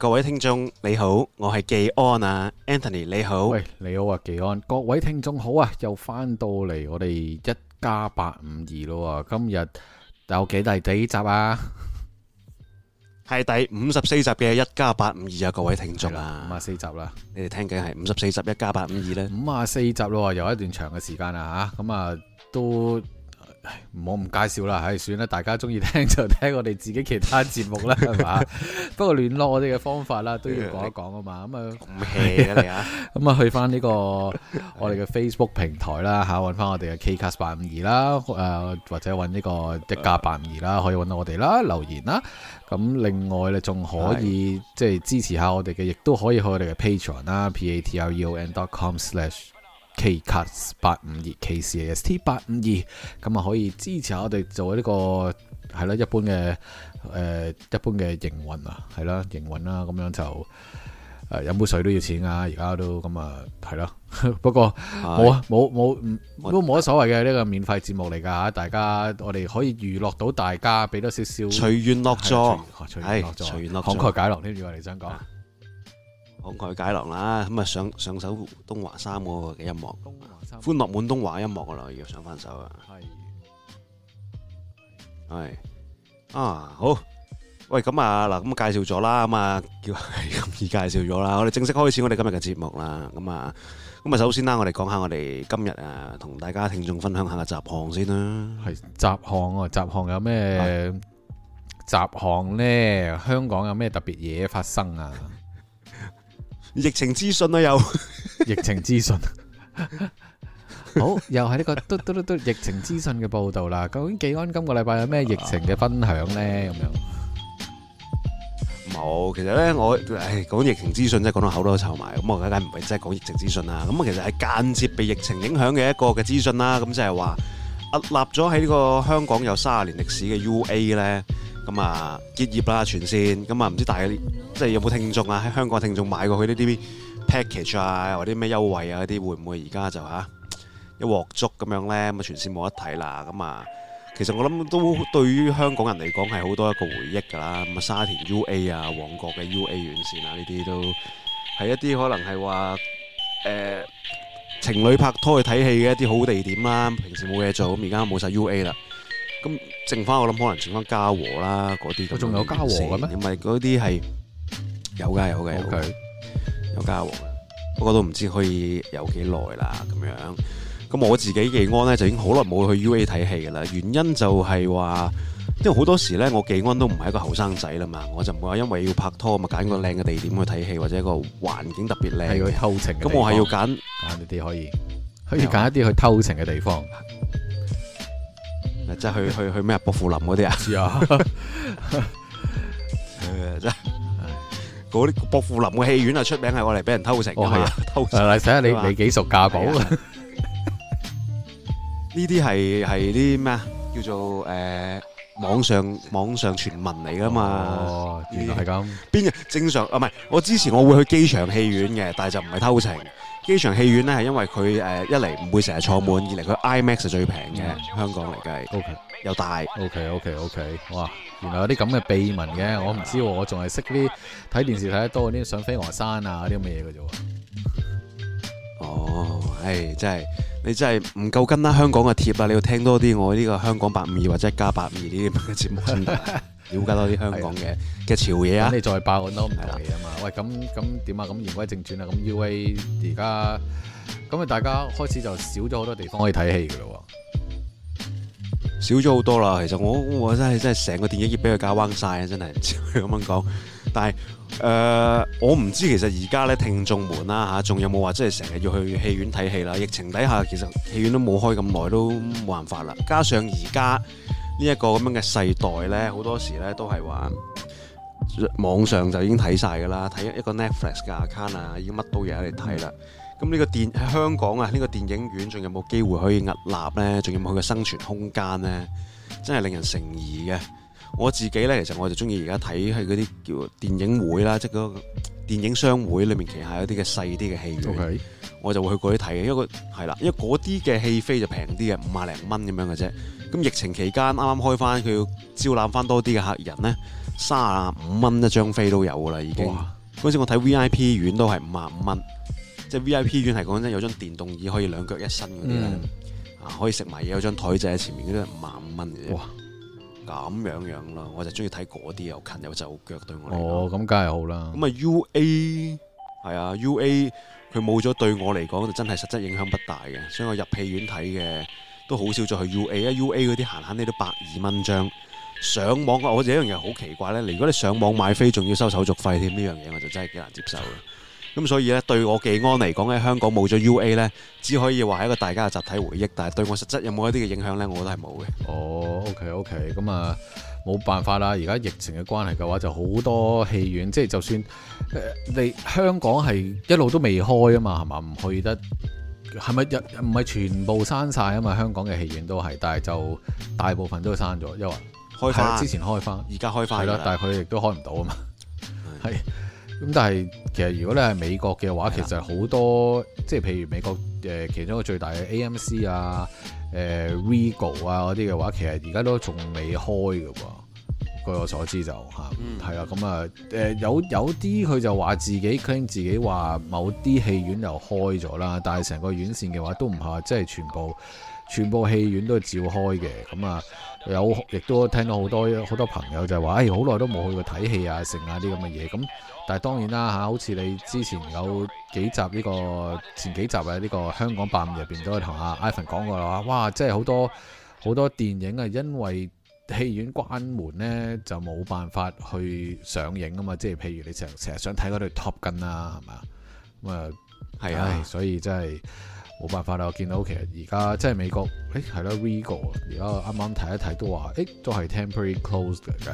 各位聽眾你好，我係技安啊，Anthony 你好。喂，你好啊，技安，各位聽眾好啊，又翻到嚟我哋一加八五二咯啊，今日有幾大第幾集啊？係第五十四集嘅一加八五二啊，各位聽眾，五十四集啦，你哋聽緊係五十四集一加八五二呢，五啊四集咯，又一段長嘅時間啦吓，咁啊都。唔好唔介紹啦，唉，算啦，大家中意聽就聽我哋自己其他節目啦，係嘛？ 不過聯絡我哋嘅方法啦，都要講一講啊你嘛。咁啊，咁啊 去翻呢個我哋嘅 Facebook 平台啦，吓，揾翻我哋嘅 KCast 八五二啦，誒，或者揾呢個一家八五二啦，可以揾到我哋啦，留言啦。咁另外咧，仲可以即係支持下我哋嘅，亦都的可以去我哋嘅 patreon, 的 p a t r、e、o n 啦，p a t r e o n dot com slash。K 卡八五二，K 士 S T 八五二，咁啊可以支持一下我哋做呢、這個係啦，一般嘅誒、呃，一般嘅營運啊，係啦，營運啦，咁樣就誒，飲、呃、杯水都要錢啊？而家都咁啊，係啦。不過冇啊，冇冇冇冇冇乜所謂嘅呢個免費節目嚟噶吓，大家我哋可以娛樂到大家，俾多少少隨緣樂助，係，隨緣樂助，慷慨的解囊添，如果你想講。慷慨解囊啦，咁啊上上首東華三嗰個嘅音樂，東華三歡樂滿東華音樂噶啦，要上翻首是啊。係係啊好，喂咁啊嗱咁介紹咗啦，咁啊叫係咁易介紹咗啦，我哋正式開始我哋今日嘅節目啦。咁啊咁啊，首先啦、啊，我哋講下我哋今日啊同大家聽眾分享下嘅雜項先啦。係雜項啊，雜項、啊、有咩雜項咧？香港有咩特別嘢發生啊？疫情資訊啊，又疫情資訊，好又係呢個都都都都疫情資訊嘅報道啦。究竟紀安今個禮拜有咩疫情嘅分享咧？咁樣冇，其實咧我哎，講疫情資訊真係講到口都臭埋。咁我而家梗唔係真係講疫情資訊啦。咁啊，其實係間接被疫情影響嘅一個嘅資訊啦。咁即係話。立咗喺呢個香港有三十年歷史嘅 UA 呢，咁啊結業啦，全線咁啊唔知大家，即係有冇聽眾啊？喺香港聽眾買過佢呢啲 package 啊，或啲咩優惠啊嗰啲，會唔會而家就嚇、啊、一鑊熟咁樣呢？咁啊全線冇得睇啦。咁啊，其實我諗都對於香港人嚟講係好多一個回憶㗎啦。咁啊沙田 UA 啊，旺角嘅 UA 院線啊，呢啲都係一啲可能係話誒。呃情侶拍拖去睇戲嘅一啲好地點啦，平時冇嘢做咁，而家冇晒 UA 啦，咁剩翻我諗可能剩翻嘉禾啦嗰啲，我仲有嘉禾嘅咩？唔係嗰啲係有噶有噶有佢有嘉禾，不過都唔知可以有幾耐啦咁樣。咁我自己嘅安咧就已經好耐冇去 UA 睇戲噶啦，原因就係話。因為好多時咧，我幾安都唔係一個後生仔啦嘛，我就唔會話因為要拍拖嘛，揀個靚嘅地點去睇戲，或者一個環境特別靚去偷情，咁我係要揀，你哋可以可以揀一啲去偷情嘅地方，即係去去去咩啊？薄扶林嗰啲啊，係啊，真係嗰啲薄扶林嘅戲院啊，出名係我嚟俾人偷情噶，睇下 Okay. 你你幾熟家寶是啊？呢啲係係啲咩啊？叫做誒。呃網上網上傳聞嚟㗎嘛？哦，原來係咁。邊日正常啊？唔係，我之前我會去機場戲院嘅，但係就唔係偷情。機場戲院咧係因為佢誒一嚟唔會成日坐滿，二嚟佢 IMAX 係最平嘅香港嚟計。OK。又大。OK OK OK。哇！原來有啲咁嘅秘聞嘅，我唔知喎。我仲係識啲睇電視睇得多嗰啲，上飛鵝山啊嗰啲咁嘅嘢嘅啫喎。哦，唉真係。你真係唔夠跟啦！香港嘅貼啊，你要聽多啲我呢、這個香講852或者家852呢啲嘅節目，瞭 解多啲香港嘅嘅潮嘢啊！你再爆我都唔嚟啊嘛！的喂，咁咁點啊？咁言歸正傳啦，咁 UA 而家咁啊，大家開始就少咗好多地方可以睇戲噶咯喎，少咗好多啦！其實我我真係真係成個電影業俾佢搞彎曬啊！真係唔知會咁樣講，但係。誒，uh, 我唔知其實而家咧，聽眾們啦、啊、嚇，仲有冇話真係成日要去戲院睇戲啦？疫情底下其實戲院都冇開咁耐，都冇辦法啦。加上而家呢一個咁樣嘅世代咧，好多時咧都係話網上就已經睇晒㗎啦，睇一個 Netflix 嘅 account 啊，已經乜都嘢喺度睇啦。咁呢個電喺香港啊，呢、呢個電影院仲有冇機會可以屹立咧？仲有冇佢嘅生存空間咧？真係令人誠疑嘅。我自己咧，其實我就中意而家睇係嗰啲叫電影會啦，即係嗰電影商會裏面旗下有啲嘅細啲嘅戲院，Okay. 我就會過去啲睇嘅，因為係啦，因為嗰啲嘅戲飛就平啲嘅，五十零蚊咁樣嘅啫。咁疫情期間啱啱開翻，佢要招攬翻多啲嘅客人咧，三十五蚊一張飛都有噶啦，已經。嗰陣哇時我睇 V I P 院都係五十五蚊，即係 V I P 院係講真有張電動椅可以兩腳一伸嗰啲咧，嗯、啊可以食埋嘢有張台仔喺前面嗰啲五十五蚊嘅。啫。咁樣樣咯，我就中意睇嗰啲又近又就腳，啊，對我嚟講。哦，咁梗係好啦。咁啊 U A，係啊 U A，佢冇咗對我嚟講就真係實質影響不大嘅，所以我入戲院睇嘅都好少再去 U A 啊。U A 嗰啲閒閒啲都百二蚊張，上網我有一樣嘢好奇怪咧，如果你上網買飛仲要收手續費添，呢樣嘢我就真係幾難接受。咁所以咧，對我記安嚟講咧，香港冇咗 U A 呢只可以話係一個大家嘅集體回憶，但係對我實質有冇一啲嘅影響呢？我覺得係冇嘅。哦、oh，OK OK，咁、嗯、啊，冇辦法啦。而家疫情嘅關係嘅話，就好多戲院，即係就算、呃、你香港係一路都未開啊嘛，係嘛，唔去得，係咪？唔係全部閂晒啊嘛，香港嘅戲院都係，但係就大部分都閂咗，因為開翻發之前開翻，而家開翻但係佢亦都開唔到啊嘛，係。咁但係其實如果你係美國嘅話，其實好多即係譬如美國誒其中一個最大嘅 AMC 啊、誒、啊、Regal 啊嗰啲嘅話，其實而家都仲未開嘅噃。據我所知就嚇，係啦、嗯，咁啊誒有有啲佢就話自己 claim 自己話某啲戲院又開咗啦，但係成個院線嘅話都唔係話即係全部全部戲院都照開嘅，咁啊。有亦都聽到好多好多朋友就話，唉、哎，好耐都冇去過睇戲啊、食啊啲咁嘅嘢。咁但係當然啦嚇，好似你之前有幾集呢、這個前幾集喺、這、呢個香講852入面都係同阿 Ivan 講過啦。哇，即係好多好多電影啊，因為戲院關門呢就冇辦法去上映啊嘛。即係譬如你成成日想睇嗰對 Top Gun、嗯、啊，係嘛？咁啊，係啊，所以真係。冇辦法啦，我見到其實而家即係美國，咦、欸，係啦，Regal 而家啱啱睇一睇都話，咦、欸，都係 temporary closed 嚟嘅。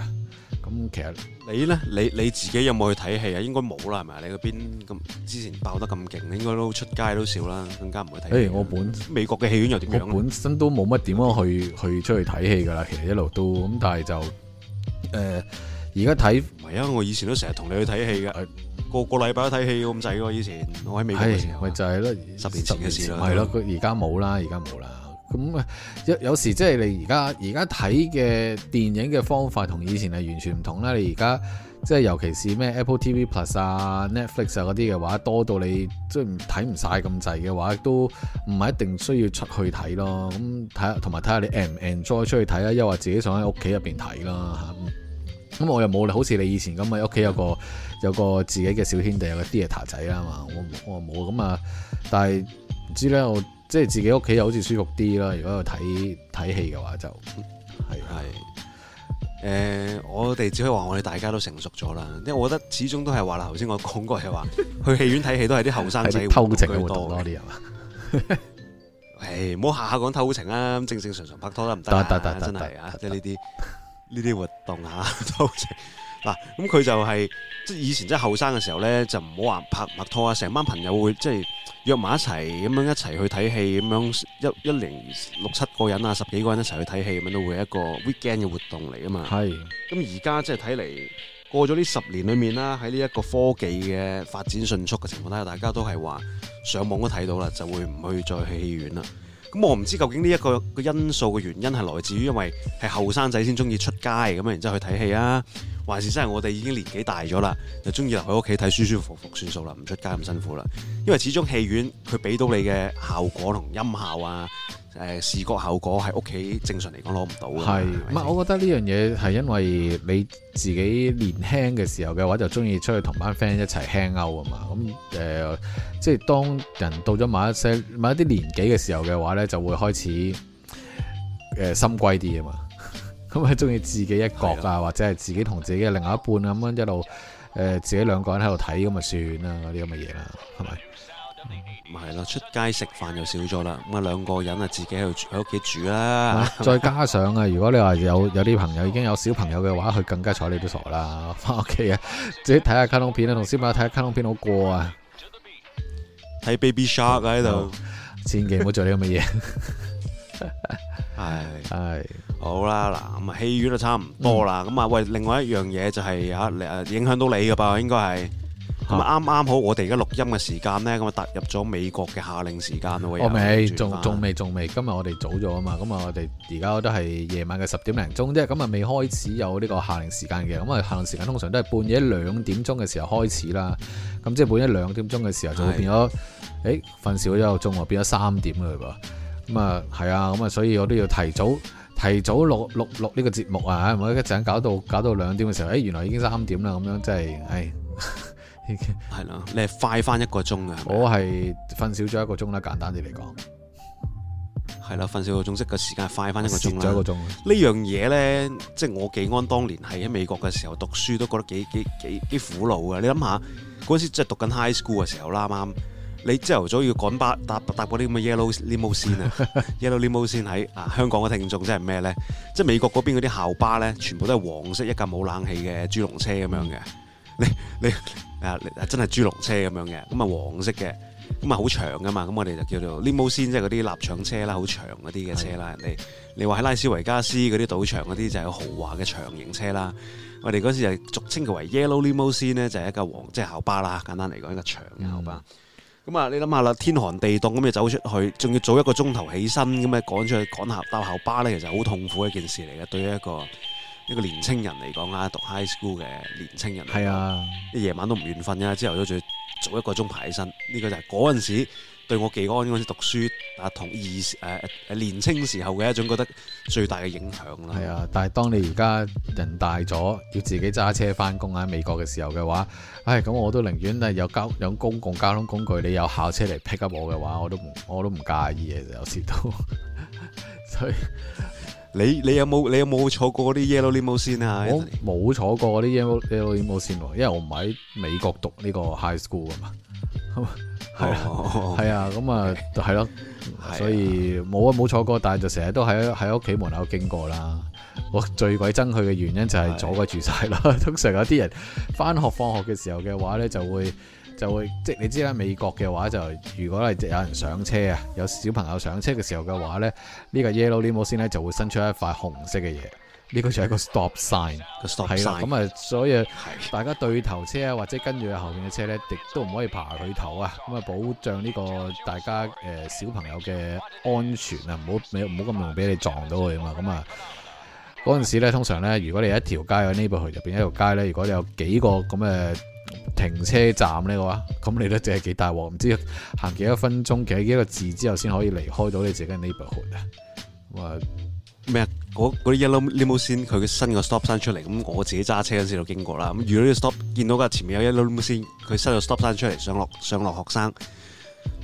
咁其實你咧，你你自己有冇去睇戲啊？應該冇啦，係咪？你嗰邊咁之前爆得咁勁，應該都出街都少啦，更加唔會睇。誒、欸，我本美國嘅戲院又點樣？我本身都冇乜點樣去去出去睇戲㗎啦，其實一路都咁，但係就誒而家睇唔係啊！我以前都成日同你去睇戲㗎。呃個個禮拜都睇戲咁滯嘅，以前我喺未睇，係咪就係、是、咯？十年前嘅事啦，係咯，佢而家冇啦，而家冇啦。咁有有時即係你而家而家睇嘅電影嘅方法同以前係完全唔同啦。你而家即係尤其是咩 Apple TV Plus 啊、Netflix 啊嗰啲嘅話，多到你即係唔睇唔晒咁滯嘅話，都唔係一定需要出去睇咯。咁睇下同埋睇下你 en 唔 enjoy 出去睇啊，又或自己想喺屋企入邊睇啦吓。咁我又冇，好似你以前咁啊，屋企有個有個自己嘅小兄弟，有個爹哋仔啊嘛，我我冇咁啊，但係唔知咧，我即係自己屋企又好似舒服啲啦。如果有睇睇戲嘅話，就係係誒，我哋只可以話我哋大家都成熟咗啦。因為我覺得始終都係話啦，頭先我講過係話， 去戲院睇戲都係啲後生仔 偷情嘅活動多啲啊。誒、 欸，唔好下下講偷情啊，正正常常拍拖得唔得得得得，啊，真係啊，即係呢啲。呢啲活動嚇、啊、多謝嗱，咁、啊、佢就係、是、即係以前即係後生嘅時候呢，就唔好話拍唔拍拖啊，成班朋友會即係約埋一齊咁樣一齊去睇戲，咁樣一一零六七個人啊，十幾個人一齊去睇戲咁樣都會一個 weekend 嘅活動嚟啊嘛。係是。咁而家即係睇嚟過咗呢十年裏面啦，喺呢一個科技嘅發展迅速嘅情況底下，大家都係話上網都睇到啦，就會唔去再去戲院啦。咁我唔知究竟呢一個個因素嘅原因係來自於，因為係後生仔先中意出街咁樣，然之後去睇戲啊，還是真係我哋已經年紀大咗啦，就中意留喺屋企睇舒舒服服算數啦，唔出街咁辛苦啦。因為始終戲院佢俾到你嘅效果同音效啊。誒、呃、視覺效果喺屋企正常嚟講攞唔到嘅，唔係是？白我覺得呢樣嘢係因為你自己年輕嘅時候嘅話，就中意出去同班 friend 一齊 hang out 啊嘛。咁、嗯、誒、呃，即係當人到咗某一些某一啲年紀嘅時候嘅話咧，就會開始誒、呃、心歸啲啊嘛。咁係中意自己一角啊，是的 或者係自己同自己嘅另外一半咁、啊、樣、嗯、一路誒、呃、自己兩個人喺度睇咁咪算啦嗰啲咁嘅嘢啦，係咪？唔係咯，出街食飯又少咗啦。咁啊，兩個人啊，自己喺度喺屋企住啦。 再加上啊，如果你話有有啲朋友已經有小朋友嘅話，佢更加睬你都傻啦。翻屋企啊，自己睇下卡通片啊，同小朋友睇下卡通片好過啊。睇 Baby Shark 喺度，千祈唔好做呢啲咁嘅嘢。係係唉好啦，嗱咁啊，戲院都差唔多啦。咁啊、嗯，喂，另外一樣嘢就係、是、啊，啊，影響到你㗎吧，應該係。咁啱啱好，我哋而家錄音嘅時間呢，咁啊踏入咗美國嘅夏令時間喎。我未，仲仲未，仲未。今日我哋早咗啊嘛，咁啊我哋而家都係夜晚嘅十點零鐘，即係咁啊未開始有呢個夏令時間嘅。咁啊夏令時間通常都係半夜兩點鐘嘅時候開始啦。咁 即係半夜兩點鐘嘅時候就會變咗，誒瞓少咗一個鐘變咗三點啦噃。咁啊係啊，咁啊所以我都要提早提早錄錄錄呢個節目啊，我一陣搞到搞到兩點嘅時候，誒、欸、原來已經三點啦，咁樣真係係咯， 你係快翻一個鐘啊！我係瞓少咗一個鐘啦，簡單啲嚟講，係啦，瞓少個鐘，即個時間快翻一個鐘啦，一個鐘。樣呢樣嘢咧，即、即係、我記安當年係喺美國嘅時候讀書，都覺得幾幾幾幾苦惱噶。你諗下，嗰陣時即讀緊 high school 嘅時候啦，啱啱你朝頭早要趕巴搭搭嗰啲咁嘅 yellow limousine lim 啊，yellow limousine 喺啊香港嘅聽眾真係咩咧？即美國嗰邊嗰啲校巴咧，全部都係黃色一架冇冷氣嘅豬籠車咁樣嘅、嗯，你你。啊，真係豬籠車咁樣嘅，咁啊黃色嘅，咁啊好長噶嘛，咁我哋就叫做 limousine，即係嗰啲臘腸車啦，好長嗰啲嘅車啦。的人哋你話喺拉斯維加斯嗰啲賭場嗰啲就係、是、豪華嘅長型車啦。我哋嗰時就俗稱佢為 yellow limousine 咧，就係一架黃即係校巴啦，簡單嚟講，一架長嘅校巴。咁啊、mm hmm，你諗下啦，天寒地凍咁你走出去，仲要早一個鐘頭起身咁啊，趕出去趕下搭校巴咧，其實好痛苦嘅一件事嚟嘅，對於一個。一個年青人嚟講啊，讀 high school 嘅年青人，係啊，夜晚都唔願瞓之後都仲要早一個鐘爬起身，呢、這個就係嗰陣時對我寄安嗰陣時讀書啊同二誒、啊、年青時候嘅一種覺得最大嘅影響啦。係啊，但係當你而家人大咗，要自己揸車返工喺美國嘅時候嘅話，唉、哎，咁我都寧願係有交有公共交通工具，你有校車嚟 pick up 我嘅話，我都唔我都唔介意嘅，有時都 所以。你你有冇你有冇坐過嗰啲 yellow limo 線啊？我冇坐過嗰啲 yellow limo 線因為我唔喺美國讀呢個 high school 啊嘛，係啦，係啊，咁、oh. 啊，係咯、啊， 啊、所以冇啊冇坐過，但係就成日都喺喺屋企門口經過啦。我最鬼憎去嘅原因就係阻佢住晒啦。啊、 通常有啲人翻學放學嘅時候嘅話咧，就會。就會即係你知啦，美國嘅話就，如果係有人上車啊，有小朋友上車嘅時候嘅話呢，呢個、呢個 yellow limousine 就會伸出一塊紅色嘅嘢，呢、呢個就係一個 stop sign，stop sign，係啦，咁啊，所以大家對頭車啊，或者跟住喺後邊嘅車呢，亦都唔可以爬佢頭啊，咁啊，保障呢個大家誒、呃、小朋友嘅安全啊，唔好唔好咁容易俾你撞到佢啊嘛，咁啊，嗰陣時咧，通常呢，如果你一條街嘅 neighborhood 入邊一條街呢，如果你有幾個咁嘅停車站呢個，咁你都淨係幾大鑊，唔知行幾多分鐘，幾幾個字之後先可以離開到你自己嘅 neighborhood 啊。哇，咩啊？嗰啲 yellow limousine 佢新嘅 stop sign 出嚟，咁我自己揸車嗰時就經過啦。咁遇到個 stop，見到個前面有 yellow limousine 佢收咗 stop sign 出嚟，上落上落學生。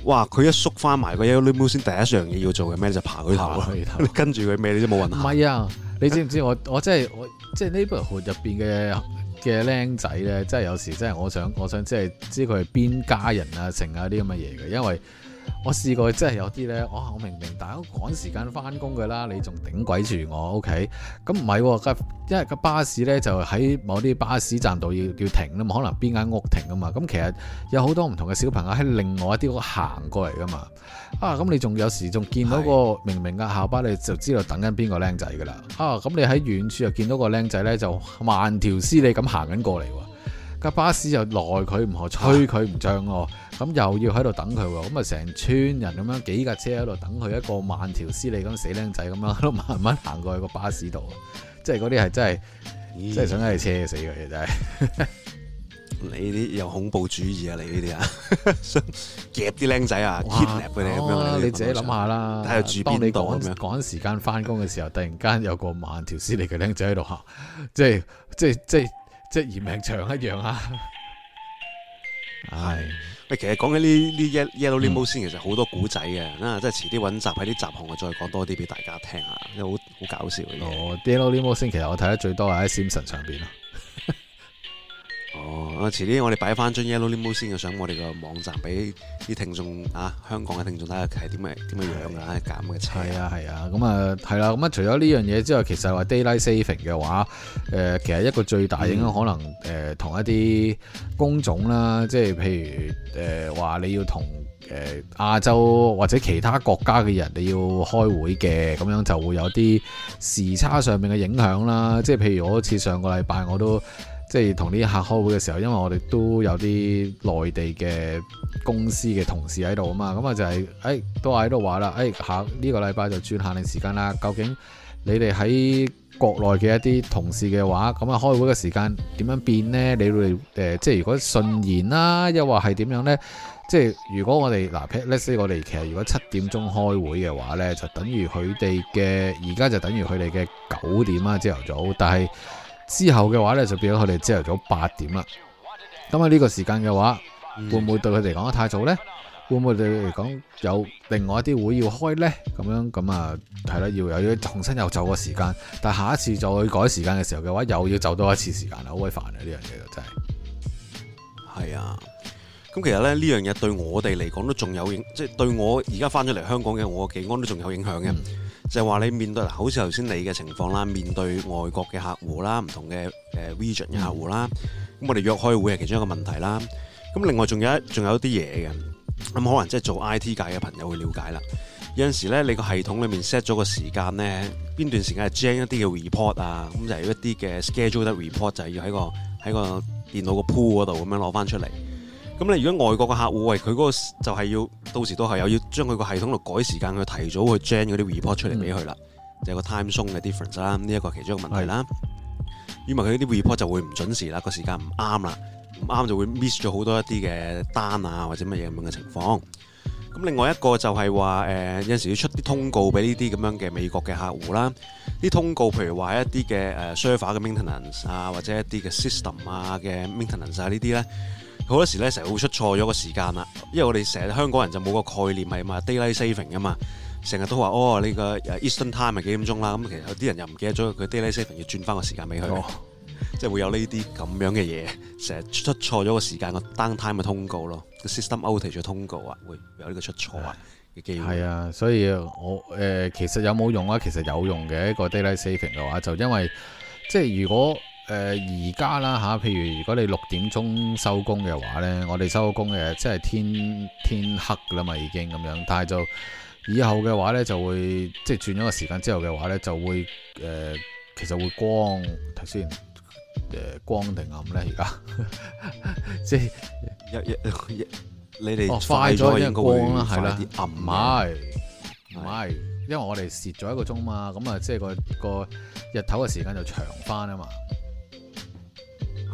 哇！佢一縮翻埋個 yellow limousine 第一樣嘢要做嘅咩就爬佢頭， 跟住佢咩你都冇運下。唔係啊，你知唔知我 我即係我即係、就是、neighborhood 入邊嘅？嘅僆仔咧，即係有時真係我想，我想即係知佢係邊家人啊，剩啊啲咁嘅嘢嘅，因為。我試過，真係有啲呢、哦。我明明大家都趕時間翻工嘅啦，你仲頂鬼住我？O K，咁唔係，因為個巴士呢就喺某啲巴士站度要要停嘛，可能邊間屋停啊嘛，咁其實有好多唔同嘅小朋友喺另外一啲屋行過嚟噶嘛，啊咁你仲有時仲見到個明明嘅校巴，你就知道等緊邊個靚仔噶啦，啊咁你喺遠處又見到個靚仔呢，就慢條斯理咁行緊過嚟喎。架巴士又耐佢唔何，吹佢唔脹喎，咁又要喺度等佢喎，咁啊成村人咁樣幾架車喺度等佢一個慢條斯理咁死僆仔咁樣，都慢慢行過去個巴士度，即係嗰啲係真係真係想喺車死佢嘅真係。你啲有恐怖主義啊？你呢啲啊，想夾啲僆仔啊 kidnap 佢哋咁樣。你自己諗下啦，喺度住邊你咁樣？趕時間返工嘅時候，突然間有個慢條斯理嘅僆仔喺度行，即係即係即係。即係延命長一樣啊！係喂，其實講緊呢呢 Yellow Limousine 其實好多古仔嘅啊，嗯、即係遲啲揾集喺啲集行，我再講多啲俾大家聽啊！因為好好搞笑嘅嘢。哦，Yellow Limousine 其實我睇得最多係 Simpson 上邊咯。哦，遲啲我哋擺翻張 Yellow Limo 嘅相，我哋個網站俾啲聽眾啊，香港嘅聽眾睇下係點咩點樣樣啊，係咁嘅差係啊，係啊的，咁啊係啦，咁啊除咗呢樣嘢之外，其實話 Daylight Saving 嘅話，其實一個最大影響可能同、嗯呃、一啲工種啦，即係譬如誒話、呃、你要同誒、呃、亞洲或者其他國家嘅人你要開會嘅，咁樣就會有啲時差上面嘅影響啦。即係譬如我好似上個禮拜我都。即係同啲客開會嘅時候，因為我哋都有啲內地嘅公司嘅同事喺度啊嘛，咁啊就係、是，誒、哎、都喺度話啦，誒、哎、下呢、呢個禮拜就轉夏令時間啦。究竟你哋喺國內嘅一啲同事嘅話，咁啊開會嘅時間點樣變呢？你哋誒、呃、即係如果順延啦，又或係點樣呢？即係如果我哋嗱 let's say，我哋其實如果七點鐘開會嘅話呢，就等於佢哋嘅而家就等於佢哋嘅九點啦，朝頭早，但係。之後嘅話呢，就變咗佢哋朝頭早八點啦。咁啊呢個時間嘅話，會唔會對佢哋講得太早呢？會唔會對佢哋講有另外一啲會要開呢？咁樣咁啊，係啦，要有重新又走個時間。但下一次再改時間嘅時候嘅話，又要走多一次時間，好鬼煩啊！呢樣嘢真係。係啊，咁其實咧呢樣嘢對我哋嚟講都仲有影，即係對我而家翻咗嚟香港嘅我嘅幾安都仲有影響嘅。嗯就話你面對好似頭先你嘅情況啦，面對外國嘅客戶啦，唔同嘅誒、呃、region 嘅客戶啦。咁我哋約開會係其中一個問題啦。咁另外仲有一仲有啲嘢嘅咁，可能即係做 I T 界嘅朋友會了解啦。有陣時咧，你個系統裏面 set 咗個時間咧，邊段時間係 generate 一啲嘅 report 啊，咁就係一啲嘅 schedule 的 report 就係、是、要喺個喺個電腦個 pool 嗰度咁樣攞翻出嚟。咁你如果外國嘅客戶，喂，佢嗰個就係要到時都係有要將佢個系統度改時間，去提早去 gen 嗰啲 report 出嚟俾佢啦，嗯、就個 time zone 嘅 difference 啦，呢一個係其中一個問題啦。因為佢啲 report 就會唔準時啦，個時間唔啱啦，唔啱就會 miss 咗好多一啲嘅單啊，或者乜嘢咁嘅情況。咁另外一個就係話、呃，有陣時要出啲通告俾呢啲咁樣嘅美國嘅客戶啦，啲通告譬如話一啲嘅 server 嘅 maintenance 啊，或者一啲嘅 system 啊嘅 maintenance 啊呢啲咧。好多時咧成日會出錯咗個時間啦，因為我哋成日香港人就冇個概念係嘛 daylight saving 噶嘛，成日都話哦呢個 Eastern time 係幾點鐘啦，咁其實有啲人又唔記得咗佢 daylight saving 要轉翻個時間俾佢，哦、即係會有呢啲咁樣嘅嘢，成日出錯咗個時間個 down time 嘅通告咯，個、哦啊、system outage 嘅通告啊，會有呢個出錯啊嘅機會。係啊，所以我誒、呃、其實有冇用啊？其實有用嘅一、那個 daylight saving 嘅話，就因為即係如果。誒，而家，呃、啦吓，譬如如果你六點鐘收工嘅話咧，我哋收工嘅即係天天黑㗎啦嘛，已經咁樣。但係就以後嘅話咧，就會即係轉咗個時間之後嘅話咧，就會誒、呃，其實會光睇先，誒、呃，光定暗咧？而家即係你哋快咗應該會快啲，快暗唔係唔係？是因為我哋蝕咗一個鐘嘛，咁啊，那個，即係個個日頭嘅時間就長翻啊嘛。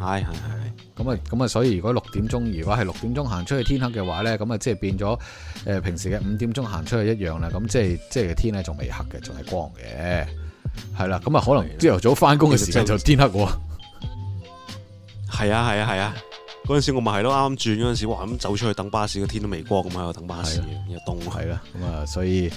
係係係，咁啊咁啊，所以如果六點鐘，如果係六點鐘行出去天黑嘅話咧，咁啊即係變咗誒，平時嘅五點鐘行出去一樣啦。咁即係即係天咧仲未黑嘅，仲係光嘅，係啦。咁啊可能朝頭早翻工嘅時間就天黑喎。係啊係啊係啊，嗰陣時我咪係咯，啱啱轉嗰陣時，哇咁走出去等巴士，個天都未光咁喺度等巴士，又凍係啦。咁啊所以。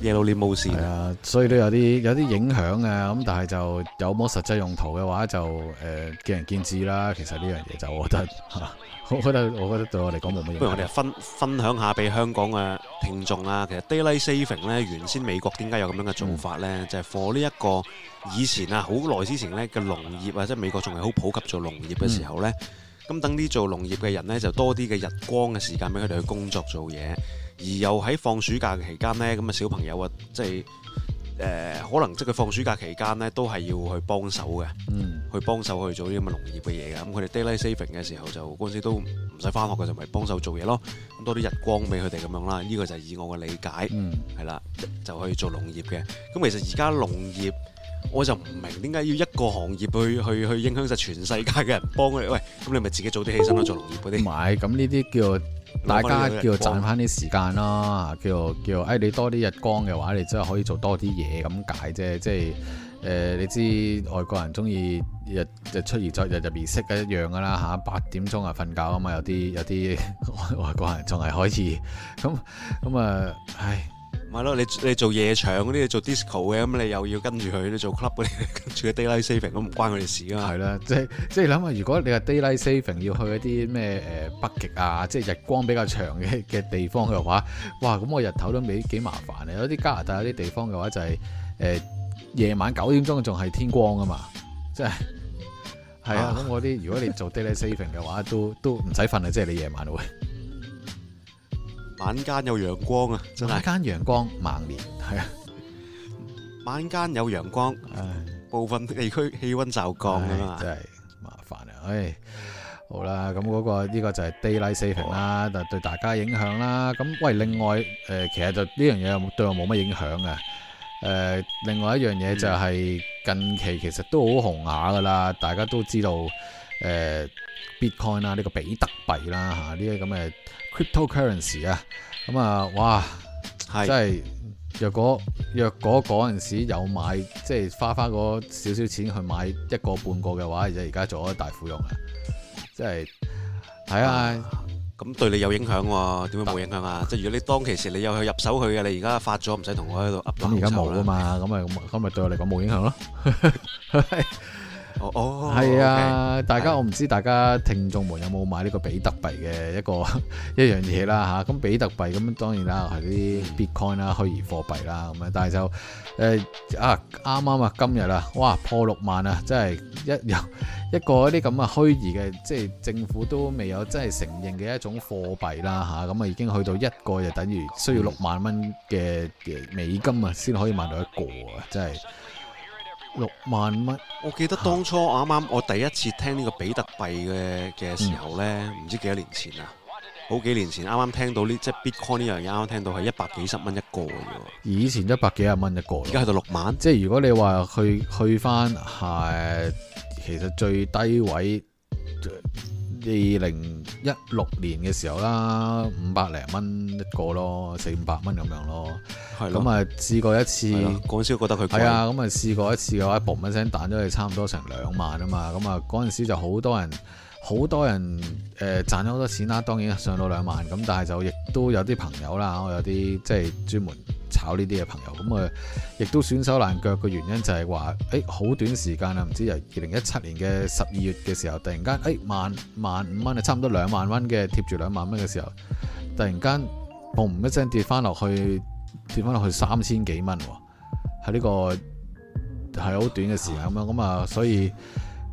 耶路尼亞事，啊，所以都有啲有啲影響啊，咁但係就有冇實際用途嘅話就誒、呃、見仁見智啦。其實呢樣嘢就我覺得吓、啊，我覺得我覺得對我嚟講冇乜。不如我哋分分享一下俾香港嘅聽眾啦、啊。其實 daily saving 咧，原先美國點解有咁樣嘅做法咧，嗯、就係 for 呢一個以前啊好耐之前咧嘅農業啊，即係美國仲係好普及做農業嘅時候咧，咁、嗯、等啲做農業嘅人咧就多啲嘅日光嘅時間俾佢哋去工作做嘢。而又喺放暑假嘅期間呢，咁、那、啊、個、小朋友啊，即係誒、呃、可能即係放暑假期間呢，都係要去幫手嘅，嗯、去幫手去做啲咁嘅農業嘅嘢嘅。咁佢哋 daylight saving 嘅時候就嗰陣時都唔使翻學嘅，就咪幫手做嘢咯。咁多啲日光俾佢哋咁樣啦。呢、這個就係以我嘅理解，係啦、嗯，就去做農業嘅。咁其實而家農業，我就唔明點解要一個行業去去去影響晒全世界嘅人幫佢哋。喂，咁你咪自己早啲起身咯，做農業嗰啲。唔係，咁呢啲叫。大家叫做賺翻啲時間啦，叫叫做，你多啲日光嘅話，你真係可以做多啲嘢咁解啫，即係誒、呃，你知外國人中意日日出而作日入而息嘅一樣噶啦嚇，八點鐘啊瞓覺啊嘛，有啲有啲 外國人仲係可以，咁咁啊，唉。咪咯，你你做夜場嗰啲，你做 disco 嘅，咁你又要跟住佢你做 club 嗰啲，跟住嘅 daylight saving 咁唔關佢哋事噶嘛。係啦，即係即係諗下，如果你話 daylight saving 要去一啲咩誒北極啊，即係日光比較長嘅嘅地方嘅話，哇，咁我日頭都未幾麻煩啊！有啲加拿大有啲地方嘅話就係誒夜晚九點鐘仲係天光啊嘛，即係係啊，咁我啲如果你做 daylight saving 嘅話，都都唔使瞓啊，即係你夜晚喎。晚間有陽光啊！是晚間陽光猛年。係啊！晚間有陽光，唉、哎，部分地區氣温驟降啊，哎哎、真係麻煩啊！唉、哎，好啦，咁嗰個呢個就係 daylight saving 啦、哦，但對大家影響啦。咁喂，另外誒、呃，其實就呢樣嘢又對我冇乜影響啊。誒、呃，另外一樣嘢就係近期其實都好紅下噶啦，嗯、大家都知道誒、呃、，bitcoin 啦，呢、這個比特幣啦，吓呢啲咁嘅。Cryptocurrency 啊，咁、嗯、啊，哇，是即係若果若果嗰陣時有買，即係花花嗰少少錢去買一個半個嘅話，就而家做咗大富翁啊。即係係啊，咁對你有影響喎、啊？點解冇影響啊？對即係如果你當其時你有去入手佢嘅，你而家發咗，唔使同我喺度噏白毛，而家冇啦嘛，咁咪咁咪對我嚟講冇影響咯、啊。 哦、oh, okay. 啊！大家我唔知大家聽眾們有冇買呢個比特幣嘅一個 一樣嘢啦嚇咁比特幣咁當然啦係啲 bitcoin 啦虛擬貨幣啦咁樣，但係就、呃、啊啱啱啊今日啦哇破六萬啊！真係一有一個啲咁嘅虛擬嘅即係政府都未有真係承認嘅一種貨幣啦嚇咁啊、嗯、已經去到一個就等於需要六萬蚊嘅美金啊先可以買到一個啊！真係。六萬蚊。我記得當初啱啱我第一次聽呢個比特幣嘅嘅時候呢，唔、嗯、知幾多年前啊，好幾年前啱啱聽到呢，即係 Bitcoin 呢樣嘢啱啱聽到係一百幾十蚊一個嘅。以前一百幾十蚊一個。而家去到六萬。即係如果你話去去翻，係，其實最低位。二零一六年嘅時候啦，五百零蚊一個咯，四五百蚊咁樣咯，係咁啊試過一次，嗰陣時覺得佢係啊，咁啊試過一次嘅話，嘣一,一聲彈咗你差唔多成兩萬啊嘛，咁啊嗰陣時就好多人。好多人誒呃賺咗好多錢啦，當然上到兩萬咁，但係就亦都有啲朋友啦，我有啲即係專門炒呢啲嘅朋友，咁啊亦都損手爛腳嘅原因就係話，誒好短時間啊，唔知由二零一七年嘅十二月嘅時候，突然間誒萬萬五蚊，差唔多兩萬蚊嘅貼住兩萬蚊嘅時候，突然間砰一聲跌翻落去，跌翻落去三千幾蚊喎，喺呢個係好短嘅時間咁樣，咁啊所以。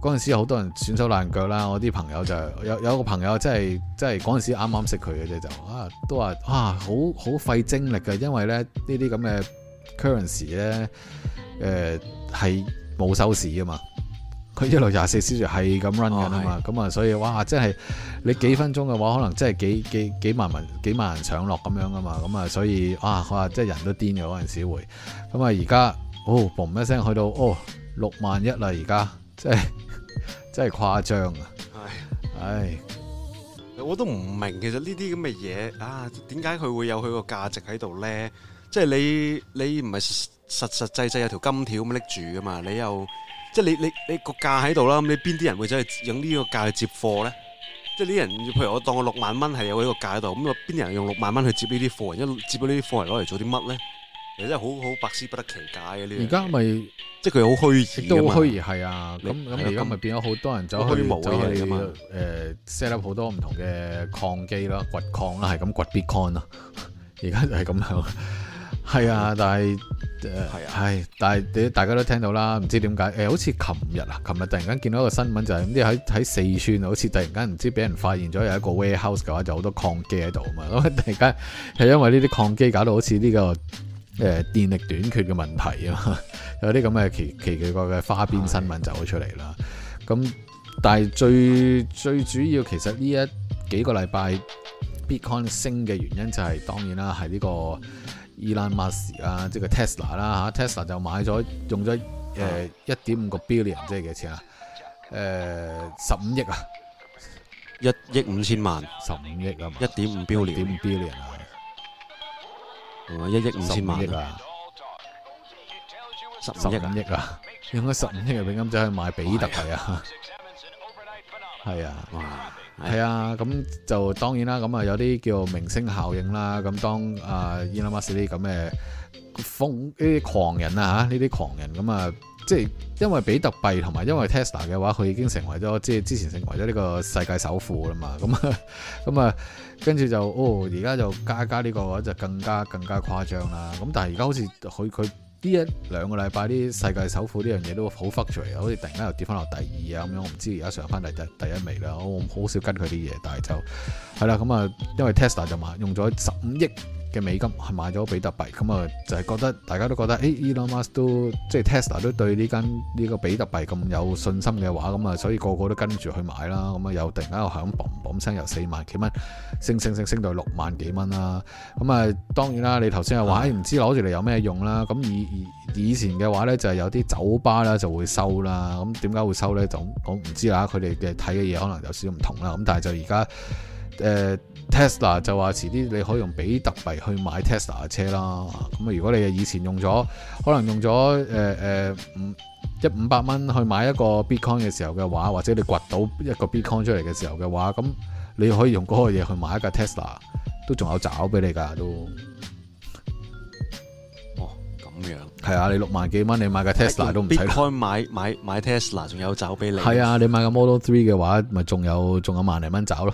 嗰陣時好多人損手爛腳啦，我啲朋友就有，有一個朋友真係真係嗰陣時啱啱識佢嘅啫，就啊都話啊，好好費精力嘅，因為咧呢啲咁嘅 currency 咧係冇收市㗎嘛，佢一路廿四小時係咁 run 緊嘅嘛，咁啊、哦、所以哇真係你幾分鐘嘅話，可能真係幾幾幾萬蚊幾萬人上落咁樣噶嘛，咁啊所以啊哇，哇真係人都癲嘅嗰陣時會，咁啊而家哦嘣一聲去到哦六萬一啦而家，即係。真係誇張啊！係，唉，我都唔明其實呢啲咁嘅嘢啊，點解佢會有佢個價值喺度咧？即係你你唔係實實際際有條金條咁拎住噶嘛？你又即係你你你個價喺度啦，咁你邊啲人會走去用呢個價去接貨咧？即係啲人譬如我當我六萬蚊係有呢個價喺度，咁邊啲人用六萬蚊去接呢啲貨？人一接咗呢啲貨嚟攞嚟做啲乜咧？你真係好好百思不得其解啊！呢啲而家咪即係佢好虛都好虛擬係啊！咁咁而家咪變咗好多人走去走去啊！誒 set up 好多唔同嘅礦機啦、掘礦啦，係咁掘 bitcoin 啊！而家就係咁樣，係啊！但係誒係，但係你大家都聽到啦，唔知點解誒？好似琴日啊，琴日突然間見到一個新聞，就是，就係咁啲喺喺四川，好似突然間唔知俾人發現咗有一個 warehouse 嘅話，就好多礦機喺度啊嘛！咁突然間係因為呢啲礦機搞到好似呢、這個。誒、呃、電力短缺嘅問題啊，有啲咁嘅奇奇奇怪嘅花邊新聞走出嚟啦。咁、哎、呀但係最最主要，其實呢一幾個禮拜 Bitcoin 升嘅原因就係、是、當然啦，係呢個伊蘭馬士啊，即係個 Tesla 啦、啊、嚇，Tesla 就買咗用咗誒一點五個 billion，即係幾多錢啊？誒十五億啊，一億五千萬，十五億 billion，一點五啊，一點五 billion，點五 billion 啊。一億二千萬億億億啊，十五億啊，應該十五億嘅本金就可以買比特幣啊，係啊，係啊，咁就當然啦，咁啊有啲叫明星效應啦，咁當啊 Elon Musk 啲咁嘅瘋狂人啊吓，呢啲狂人咁啊，即係因為比特幣同埋因為 Tesla 嘅話，佢已經成為咗即係之前成為咗呢個世界首富啦嘛，咁啊，咁啊。跟住就，哦，而家就加加呢個話就更加更加誇張啦。咁但係而家好似佢佢呢一兩個禮拜啲世界首富呢樣嘢都好飄忽，好似突然間又跌翻落第二啊咁樣。我唔知而家上翻第第一未啦。我、哦、好少跟佢啲嘢，但係就係啦。咁啊、嗯，因為 Tesla 就買用咗十五億。嘅美金係買咗比特幣，咁啊就係覺得大家都覺得，誒，Elon Musk 都即係 Tesla 都對呢間呢個比特幣咁有信心嘅話，咁啊所以個個都跟住去買啦，咁啊又突然間又響嘣嘣聲，由四萬幾蚊升升升升到六萬幾蚊啦，咁啊當然啦，你頭先又話唔知攞住嚟有咩用啦，咁以以以前嘅話呢，就係有啲酒吧啦就會收啦，咁點解會收呢？就我唔知啦，佢哋嘅睇嘅嘢可能有少少唔同啦，咁但係就而家。誒、呃、Tesla 就話遲啲你可以用比特幣去買 Tesla 嘅車啦。咁啊，如果你係以前用咗可能用咗誒誒五一五百蚊去買一個 Bitcoin 嘅時候嘅話，或者你掘到一個 Bitcoin 出嚟嘅時候嘅話，咁你可以用嗰個嘢去買一架 Tesla，都仲有找俾你噶都。哦，咁樣。係啊，你六萬幾蚊你買架 Tesla 用都唔使。可以買買，買 Tesla，仲有找俾你。係啊，你買個 Model Three 嘅話，咪仲有仲有萬零蚊找咯。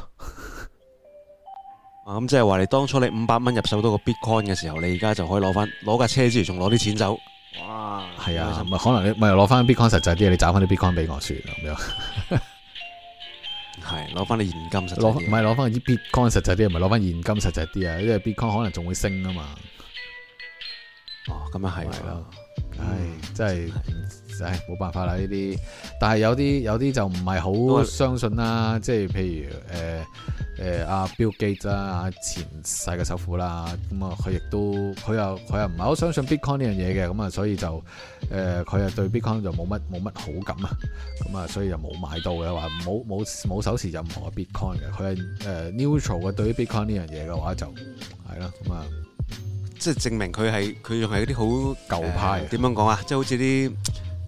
啊咁即係話你當初你五百蚊入手到個 Bitcoin 嘅時候，你而家就可以攞翻攞架車之餘，仲攞啲錢走，哇！係啊，唔係、嗯、可能你唔係攞翻 Bitcoin 實際啲你找翻啲 Bitcoin 俾我算咁樣，係攞翻你現金實，攞唔係攞翻啲 Bitcoin 實際啲，唔係攞翻現金實際啲啊？因為 Bitcoin 可能仲會升啊嘛。哦，咁啊係咯。係、哎，真係，唉，冇辦法啦呢啲。但係有啲有啲就唔係好相信啦，即係是譬如誒誒阿 Bill Gates 啦，前世嘅首富啦，咁啊佢亦都佢又佢又唔係好相信 bitcoin 呢樣嘢嘅，咁啊所以就誒佢又對 bitcoin 就冇乜冇乜好感啊，咁、嗯、啊所以就冇買到嘅話，冇冇冇手持任何 bitcoin 嘅，佢誒 neutral 嘅對於 bitcoin 呢樣嘢嘅話就係啦，咁啊。嗯即係證明佢係佢仲係嗰啲好舊派嘅，呃，點樣講啊？即係好似啲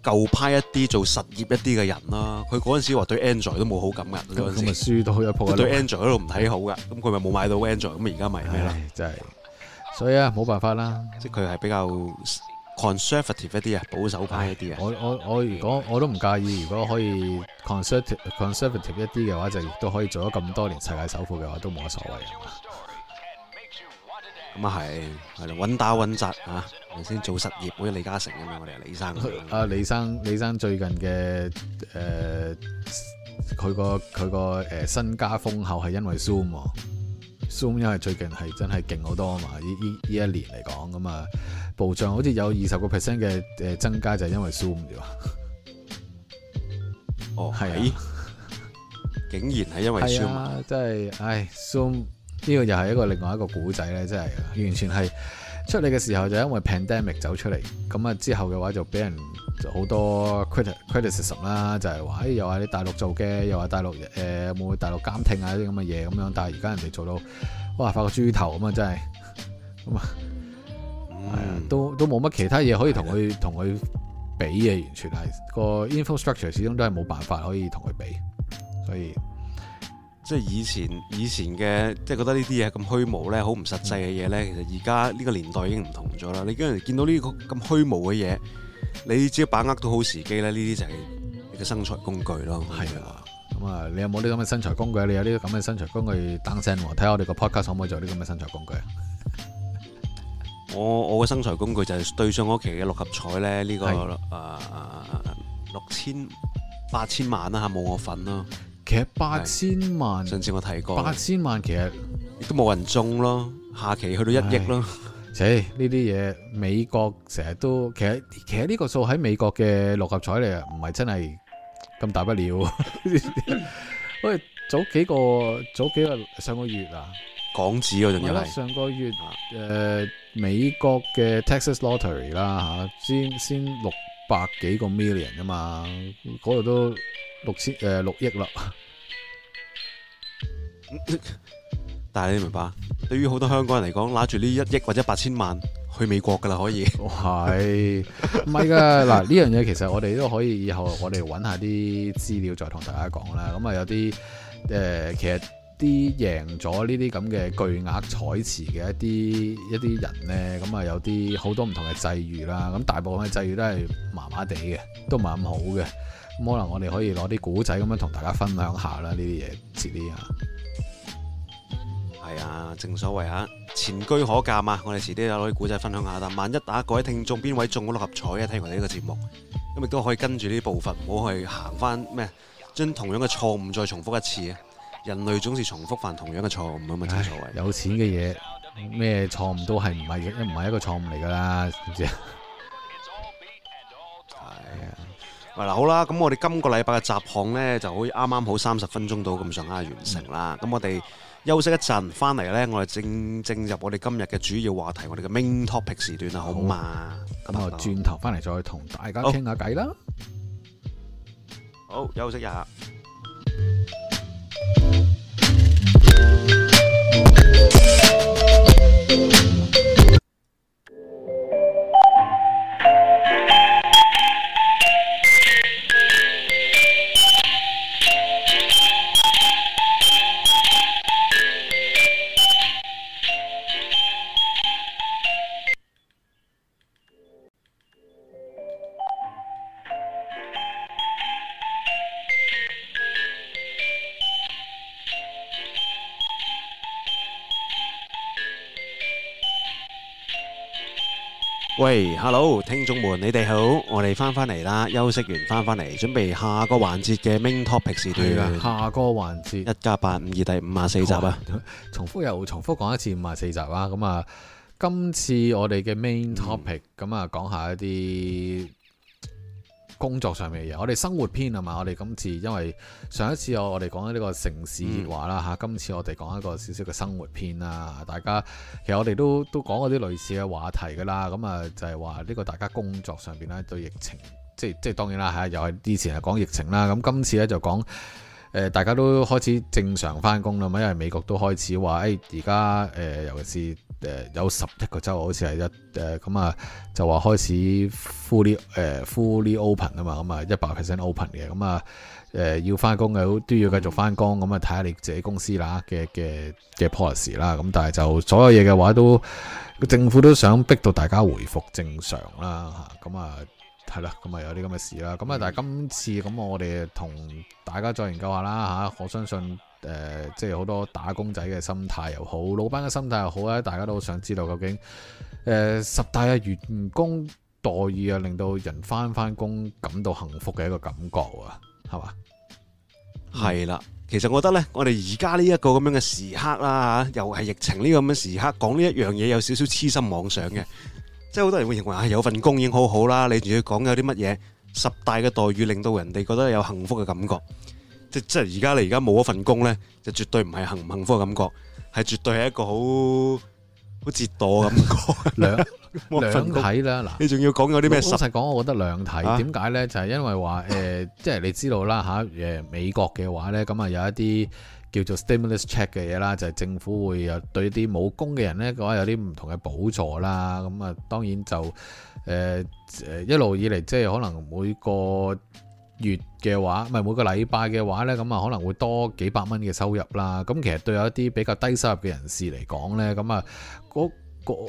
舊派一啲做實業一啲嘅人啦，佢嗰陣時話對 Android 都冇好感㗎，咁佢咪輸到一鋪咯？佢對 Android 嗰度唔睇好㗎，咁佢咪冇買到 Android，咁而家咪咩咯？真係，所以啊，冇辦法啦。即係佢係比較 conservative 一啲啊，保守派一啲啊。我我我如果我都唔介意，如果可以 conservative conservative 一啲嘅話，就亦都可以做咗咁多年世界首富嘅話，都冇乜所謂嘅。咁啊係，係咯、嗯，穩打穩紮啊，先做實業，好似李嘉誠咁樣，我哋係李生。阿、嗯啊、李生，李生最近嘅誒，佢個佢個誒身家豐厚係因為 Zoom，Zoom 因為最近係真係勁好多啊嘛！呢依依一年嚟講，咁、嗯哦、啊，暴漲好似有二十個 percent 嘅誒增加，就係 因為、啊哎、Zoom 啫嘛。哦，係，竟然係因為 Zoom，真係，唉，Zoom。呢個又係一個另外一個古仔咧，真、就、係、是、完全係出嚟嘅時候就因為 pandemic 走出嚟，咁啊之後嘅話就俾人好多 criticism 啦，就係話誒又話你大陸做嘅，又話大陸誒、呃、有冇大陸監聽啊啲咁嘅嘢咁樣，但係而家人哋做到哇發個豬頭咁啊，真係咁啊，係、嗯、啊、嗯，都都冇乜其他嘢可以同佢同佢比嘅，完全係、個 infrastructure 始終都係冇辦法可以同佢比，所以。即係以前以前嘅，即係覺得呢啲嘢咁虛無咧，好唔實際嘅嘢咧。其實而家呢個年代已經唔同咗啦。你而家見到呢個咁虛無嘅嘢，你只要把握到好時機咧，呢啲就係你嘅生財工具咯。係啊，咁啊，你有冇啲咁嘅生財工具？的你有啲咁嘅生財工具，等聲喎，睇下我哋個 podcast 可唔可以做啲咁嘅生財工具啊 ？我我嘅生財工具就係對上嗰期嘅六合彩咧，呢、呢個誒的、呃、六千八千萬啦、啊、冇我份咯、啊。其實八千萬，上次我提過八千萬，其實也都冇人中咯。下期去到一億咯。誒，呢啲嘢美國成日都，其實其實呢個數喺美國嘅六合彩嚟啊，唔係真係咁大不了。喂， 早幾個早幾個上個月啊，港紙我仲記上個月誒、啊呃，美國嘅 Texas Lottery 啦、啊、吓，先先六百幾個 million 啊嘛，嗰度都。六千誒、呃、六億啦，但係你明白？對於好多香港人嚟講，拿住呢一億或者八千萬去美國㗎啦，可以。係唔係㗎？嗱呢樣嘢其實我哋都可以以後我哋搵下啲資料再同大家講啦。咁啊有啲誒、呃，其實啲贏咗呢啲咁嘅巨額彩池嘅一啲一啲人咧，咁啊有啲好多唔同嘅際遇啦。咁大部分嘅際遇都係麻麻地嘅，都唔係咁好嘅。咁可能我哋可以攞啲古仔咁樣同大家分享下啦，呢啲嘢，遲啲啊。係啊，正所謂啊，前車可鑒啊。我哋遲啲啊攞啲古仔分享下，但萬一大家各位聽眾邊位中咗六合彩咧、啊，聽我哋呢個節目，咁亦都可以跟住呢部分，唔好去行翻咩，將同樣嘅錯誤再重複一次啊。人類總是重複犯同樣嘅錯誤啊嘛，正所謂、啊、有錢嘅嘢，咩錯誤都係唔係一唔係一個錯誤嚟噶啦，知唔知啊？係啊。好啦，咁我哋今個禮拜嘅集項呢，就好似啱啱好三十分鐘到咁上下完成啦。咁我哋休息一陣，翻嚟呢，我哋正進入我哋今日嘅主要話題，我哋嘅 main topic 時段啦，好嘛？咁我轉頭翻嚟再同大家傾下偈啦。好，休息一下。喂，Hello，聽眾們，你哋好，我哋翻返嚟啦，休息完翻返嚟，準備下個環節嘅 main topic 時段。係啊，下個環節一加八五二第五廿四集啊，重複又重複講一次五十四集啦。咁啊，今次我哋嘅 main topic，咁啊講下一啲。工作上面嘅嘢，我哋生活篇啊嘛，我哋今次因為上一次我哋講呢個城市熱話啦，吓，嗯、今次我哋講一個少少嘅生活篇啦，大家其實我哋都都講嗰啲類似嘅話題噶啦，咁啊就係話呢個大家工作上邊咧對疫情，即係即係當然啦吓，又係以前係講疫情啦，咁今次咧就講誒、呃、大家都開始正常翻工啦，咁因為美國都開始話誒而家誒尤其是。誒有十一個州好似係一誒咁啊，就話開始 fully 誒、呃、fully open 啊嘛，咁啊一百 percent open 嘅，咁啊誒要返工嘅都要繼續返工，咁啊睇下你自己公司啦嘅嘅嘅 policy 啦，咁、嗯、但係就所有嘢嘅話都政府都想逼到大家回復正常啦嚇，咁啊係、啊、啦，咁、嗯、啊有啲咁嘅事啦，咁、嗯、啊但係今次咁、嗯、我哋同大家再研究下啦嚇、啊，我相信。誒、呃，即係好多打工仔嘅心態又好，老闆嘅心態又好啊！大家都好想知道究竟，誒、呃，十大嘅員工待遇啊，令到人返返工感到幸福嘅一個感覺啊，係嘛？係啦，其實我覺得呢，我哋而家呢一個咁樣嘅時刻啦，又係疫情呢個咁嘅時刻，講呢一樣嘢有少少痴心妄想嘅，即係好多人會認為啊，有份工已經好好啦，你仲要講有啲乜嘢十大嘅待遇，令到人哋覺得有幸福嘅感覺。即即係而家你而家冇咗份工咧，就絕對唔係幸唔幸福嘅感覺，係絕對係一個好好折墮嘅感覺。 兩 兩體啦，嗱，你仲要講有啲咩？實際講，我覺得兩體點解咧？就係、是、因為話誒、呃，即係你知道啦吓，誒，美國嘅話咧，咁啊有一啲叫做 stimulus check 嘅嘢啦，就係、是、政府會對啲冇工嘅人咧嘅話有啲唔同嘅補助啦。咁啊，當然就誒誒、呃、一路以嚟，即係可能每個。月嘅話，咪每個禮拜嘅話呢，咁啊可能會多幾百蚊嘅收入啦。咁其實對有一啲比較低收入嘅人士嚟講呢，咁啊攞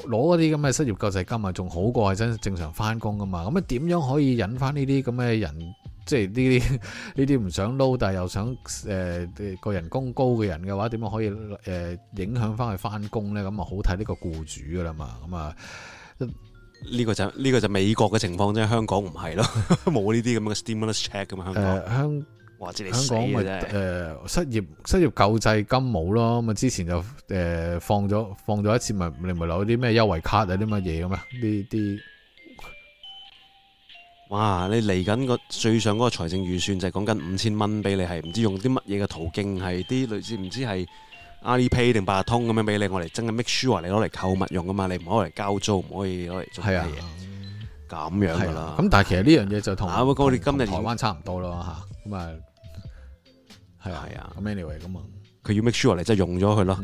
嗰啲咁嘅失業救濟金啊，仲好過係真正常翻工㗎嘛。咁啊點樣可以引翻呢啲咁嘅人，即係呢啲呢啲唔想撈但係又想誒個、呃、人工高嘅人嘅話，點樣可以誒、呃、影響翻佢翻工呢？咁啊好睇呢個僱主㗎喇嘛，咁啊。呢、這個這個就呢個就美國嘅情況啫，香港唔係咯，冇呢啲咁嘅 stimulus check 咁啊，香港，呃、你香港咪誒、呃、失業失業救濟金冇咯，咁啊之前就誒、呃、放咗放咗一次，咪你咪攞啲咩優惠卡啊啲乜嘢咁咩呢啲，哇！你嚟緊個最上嗰個財政預算就係講緊五千蚊俾你，係唔知用啲乜嘢嘅途徑，係啲類似唔知係。阿里 pay 定八達通咁樣俾你，我嚟真係 make sure 你攞嚟購物用㗎嘛，你唔可以攞嚟交租，唔可以攞嚟做乜嘢，咁、啊、樣噶啦。咁、啊、但係其實呢樣嘢就同我哋今日台灣差唔多咯吓，咁啊係啊係啊，anyway 咁啊，佢要 make sure 你真係用咗佢咯，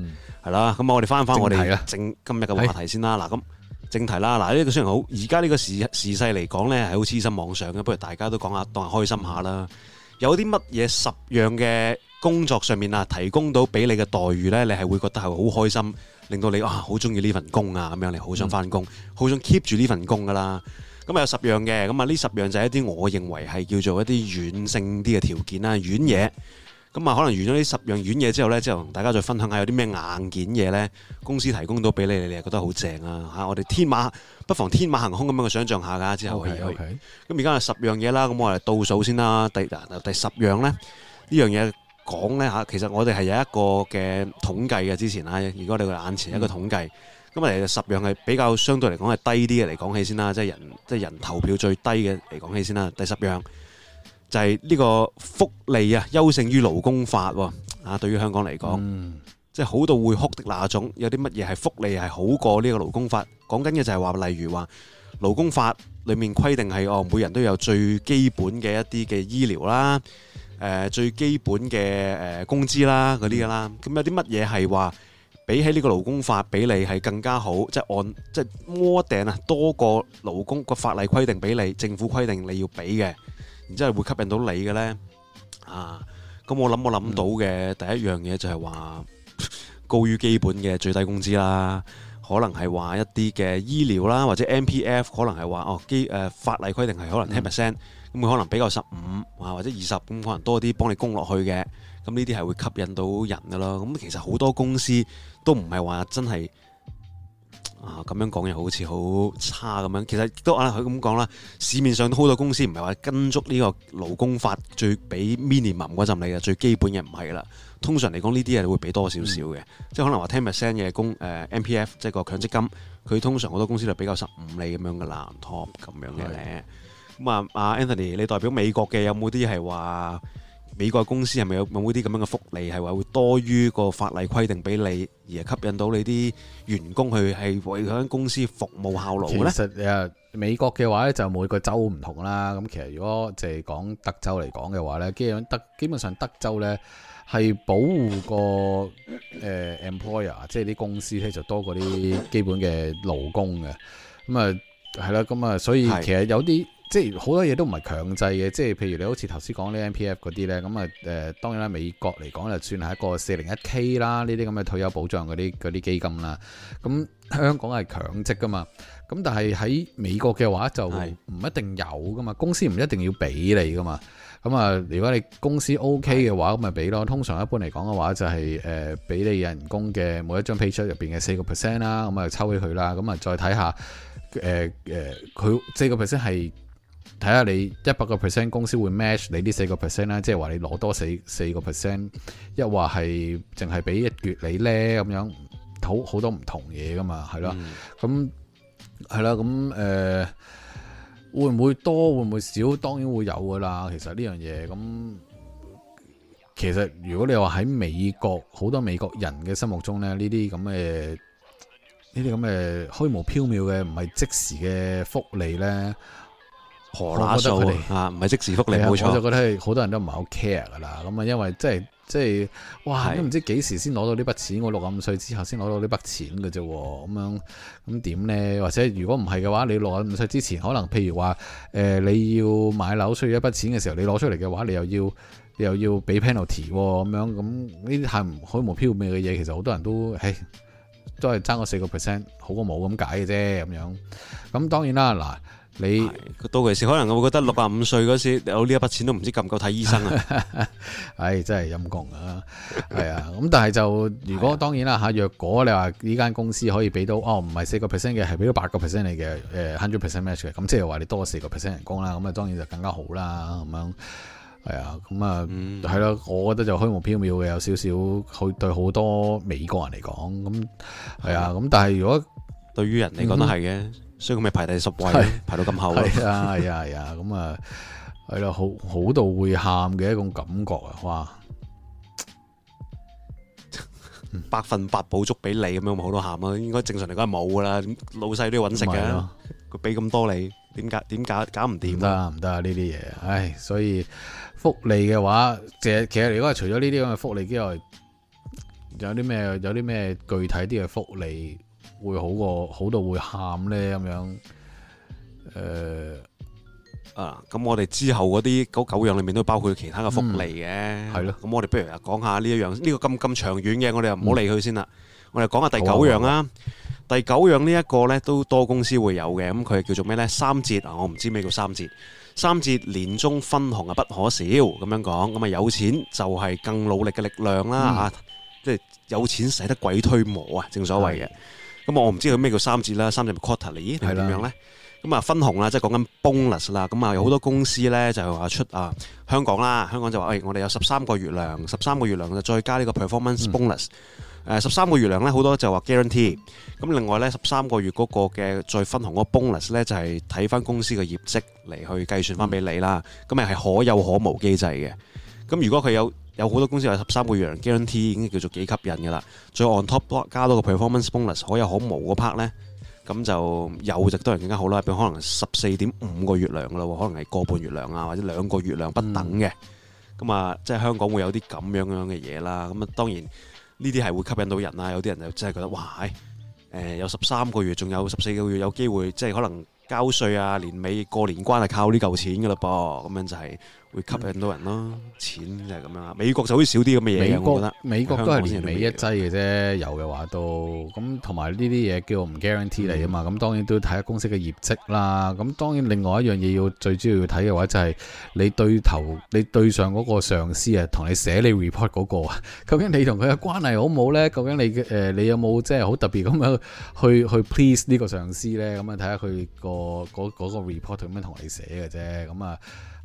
係啦。咁啊，我哋翻翻我哋正今日嘅話題先啦。嗱、啊，咁正題啦。嗱，呢個雖然好，而家呢個時時勢嚟講咧，係好痴心妄想嘅。不如大家都講下，當係開心下啦。有啲乜嘢十樣嘅？工作上面啊，提供到俾你嘅待遇咧，你係會覺得係好開心，令到你啊好中意呢份工啊咁樣，你好想返工，好想 keep 住呢份工噶啦。咁啊有十樣嘅，咁啊呢十樣就係一啲我認為係叫做一啲軟性啲嘅條件啦，軟嘢。咁啊可能完咗呢十樣軟嘢之後咧，之後大家再分享下有啲咩硬件嘢咧，公司提供到俾你，你係覺得好正啊嚇。我哋天馬不妨天馬行空咁樣去想象下㗎，之後可以。咁而家係十樣嘢啦，咁我哋倒數先啦。第啊第十樣咧呢樣嘢。講呢，嚇，其實我哋係有一個嘅統計嘅之前啦，如果你個眼前有一個統計，咁啊、嗯、十樣係比較相對嚟講係低啲嘅嚟講起先啦，即係人即係人投票最低嘅嚟講起先啦，第十樣就係、是、呢個福利啊優勝於勞工法喎啊，對於香港嚟講，即係、嗯、好到會哭的那種，有啲乜嘢係福利係好過呢個勞工法？講緊嘅就係話，例如話勞工法裡面規定係我每人都有最基本嘅一啲嘅醫療啦。誒最基本嘅誒工資啦嗰啲㗎啦，咁有啲乜嘢係話比起呢個勞工法俾你係更加好，即係按即係摸頂啊多過勞工個法例規定俾你，政府規定你要俾嘅，然之後會吸引到你嘅呢啊！咁我諗我諗到嘅第一樣嘢就係話高於基本嘅最低工資啦。可能係話一啲嘅醫療啦，或者 MPF 可能係話哦，機誒、呃、法例規定係可能 ten percent，咁佢可能比較十五啊或者二十咁可能多啲幫你供落去嘅，咁呢啲係會吸引到人噶啦。咁其實好多公司都唔係話真係。啊，咁樣講又好似好差咁樣，其實都啊佢咁講啦，市面上都好多公司唔係話跟足呢個勞工法，最俾 minimum 嗰陣你嘅，最基本嘅唔係啦。通常嚟講，呢啲係會俾多少少嘅，嗯、即係可能話 ten percent 嘅工 M P F 即係個強積金，佢通常好多公司就比較十五厘咁樣嘅藍 top 咁樣嘅咧。咁啊的，阿 Anthony，你代表美國嘅有冇啲係話？美國公司係咪有冇啲咁樣嘅福利係話會多於個法例規定俾你，而係吸引到你啲員工去係為嗰間公司服務效勞咧？其實誒美國嘅話咧就每個州唔同啦，咁其實如果就係講德州嚟講嘅話咧，基本上德基本上德州咧係保護個誒 employer，即係啲公司咧就多過啲基本嘅勞工嘅，咁啊係啦，咁啊所以其實有啲。即係好多嘢都唔係強制嘅，即係譬如你好似頭先講啲 M P F 嗰啲呢，咁啊誒當然啦，美國嚟講就算係一個四零一 K 啦，呢啲咁嘅退休保障嗰啲嗰啲基金啦，咁香港係強積噶嘛，咁但係喺美國嘅話就唔一定有噶嘛，是公司唔一定要俾你噶嘛，咁啊，如果你公司 O K 嘅話咁咪俾咯，通常一般嚟講嘅話就係誒俾你人工嘅每一張 pay 出入邊嘅四個 percent 啦，咁啊抽起佢啦，咁啊再睇下誒誒佢四個 percent 係。呃呃睇下你一百個 percent 公司會 match 你呢四個 percent 啦，即係話你攞多四四個 percent，一話係淨係俾一月你呢咁樣，好好多唔同嘢噶嘛，係咯，咁係啦，咁誒、呃、會唔會多會唔會少？當然會有噶啦。其實呢樣嘢咁，其實如果你話喺美國好多美國人嘅心目中咧，呢啲咁嘅呢啲咁嘅虛無縹緲嘅唔係即時嘅福利呢。攞得嚟啊！唔係即時福利，冇、啊、錯。我就覺得好多人都唔係好 care 㗎啦。咁啊，因為即係即係，哇都唔知幾時先攞到呢筆錢。是的 我六十五歲之後先攞到呢筆錢嘅啫。咁樣咁點呢？或者如果唔係嘅話，你六十五歲之前，可能譬如話誒、呃，你要買樓需要一筆錢嘅時候，你攞出嚟嘅話，你又要你又要俾 penalty 咁樣。咁呢啲係唔虛無縹緲嘅嘢，其實好多人都誒都係爭嗰四個 percent，好過冇咁解嘅啫。咁樣咁當然啦嗱。你是到其時可能我會覺得六啊五歲嗰時有呢一筆錢都唔知夠唔夠睇醫生啊！唉、 哎，真係陰功啊！係 啊，咁但係就如果、啊、當然啦吓，若果你話呢間公司可以俾到哦，唔係四個 percent 嘅，係俾到八個 percent 你嘅，誒，hundred percent match 嘅，咁即係話你多四個 percent 人工啦，咁啊，當然就更加好啦，咁樣係啊，咁啊，係咯、嗯啊，我覺得就虛無縹緲嘅，有少少去對好多美國人嚟講，咁係啊，咁但係如果對於人嚟講都係嘅。嗯所以佢咪排第十位，排到咁後咯。係啊，係啊，係啊，咁啊，係咯，好好到會喊嘅一種感覺啊！哇，百分百補足俾你咁樣，咪好多喊咯。應該正常嚟講係冇噶啦，老細都要揾食嘅。佢俾咁多你，點解？點解搞唔掂？唔得，唔得，呢啲嘢。唉，所以福利嘅話，其實其實嚟講係除咗呢啲咁嘅福利之外，有啲咩？有啲咩具體啲嘅福利？會好過好到會喊呢。咁樣誒、呃、啊！咁我哋之後嗰啲九九樣裏面都包括其他嘅福利嘅係咯。咁我哋不如又講下呢一樣呢個咁咁、這個、長遠嘅，我哋又唔好理佢先啦。嗯、我哋講下第九樣啦。的第九樣呢一個呢，都多公司會有嘅。咁佢叫做咩呢？三節啊！我唔知咩叫三節。三節年中分紅啊，不可少咁樣講。咁啊有錢就係更努力嘅力量啦、嗯、啊！即係有錢使得鬼推磨啊，正所謂嘅。咁我唔知佢咩叫三節啦，三節 quarterly 係點樣咧？咁啊分紅啦，即係講緊 bonus 啦。咁啊有好多公司咧就話出啊香港啦，香港就話誒我哋有十三個月糧，十三個月糧就再加呢個 performance bonus。誒十三個月糧咧好多就話 guarantee。咁另外咧十三個月嗰個嘅再分紅嗰 bonus 咧就係睇翻公司嘅業績嚟去計算翻俾你啦。咁咪係可有可無機制嘅。咁如果佢有。有好多公司有十三個月，guarantee 已經叫做幾吸引㗎啦。再 on top 多加多個 performance bonus 可以有可無嗰 part 呢，咁就有就當然更加好啦。比如可能十四點五個月糧㗎咯，可能係個半月糧啊，或者兩個月糧不等嘅。咁啊，即係香港會有啲咁樣樣嘅嘢啦。咁啊，當然呢啲係會吸引到人啊。有啲人就真係覺得哇，誒有十三個月，仲有十四個月有機會，即係可能交稅啊、年尾過年關係靠呢嚿錢㗎咯噃。咁樣就係。會吸引到人咯，錢就係咁樣啦。美國就好似少啲咁嘅嘢，美國美國都係年尾一劑嘅啫，嗯、有嘅話都咁同埋呢啲嘢叫唔 guarantee 嚟啊嘛。咁當然都要睇下公司嘅業績啦。咁當然另外一樣嘢要最主要要睇嘅話就係你對頭，你對上嗰個上司啊，同你寫你 report 嗰、嗰個啊，究竟你同佢嘅關係好唔好咧？究竟你誒，你有冇即係好特別咁樣去去 please 呢個上司咧？咁樣睇下佢個嗰個 report 點樣同你寫嘅啫，咁啊。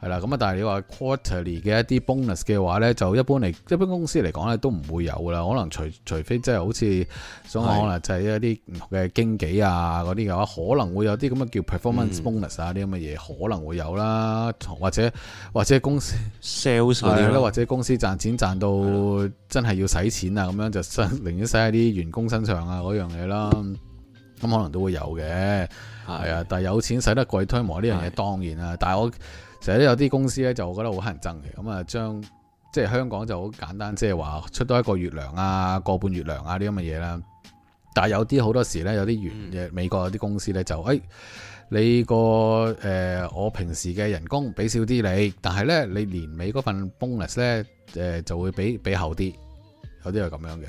係啦，咁啊，但係你 quarter、bon、話 quarterly 嘅一啲 bonus 嘅話咧，就一般嚟一般公司嚟講咧都唔會有啦。可能除除非即係好似想是的 可能就係一啲唔同嘅經紀啊嗰啲嘅話，可能會有啲咁嘅叫 performance bonus 啊啲咁嘅嘢可能會有啦。或者或者公司 sales 係或者公司賺錢賺到真係要使錢啊咁是的 樣就寧願使喺啲員工身上啊嗰樣嘢啦。咁、嗯、可能都會有嘅，係啊是的。但係有錢使得貴推磨呢樣嘢當然啊。是的 但係我。成日有啲公司咧，就我覺得好乞人憎嘅，咁啊將即係香港就好簡單，即係話出多一個月糧啊，個半月糧啊呢咁嘅嘢啦。但係有啲好多時呢，有啲原嘅、嗯、美國有啲公司呢，就、哎、誒，你個誒、呃、我平時嘅人工俾少啲你，但係呢，你年尾嗰份 bonus 呢，誒、呃、就會俾俾厚啲，有啲係咁樣嘅。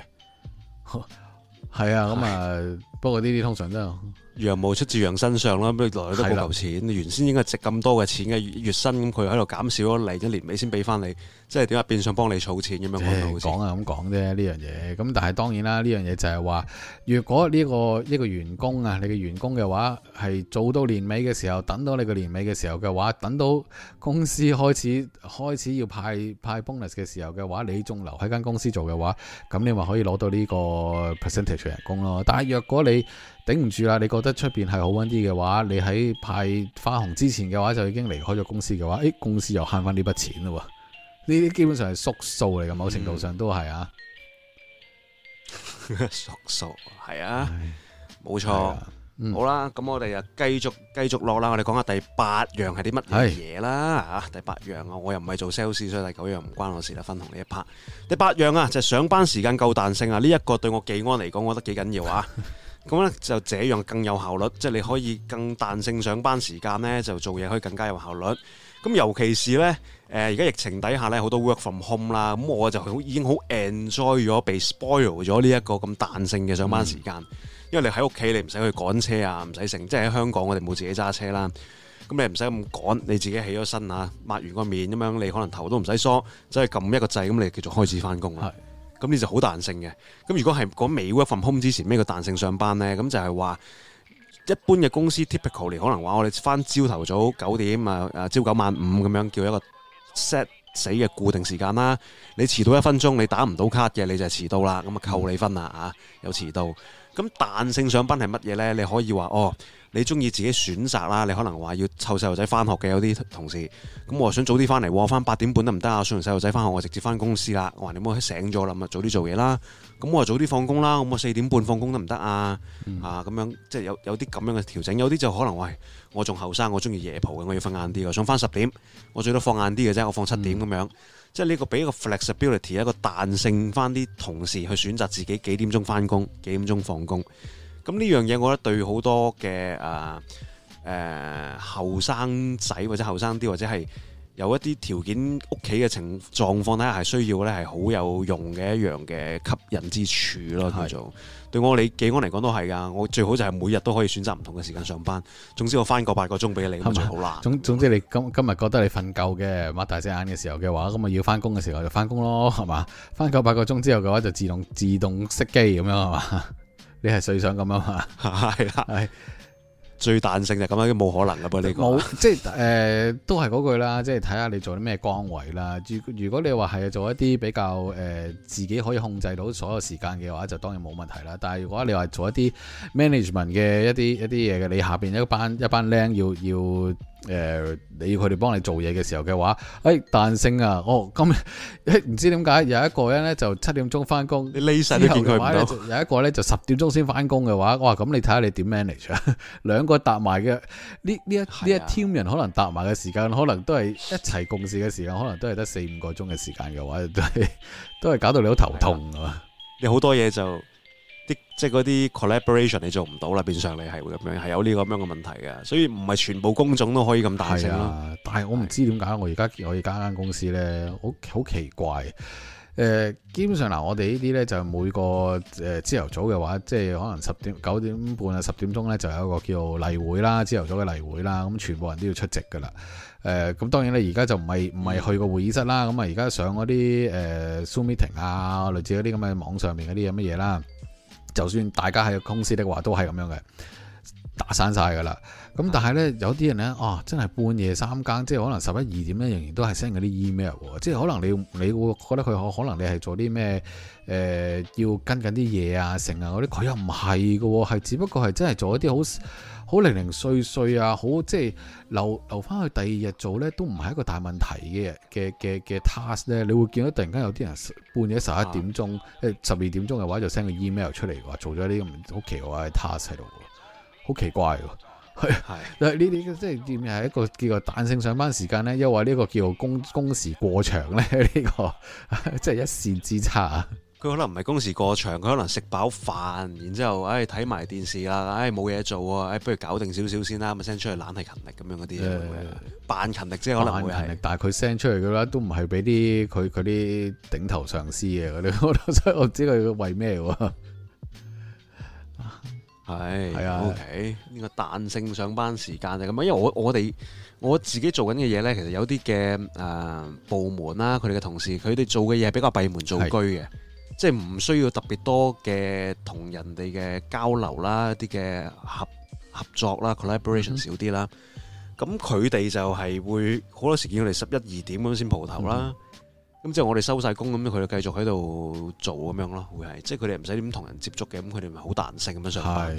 係 啊，咁啊，唉不過呢啲通常都。羊毛出自羊身上啦，咁來嚟都嗰嚿錢的原先應該值咁多嘅錢嘅月薪，咁佢喺度減少咗嚟咗年尾先俾翻你。即係點解變相幫你儲錢，咁樣講得好似講係咁講啫呢樣嘢咁，但係當然啦，呢樣嘢就係話，如果呢個一個員工啊，你嘅員工嘅話係做到年尾嘅時候，等到你嘅年尾嘅時候嘅話，等到公司開始開始要派派 bonus 嘅時候嘅話，你仲留喺間公司做嘅話，咁你咪可以攞到呢個 percentage 人工咯。但係若果你頂唔住啦，你覺得出邊係好揾啲嘅話，你喺派花紅之前嘅話就已經離開咗公司嘅話，誒、哎、公司又慳翻呢筆錢咯。呢啲基本上係縮數嚟噶，某程度上都係啊。縮數係啊，冇錯。好啦，咁我哋啊繼續繼續落啦，我哋講下第八樣係啲乜嘢啦吓。第八樣啊，我又唔係做 sales，所以第九樣唔關我事啦，分紅呢一 part。第八樣啊，就係上班時間夠彈性啊，呢一個對我技安嚟講，我覺得幾緊要啊。咁咧就這樣更有效率，即係你可以更彈性上班時間咧，就做嘢可以更加有效率。咁尤其是咧。誒而家疫情底下咧，好多 work from home 啦，咁我就好已經好 enjoy 咗被 spoiled 咗呢一個咁彈性嘅上班時間，嗯、因為你喺屋企，你唔使去趕車啊，唔使成，即係喺香港我哋冇自己揸車啦，咁你唔使咁趕，你自己起咗身啊，抹完個面咁樣，你可能頭都唔使梳，即係撳一個掣咁，你就叫做開始翻工啦。咁你是就好彈性嘅。咁如果係講未 work from home 之前咩個彈性上班呢？咁就係話一般嘅公司 typical 嚟，typically, 可能話我哋翻朝頭早九點啊，啊朝九晚五咁樣叫一個。set 死嘅固定時間啦，你遲到一分鐘，你打唔到卡嘅，你就係遲到啦，咁啊扣你分啦啊嚇，有遲到。咁彈性上班係乜嘢呢？你可以話哦。你中意自己選擇啦，你可能話要湊細路仔翻學嘅有啲同事，咁我話想早啲翻嚟，我翻八點半得唔得啊？送完細路仔翻學，我直接翻公司啦。我話你冇好喺醒咗啦，咁早啲做嘢啦。咁我話早啲放工啦，咁我四點半放工得唔得啊？啊咁樣，即係有有啲咁樣嘅調整，有啲就可能喂，我仲後生，我中意夜蒲嘅，我要瞓晏啲，我想翻十點，我最多放晏啲嘅啫，我放七點咁樣。嗯、即係呢個俾一個 flexibility，一個彈性，翻啲同事去選擇自己幾點鐘翻工，幾點鐘放工。咁呢樣嘢，我覺得對好多嘅誒誒後生仔或者後生啲，或者係有一啲條件屋企嘅情況狀況底下係需要咧，係好有用嘅一樣嘅吸引之處咯。叫做是對，對，對我哋記安嚟講都係噶，我最好就係每日都可以選擇唔同嘅時間上班。總之我返個八個鐘俾你，咁吧就好啦。總總之你今今日覺得你瞓夠嘅，擘大隻眼嘅時候嘅話，咁啊要返工嘅時候就返工咯，係嘛？返夠八個鐘之後嘅話就自動自動熄機咁樣係嘛？你係水想咁啊嘛，係啦的， 的最彈性就咁樣，冇可能噶噃你講，冇是是、呃，即係都係嗰句啦，即係睇下你做啲咩崗位啦。如如果你話係做一啲比較、呃、自己可以控制到所有時間嘅話，就當然冇問題啦。但係如果你話做一啲 management 嘅一啲一啲嘢嘅，你下面一班一班靚要要。要誒，你要佢哋幫你做嘢嘅時候嘅話，誒，彈性啊，哦，咁唔知點解有一個人咧就七點鐘翻工，你匿晒你同佢唔到有一個咧就十點鐘先翻工嘅話，哇，咁你睇下你點 manage 啊？你看看你 managing，兩個搭埋嘅呢呢一呢一 team 人可能搭埋嘅時間，可能都係一齊共事嘅時間，可能都係得四五個鐘嘅時間嘅話， 都係都係搞到你好頭痛啊嘛。你好多嘢就。即係嗰啲 collaboration，你做唔到啦。變相你係會咁樣係有呢個咁樣嘅問題嘅，所以唔係全部工種都可以咁大聲、啊、但係我唔知點解我而家我以家間公司咧好好奇怪。誒、呃，基本上嗱、啊，我哋呢啲咧就每個誒朝頭早嘅話，即、就、係、是、可能十點九點半啊，十點鐘咧就有一個叫例會啦，朝頭早嘅例會啦。咁、嗯、全部人都要出席㗎啦。誒、呃、咁當然咧，而家就唔係唔係去個會議室啦。咁、嗯、啊，而家上嗰啲誒、呃、Zoom meeting 啊，類似嗰啲咁嘅網上面嗰啲咁嘅嘢啦。就算大家喺公司的話，都係咁樣嘅，打散晒噶啦。咁但係呢，嗯、有啲人呢，哦、啊，真係半夜三更，即係可能十一二點呢，仍然都係 send 緊啲 email 喎。即係可能你，你會覺得佢可可能你係做啲咩？誒、呃，要跟緊啲嘢啊，成啊嗰啲，佢又唔係嘅喎，係只不過係真係做一啲好。好零零碎碎啊，好即係留留翻去第二日做呢，都唔係一個大問題嘅嘅嘅嘅 task 呢，你會見到突然間有啲人半夜十一點鐘，即十二點鐘嘅話就 send 個 email 出嚟話做咗啲咁好奇怪嘅 task 喺度，好奇怪喎。係係，呢啲即係點係一個叫做彈性上班時間呢，又話呢個叫做工工時過長呢，呢、這個即係 一線之差，啊。佢可能唔係工時過長，佢可能食飽飯，然之後誒睇埋電視啦，誒冇嘢做啊，誒、哎、不如搞定少少先啦，咁、哎、send 出去懶係勤力咁樣嗰啲，扮勤力即係可能會係，但係佢 send 出嚟嘅咧都唔係俾啲佢啲頂頭上司嘅嗰啲，嗯、 我所以我唔知佢為咩喎？係係 是啊，OK 呢個彈性上班時間就咁樣，因為我我哋我自己做緊嘅嘢咧，其實有啲嘅誒部門啦，佢哋嘅同事，佢哋做嘅嘢係比較閉門造車嘅。即係唔需要特別多嘅同人哋嘅交流啦，一啲嘅合合作啦，collaboration 少啲啦。咁佢哋就係會好多時見佢哋十一二點咁先蒲頭啦。咁之後我哋收曬工咁，佢哋就繼續喺度做咁樣咯，會係即係佢哋唔使點同人接觸嘅，咁佢哋咪好彈性咁樣上班。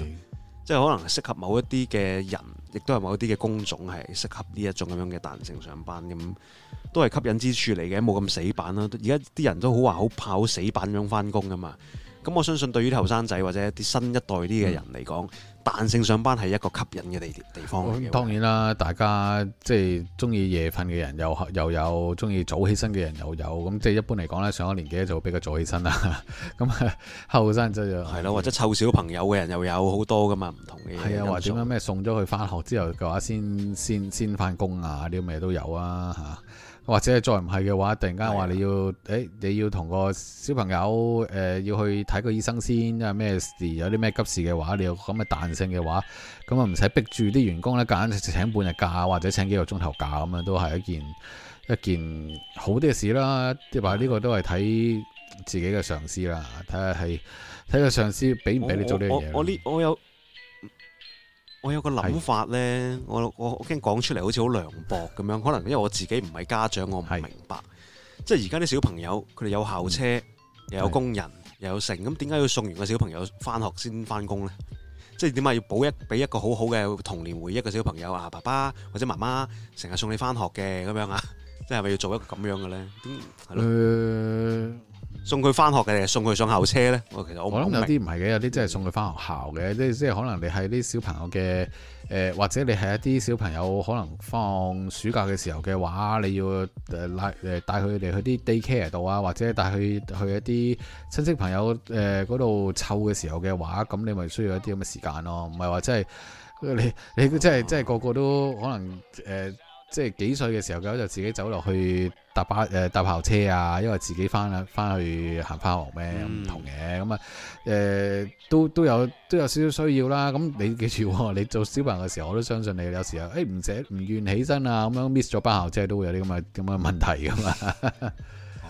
即係可能適合某一啲嘅人，亦都係某一啲嘅工種係適合呢一種咁樣嘅彈性上班咁。都係吸引之處嚟嘅，冇咁死板啦。而家啲人都好話好怕好死板咁樣翻工噶嘛。咁我相信對於啲後生仔或者啲新一代啲嘅人嚟講，彈、嗯、性上班係一個吸引嘅地地方嘅。當然啦，大家即係中意夜瞓嘅人又又有中意早起身嘅人又有。咁即係一般嚟講咧，上咗年紀就比較早起身啦。咁後生就係咯，或者湊小朋友嘅人又有好多噶嘛，唔同嘅嘢。係啊，或者咩送咗佢翻學之後嘅話，先先先翻工啊啲咩都有啊吓。或者再唔係嘅話，突然間話你要誒的、欸，你要同個小朋友誒、呃，要去睇個醫生先，咩事有啲咩急事嘅話，你有咁嘅彈性嘅話，咁啊唔使逼住啲員工咧，揀請半日假或者請幾個鐘頭假咁樣，都係一件一件好啲嘅事啦。即係話呢個都係睇自己嘅上司啦，睇下係睇個上司俾唔俾你做呢樣嘢。我有個諗法呢。是我我我驚講出嚟好似好涼薄咁樣，可能因為我自己唔係家長，我唔明白。是即係而家啲小朋友，佢哋有校車，嗯、又有工人，是又有成，咁點解要送完個小朋友返學先返工呢？即係點解要補一俾一個好好嘅童年回憶嘅小朋友啊？爸爸或者媽媽成日送你返學嘅咁樣啊？即係咪要做一個咁樣嘅呢？係囉。送佢翻學嘅，送佢上校車咧。我其實我諗有啲唔係嘅，有啲真係送佢翻學校嘅。嗯、即即係可能你係啲小朋友嘅，誒、呃、或者你係一啲小朋友可能放暑假嘅時候嘅話，你要誒拉誒帶佢哋去啲 daycare 度啊，或者帶佢去一啲親戚朋友誒嗰度湊嘅時候嘅話，咁你咪需要一啲咁嘅時間咯、啊。唔係話真係你你真係真係個個都可能誒。呃即係幾歲嘅時候佢就自己走落去搭巴誒、呃、搭校車啊，因為自己翻翻去行翻學咩唔同嘅咁啊誒都都有都有少少需要啦。咁你記住、哦、你做小朋友嘅時候，我都相信你有時候誒唔寫唔願起身啊，咁樣 miss 咗班校車都會有啲咁嘅咁嘅問題噶嘛。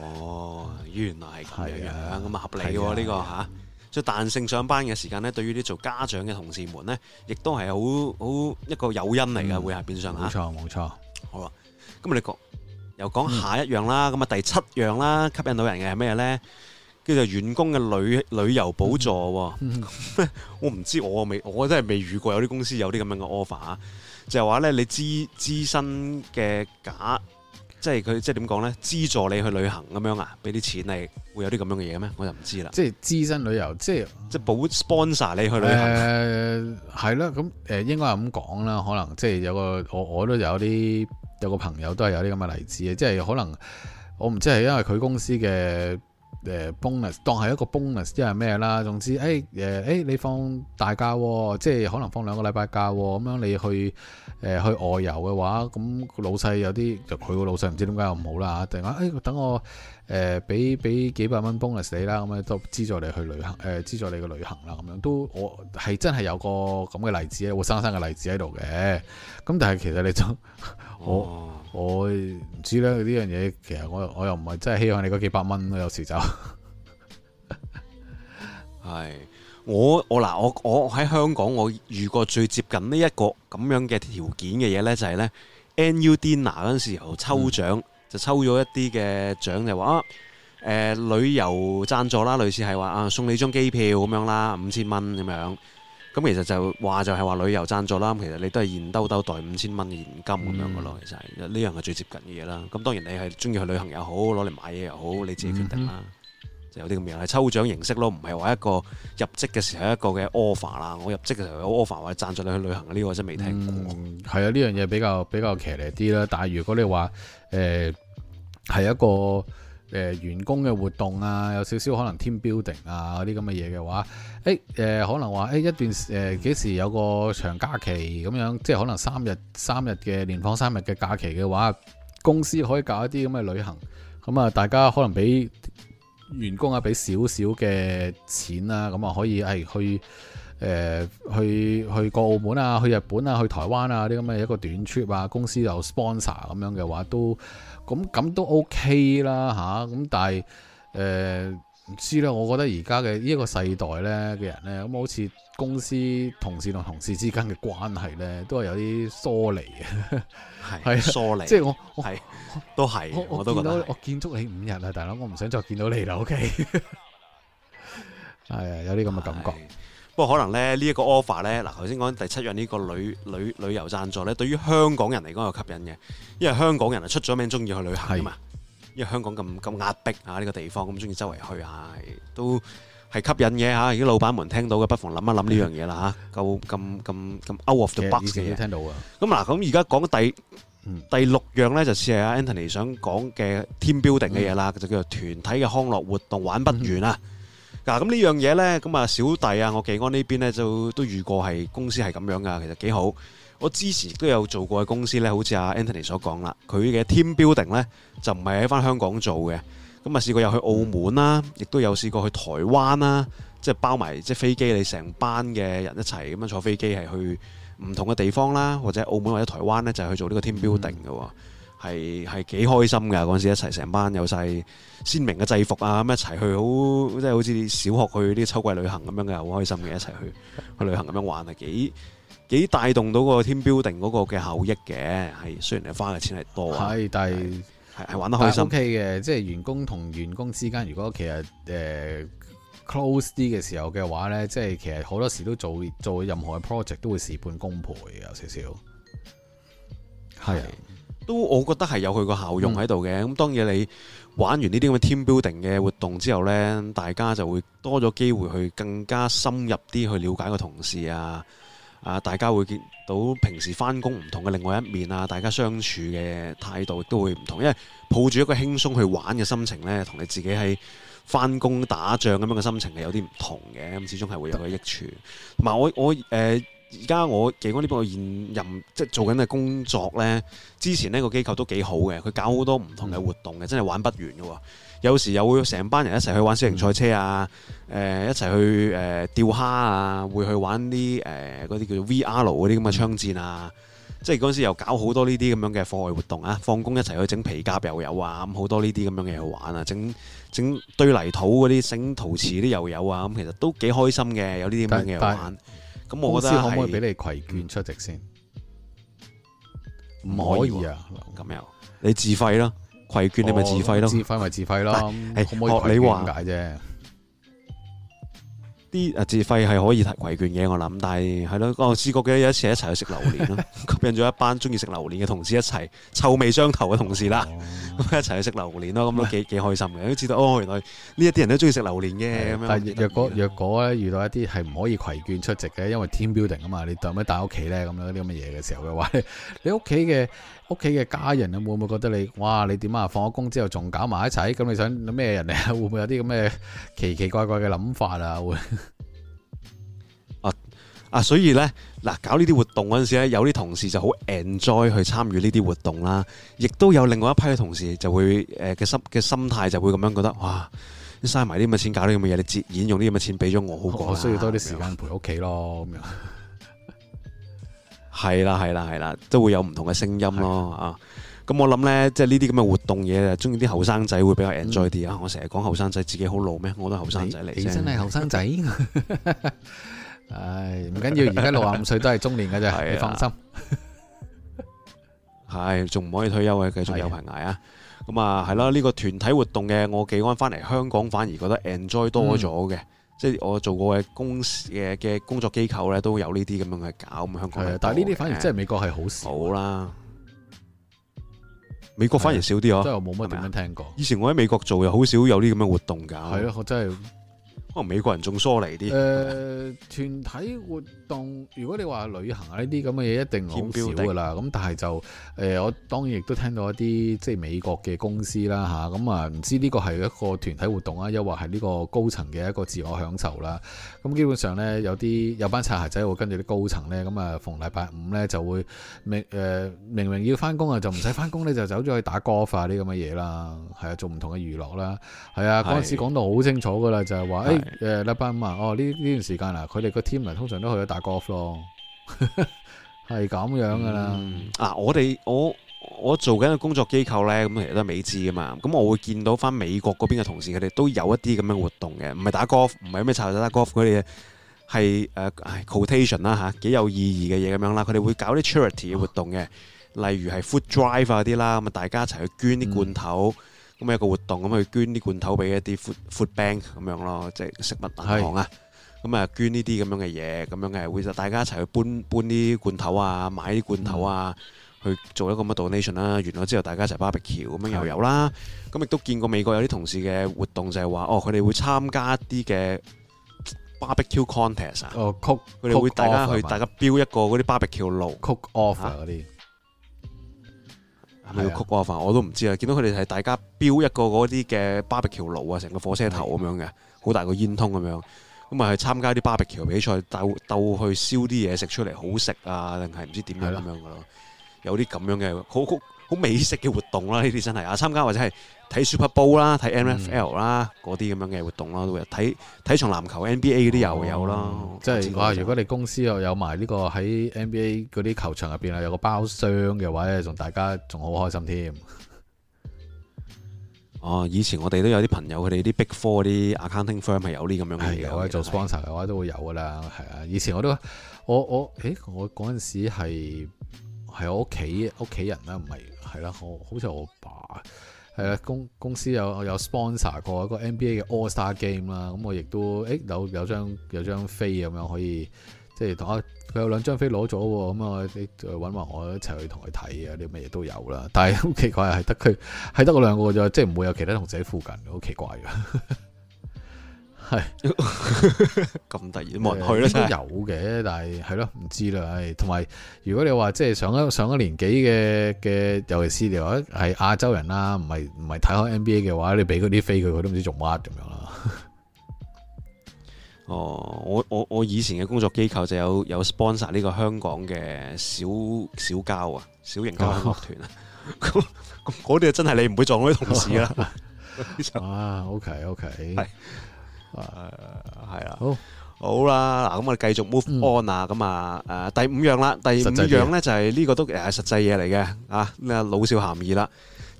哦，原來係咁樣咁啊樣合理嘅呢、哦啊呢個吓、啊。所以彈性上班嘅時間呢，對於啲做家長嘅同事們呢，亦都係好好一個誘因嚟噶，嗯、會係變相冇錯冇錯。錯好啊，咁你講，又講下一樣啦，咁啊第七樣啦，吸引到人嘅係咩呢？叫做員工嘅旅旅遊補助喎， 我唔知我未，我真係未遇過有啲公司有啲咁樣嘅 offer 就係話呢，你支支薪嘅假。即係佢即係點講呢？資助你去旅行咁樣啊，俾啲錢你會有啲咁樣嘅嘢咩？我就唔知啦。即係資深旅遊，即係即係保 sponsor 你去旅行。誒係啦，咁誒、嗯、應該係咁講啦。可能即係有個我，我都有啲有個朋友都係有啲咁嘅例子嘅。即係可能我唔知係因為佢公司嘅。誒、呃、bonus 當係一個 bonus，即係咩啦？總之，誒、哎、誒、哎，你放大假，即係可能放兩個禮拜假，咁樣你去誒、呃、去外遊嘅話，咁老細有啲就佢個老細唔知點解又唔好啦，突然間，誒等我誒俾俾幾百蚊 bonus 你啦，咁樣都資助你去旅行，誒、呃、資助你個旅行啦，咁樣都我係真係有個咁嘅例子咧，活生生嘅例子喺度嘅。咁但係其實你就我。哦。我唔知咧，呢樣嘢其實我我又唔係真係希望你嗰幾百蚊咯，有時就係我我嗱我我喺香港我遇過最接近呢一個咁樣嘅條件嘅嘢呢，就係呢。NU Dina 嗰陣時候抽獎，嗯、就抽咗一啲嘅獎就話啊，旅遊贊助啦，類似係話啊送你張機票咁樣啦，五千蚊咁樣。咁其實就話就係話旅遊贊助啦，其實你都係現兜兜袋五千蚊現金咁樣嘅咯，嗯、其實呢樣係最接近嘅嘢啦。咁當然你係中意去旅行又好，攞嚟買嘢又好，你自己決定啦。嗯、哼就有啲咁樣，係抽獎形式咯，唔係話一個入職嘅時候一個嘅 offer 啦。我入職嘅時候有 offer 或者贊助你去旅行呢、我真係未聽過。係啊、嗯，呢樣嘢比較比較騎呢啲啦。但係如果你話誒係一個。誒員工嘅活動啊，有少少可能 team building 啊嗰啲咁嘅嘢嘅話，誒誒可能話誒一段時誒幾時有個長假期咁樣，即係可能三日三日嘅連放三日嘅假期嘅話，公司可以搞一啲咁嘅旅行，咁啊、呃、大家可能俾員工啊俾少少嘅錢啊咁啊可以係去誒、呃、去去過澳門啊、去日本啊、去台灣啊啲咁嘅一個短 trip 啊，公司有 sponsor 咁樣嘅話都。咁咁都 OK 啦吓，咁但係，誒唔知咧，我覺得而家嘅呢一個世代咧嘅人咧，咁好似公司同事同同事之間嘅關係咧，都係有啲疏離嘅，係是 疏離，即係我係都係，我都覺得我見足你五日啦，大佬，我唔想再見到你啦，OK，係呀， 有啲咁嘅感覺。不過可能咧呢一個 offer 咧，嗱頭先講第七樣呢個旅旅旅遊贊助咧，對於香港人嚟講有吸引嘅，因為香港人係出咗名，中意去旅行啊嘛。因為香港咁咁壓迫啊，呢個地方咁中意周圍去下，都係吸引嘅嚇。啲老闆們聽到嘅，不妨諗一諗呢樣嘢啦嚇。夠咁咁咁 out of the box 嘅，聽到啊。咁嗱，咁而家講第第六樣咧，就似係阿 Anthony 想講嘅 team building 嘅嘢啦，就叫做團體嘅康樂活動玩不完啊！嗱，咁呢樣嘢呢，咁啊小弟啊，我技安呢邊呢，就都遇過係公司係咁樣噶，其實幾好，我之前都有做過嘅公司呢，好似阿 Anthony 所講啦，佢嘅 team building 呢，就唔係喺返香港做嘅，咁啊試過有去澳門啦，亦都有試過去台灣啦，即係包埋即係飛機，你成班嘅人一齊咁樣坐飛機係去唔同嘅地方啦，或者澳門或者台灣呢，就係去做呢個 team building 嘅。係係幾開心嘅，嗰陣時，一齊成班有晒鮮明嘅制服啊，咁一齊去好，即係好似小學去啲秋季旅行咁樣嘅，好開心嘅一齊去去旅行咁樣玩啊，幾幾帶動到個 team building 嗰個嘅效益嘅。係雖然你花嘅錢係多，但係玩得開心，OK 嘅，即係員工同員工之間，如果其實誒、呃、close 啲嘅時候嘅話呢，即係其實好多時都做做任何嘅 project 都會事半功倍嘅，有少少係。都，我覺得係有佢個效用喺度嘅。咁、嗯、當然你玩完呢啲咁嘅 team building 嘅活動之後咧，大家就會多咗機會去更加深入啲去了解個同事啊。啊，大家會見到平時翻工唔同嘅另外一面啊，大家相處嘅態度都會唔同。因為抱住一個輕鬆去玩嘅心情咧，同你自己喺翻工打仗咁樣嘅心情係有啲唔同嘅。咁始終，係會有個益處，同埋我我誒。呃而家我幾多呢個現任即係做緊嘅工作呢，之前呢個機構都幾好嘅，佢搞好多唔同嘅活動嘅，嗯、真係玩不完嘅喎。有時又會成班人一齊去玩小型賽車啊，誒、嗯呃、一齊去誒釣、呃、蝦啊，會去玩啲誒嗰啲叫做 VR 嗰啲咁嘅槍戰啊，嗯、即係嗰陣時又搞好多呢啲咁樣嘅課外活動啊。放工一齊去整皮甲又有啊，咁好多呢啲咁樣嘅嘢玩啊，整整堆泥土嗰啲整陶瓷啲又有啊，咁、嗯、其實都幾開心嘅，有呢啲咁嘅嘢玩。咁我覺得可唔可以俾你攜眷出席先？唔可以啊！你自費啦，攜眷你咪自費咯、哦，自費咪自費咯，但可唔可以攜眷你話點解啫？啲誒自費係可以提攜眷嘅，我諗，但係係咯，我試過嘅，有一次一齊去食榴蓮咯，吸引咗一班中意食榴蓮嘅同事一齊 臭味相投嘅同事啦，咁、哦、一齊去食榴蓮咯，咁都幾、嗯、幾開心嘅，都知道哦，原來呢一啲人都中意食榴蓮嘅咁樣。對但若果若果咧，遇到一啲係唔可以攜眷出席嘅，因為 team building 啊嘛，你有咩帶屋企咧，咁樣啲咁嘅嘢嘅時候嘅話，你屋企嘅。屋企嘅家人，你會唔會覺得你哇？你點啊？放咗工之後仲搞埋一齊，咁你想咩人啊？會唔會有啲咁嘅奇奇怪怪嘅諗法啊？會啊啊！所以咧，嗱，搞呢啲活動嗰陣時咧，有啲同事就好 enjoy 去參與呢啲活動啦，亦都有另外一批嘅同事就會誒嘅、呃、心嘅心態就會咁樣覺得哇！你嘥埋啲咁嘅錢搞啲咁嘅嘢，你折現用啲咁嘅錢俾咗我好過、啊、我需要多啲時間陪屋企咯咁樣。麼係啦係啦係啦，都會有唔同嘅聲音咯啊！咁我諗呢，即係呢啲咁嘅活動嘢，中意啲後生仔會比較 enjoy 啲啊！我成日講後生仔自己好老咩？我都係後生仔嚟，你真係後生仔，唉唔緊要，而家六十五歲都係中年嘅啫，你放心，係仲唔可以退休嘅，繼續有排捱啊！咁啊，係啦，呢個團體活動嘅，我寄安翻嚟香港反而覺得 enjoy 多咗嘅。即係我做過嘅公司嘅工作機構咧，都有呢啲咁樣嘅搞咁、嗯。香港但係呢啲反而真係美國係好少。嗯、啦，美國反而少啲嗬、啊。即係我冇乜點樣聽過。以前我喺美國做又好少有呢啲咁樣活動噶、啊。係咯，我真係可能美國人仲疏離啲。誒、呃，團體活。如果你話旅行啊呢啲咁嘅嘢一定好少噶啦，咁但係就誒、呃、我當然亦都聽到一啲即係美國嘅公司啦吓，咁啊唔、嗯、知呢個係一個團體活動啊，又或係呢個高層嘅一個自我享受啦。咁、啊、基本上呢，有啲有班擦鞋仔會跟住啲高層呢。咁啊逢禮拜五呢，就會明誒、呃、明明要返工啊，就唔使返工呢就走咗去打歌化啲咁嘅嘢啦，係啊做唔同嘅娛樂啦，係啊嗰陣是、啊、時講到好清楚噶啦，就係話誒誒禮拜五啊哦呢呢段時間啊佢哋個 team 通常都去咗打 Golf 咯，係咁 樣噶啦。嗱，我哋我我做緊嘅工作機構咧，咁其實都係美資噶嘛。咁我會見到翻美國嗰邊嘅同事，佢哋都有一啲咁樣的活動嘅，唔係打 Golf，唔係咩拆拆打 Golf，佢哋係誒誒 cooperation 啦吓，幾、呃、有意義嘅嘢咁樣啦。佢哋會搞啲 charity 嘅活動嘅，例如係 food drive 啊啲啦，咁啊大家一齊去捐啲罐頭，咁啊、嗯、一個活動咁去捐啲罐頭俾一啲 food, food bank 咁樣咯，即、就、係、是、食物銀行啊。咁啊，捐呢啲咁樣嘅嘢，咁樣嘅會大家一齊去搬搬啲罐頭啊，買啲罐頭啊，嗯、去做一個乜 donation 啦。完咗之後，大家一齊 barbecue 咁樣又有啦。咁亦的、嗯、都見過美國有啲同事嘅活動就，就係話哦，佢哋會參加一啲嘅 barbecue contest 哦，佢哋會大家去，off，大家標一個嗰啲 barbecue 爐 cook off 嗰啲係 cook off e r 的我都唔知啊。見到佢哋係大家標一個嗰啲嘅 barbecue 爐啊，成個火車頭咁樣嘅，好的大個煙通咁樣。咁咪去參加啲 BBQ 比賽，鬥鬥去燒啲嘢食出嚟，好食啊！定係唔知點樣咁樣噶咯？有啲咁樣嘅好好好美食嘅活動啦，呢啲真係啊！參加或者係睇 Super Bowl 啦，睇 NFL 啦，嗰啲咁樣嘅活動啦，睇睇場籃球 NBA 嗰啲又有啦。即係哇！嗯、如果你公司又有埋呢、呢個喺 NBA 嗰啲球場入面，啊，有個包廂嘅話咧，仲大家仲好開心添。哦，以前我哋都有啲朋友，佢哋啲 Big Four 啲 accounting firm 係有啲咁樣嘅嘢，我係做 sponsor 嘅話都會有噶啦。係啊，以前我都我我，誒我嗰陣時係我屋企屋企人啦，唔係係啦，好好似我爸係啊，公公司有有 sponsor 過一個 NBA 嘅 All Star Game 啦，咁我亦都誒有張有張有張飛咁樣可以即係同一。佢有兩張飛攞咗喎，咁啊你就揾埋我一齊去同佢睇啊，啲乜嘢都有啦，但係好奇怪啊，係得佢，係得我兩個啫，即係唔會有其他同事喺附近，好奇怪嘅，係咁突然冇人去咧，都有嘅， 但係係咯，唔知啦，同埋如果你話即係上一上一年紀嘅嘅，尤其是你話係亞洲人啦，唔係唔係睇開 NBA 嘅話，你俾嗰啲飛佢，佢都唔知做乜咁樣啦。哦，我我我以前嘅工作機構就有有 sponsor 呢個香港嘅小小交啊，小型交響樂團啊，咁咁啲真係你唔會撞到啲同事啦。啊，OK OK，係啊，係啊，好好啦，嗱，咁我哋繼續 move on、嗯、啊，咁啊，誒，第五樣啦，第五樣咧就係呢個都誒係實際嘢嚟嘅啊，咩老少咸宜啦。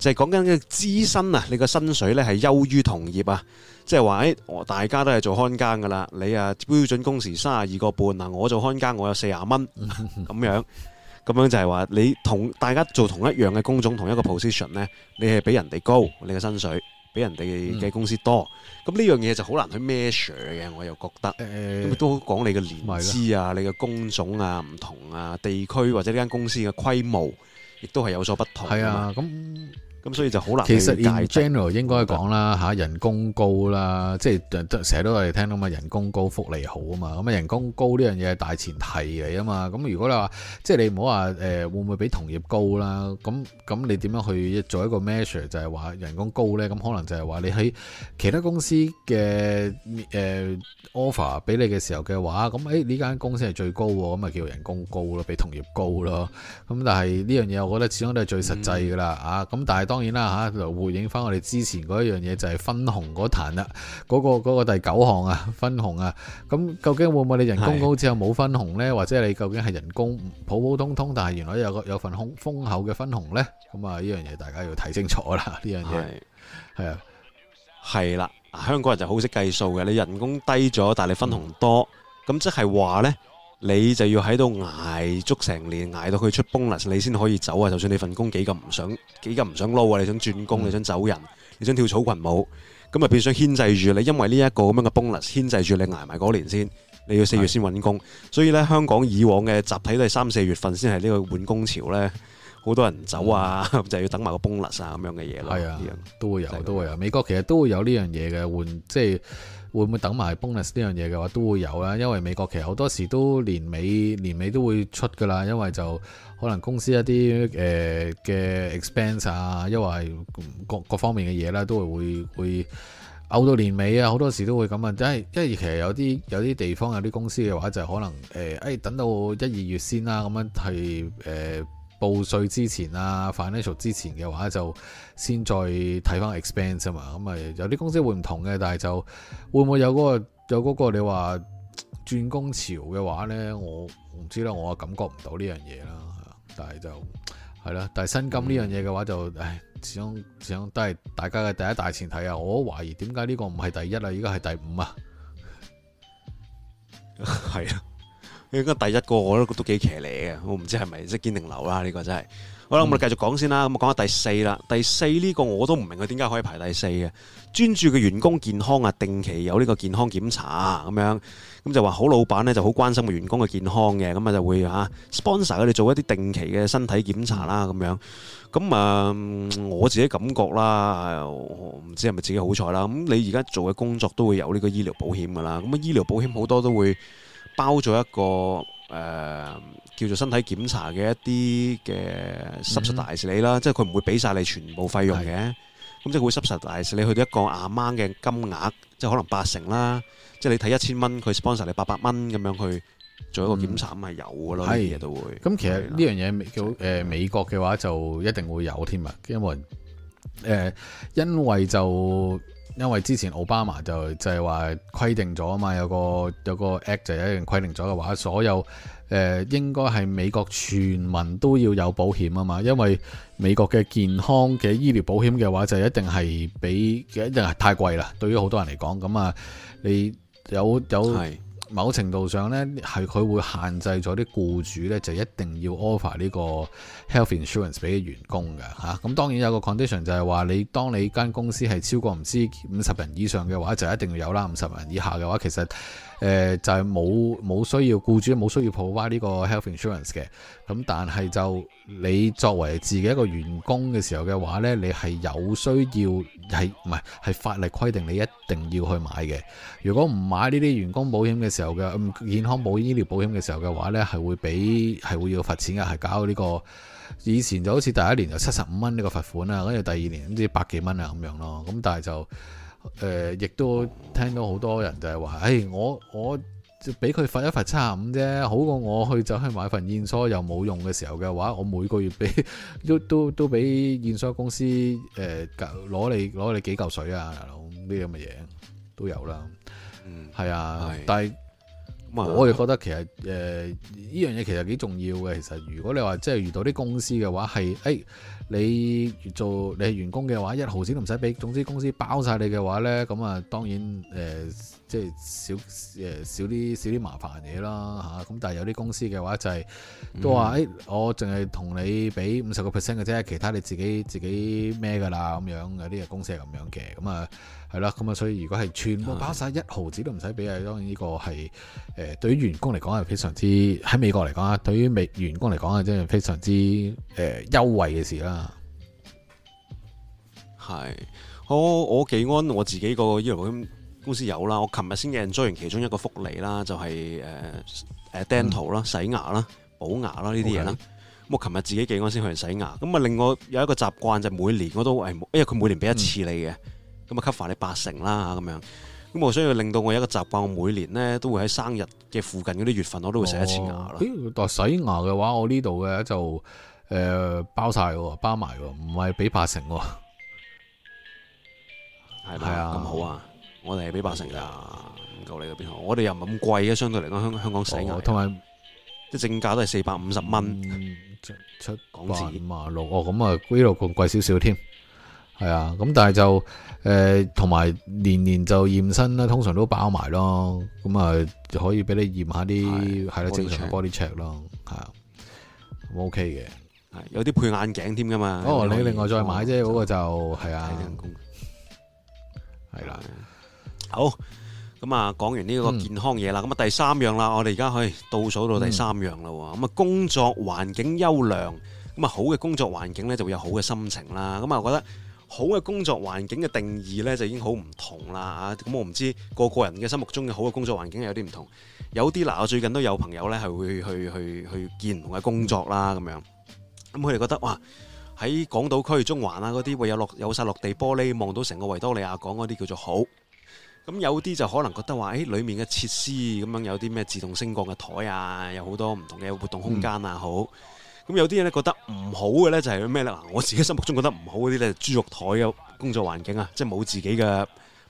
就係講緊嘅資薪啊！你個薪水咧係優於同業啊！即係話誒，我大家都係做看更噶啦，你啊標準工時三十二個半嗱，我做看更我有四十蚊咁樣，咁樣就係話你同大家做同一樣嘅工種、同一個 position 咧，你係比人哋高，你嘅薪水比人哋嘅公司多，咁呢樣嘢就好難去 measure 嘅。我又覺得咁亦都講你嘅年資啊、你嘅工種啊、唔同啊、地區或者呢間公司嘅規模，亦都係有所不同。係啊，咁。咁所以就好難其實 in general 應該講啦吓，人工高啦，嗯、即係成日都係聽到嘛，人工高，福利好啊嘛。咁啊，人工高呢樣嘢係大前提嚟啊嘛。咁如果你話即係你唔好話誒，會唔會比同業高啦？咁咁你點樣去做一個 measure 就係話人工高咧？咁可能就係話你喺其他公司嘅誒、呃、offer 俾你嘅時候嘅話，咁誒，呢間公司係最高喎，咁咪叫做人工高咯，比同業高咯。咁但係呢樣嘢我覺得始終都係最實際㗎啦。嗯、啊，咁但係。當然啦嚇，就回應翻我哋之前嗰一樣嘢，就係分紅嗰壇啦，嗰、嗰個嗰個第九項啊，分紅啊，咁究竟會唔會你人工高之後冇分紅呢？是的 或者你究竟係人工普普通通，但係原來有個有份空豐厚嘅分紅呢？咁啊，呢樣嘢大家要睇清楚啦，呢樣嘢係啊，係啦，香港人就好識計數嘅，你人工低咗，但係你分紅多，咁即係話呢。你就要喺度挨足成年，挨到佢出 bonus，你先可以走啊！就算你份工幾咁唔想，幾咁唔想撈啊！你想轉工，嗯、你想走人，你想跳草裙舞，咁啊變相牽制住你，因為呢一個咁樣嘅 bonus 牽制住你挨埋嗰年先，你要四月先揾工。是的 所以呢，香港以往嘅集體都係三四月份先係呢個換工潮呢。好多人走啊，嗯、 就係要等埋個 bonus 啊咁樣嘅嘢啦。係啊，樣啊樣都會有，的都會有。美國其實都會有呢樣嘢嘅換，即係。會唔會等埋 bonus 呢樣嘢嘅話都會有呀？因為美國其實好多時都年尾，年尾都會出噶啦，因為就可能公司一啲嘅、呃、expense 啊，因為各各方面嘅嘢啦都係會會 o、呃、到年尾啊，好多時都會咁啊，即係即係其實有啲有啲地方有啲公司嘅話就可能、呃哎、等到一二月先啦，咁樣係報稅之前啊，financial 之前嘅話就先再睇返 expense 吖嘛，咁啊有啲公司會唔同嘅，但係就會唔會有嗰、嗰個有嗰個你話轉工潮嘅話呢，我唔知啦，我感覺唔到呢樣嘢啦，但係就係啦，但係薪金呢樣嘢嘅話就唉，始終始終都係大家嘅第一大前提啊，我都懷疑點解呢個唔係第一啊，而家係第五啊，係啊。應該第一個我都覺得幾騎呢嘅，我唔知係咪即堅定流啦？呢個真係好啦，我哋繼續講先啦。咁啊，講下第四啦。第四呢個我都唔明佢點解可以排第四嘅，專注嘅員工健康啊，定期有呢個健康檢查咁樣，咁就話好老闆咧就好關心嘅員工嘅健康嘅，咁啊就會嚇 sponsor 佢哋做一啲定期嘅身體檢查啦，咁樣咁啊我自己感覺啦，唔知係咪自己好彩啦。咁你而家做嘅工作都會有呢個醫療保險噶啦，咁啊醫療保險好多都會。包咗一個誒、呃、叫做身體檢查嘅一啲嘅 subsidy 啦，嗯、哼即係佢唔會俾晒你全部費用嘅，咁的即係會 subsidy 你去到一個阿蚊嘅金額，即係可能八成啦，即係你睇一千蚊，佢 sponsor 你八百蚊咁樣去做一個檢查咁係有㗎咯，啲嘢、嗯、都會。咁其實呢樣嘢叫誒美國嘅話就一定會有添啊，因為誒因為就。因為之前奧巴馬就就係話規定咗啊嘛，有個有個 Act 就一定規定咗嘅話，所有誒、呃、應該係美國全民都要有保險啊嘛，因為美國嘅健康嘅醫療保險嘅話就一定係比一定係太貴啦，對於好多人嚟講，咁啊你有有。某程度上呢，係佢會限制咗啲僱主呢，就一定要 offer 呢個 health insurance 俾員工嘅吓。咁當然有個 condition 就係話，你當你間公司係超過唔知五十人以上嘅話，就一定要有啦。五十人以下嘅話，其實誒、呃、就係冇冇需要僱主冇需要 provide 呢個 health insurance 嘅，咁但係就你作為自己一個員工嘅時候嘅話呢，你係有需要係唔係法例規定你一定要去買嘅。如果唔買呢啲員工保險嘅時候嘅、嗯、健康保險、醫療保險嘅時候嘅話呢，係會俾係會要罰錢嘅，係搞呢個以前就好似第一年就七十五蚊呢個罰款啊，跟住第二年唔知百幾蚊啊咁樣咯。咁但係就。誒，亦都、呃、聽到好多人就係話，誒、欸，我我就俾佢罰一罰七十五啫，好過我去走去買份燕梳又冇用嘅時候嘅話，我每個月俾都都都俾燕梳公司誒攞、呃、你攞你幾嚿水啊，大佬，呢咁嘅嘢都有啦。係、嗯、啊，是但係，我亦覺得其實誒呢、呃、樣嘢其實幾重要嘅。其實如果你話即係遇到啲公司嘅話，係誒。欸你做你係員工嘅話，一毫錢都唔使俾。總之公司包晒你嘅話咧，咁啊當然誒。呃即係少誒少啲少啲麻煩嘢啦嚇，咁但係有啲公司嘅話就係都話誒、嗯欸，我淨係同你俾五十個 percent 嘅啫，其他你自己自己咩㗎啦咁樣，有啲嘅公司係咁樣嘅，咁啊係咯，咁啊所以如果係全部包晒一毫子都唔使俾啊，是的 當然呢個係誒對於員工嚟講係非常之喺美國嚟講啊，對於美員工嚟講係，真係非常之誒、呃、優惠嘅事啦。係、哦，我我幾安我自己個公司有啦，我琴日先享受完其中一個福利啦，就係誒 Dental 啦、洗牙啦、補牙啦呢啲嘢啦。咁 Okay. 我琴日自己幾晚先去洗牙。咁啊，令我有一個習慣就係、每年我都係，因為佢每年俾一次你嘅，咁啊給返你八成啦咁樣。咁我所以令到我有一個習慣，我每年呢都會喺生日嘅附近嗰啲月份，我都會洗一次牙啦。但、哦欸、洗牙嘅話，我呢度嘅就誒包晒喎，包埋喎，唔係俾八成喎，係嗎啊，咁好啊！我哋係俾八成噶，唔夠你嗰邊好。我哋又唔係咁貴嘅，相對嚟講香香港死硬，同埋即正價都係四百五十蚊，出港紙五啊六哦。咁啊呢度仲貴少少添，係啊。咁但係就誒，同埋年年就驗身啦，通常都包埋咯。咁啊，就可以俾你驗下啲係咯正常嘅 body check 咯，係咁 OK 嘅。有啲配眼鏡添噶嘛？哦，你另外再買啫，嗰個就係啊，係啦。好，咁啊，講完呢個健康嘢啦，咁啊第三樣啦，我哋而家可以倒數到第三樣啦。咁啊，工作環境優良，咁啊好嘅工作環境咧就會有好嘅心情啦。咁啊，我覺得好嘅工作環境嘅定義咧就已經好唔同啦。啊，咁我唔知個個人嘅心目中嘅好嘅工作環境係有啲唔同，有啲，嗱，我最近都有朋友咧係會去去去見唔同嘅工作啦，咁樣，咁佢哋覺得哇，喺港島區中環啊嗰啲會有落有晒落地玻璃望到成個維多利亞港嗰啲叫做好。咁有啲就可能覺得話，誒、哎，裡面嘅設施咁樣有啲咩自動升降嘅台啊，有好多唔同嘅活動空間啊，好。咁、嗯、有啲咧覺得唔好嘅咧就係咩咧？嗱，我自己心目中覺得唔好嗰啲咧，豬、就是、肉台嘅工作環境啊，即係冇自己嘅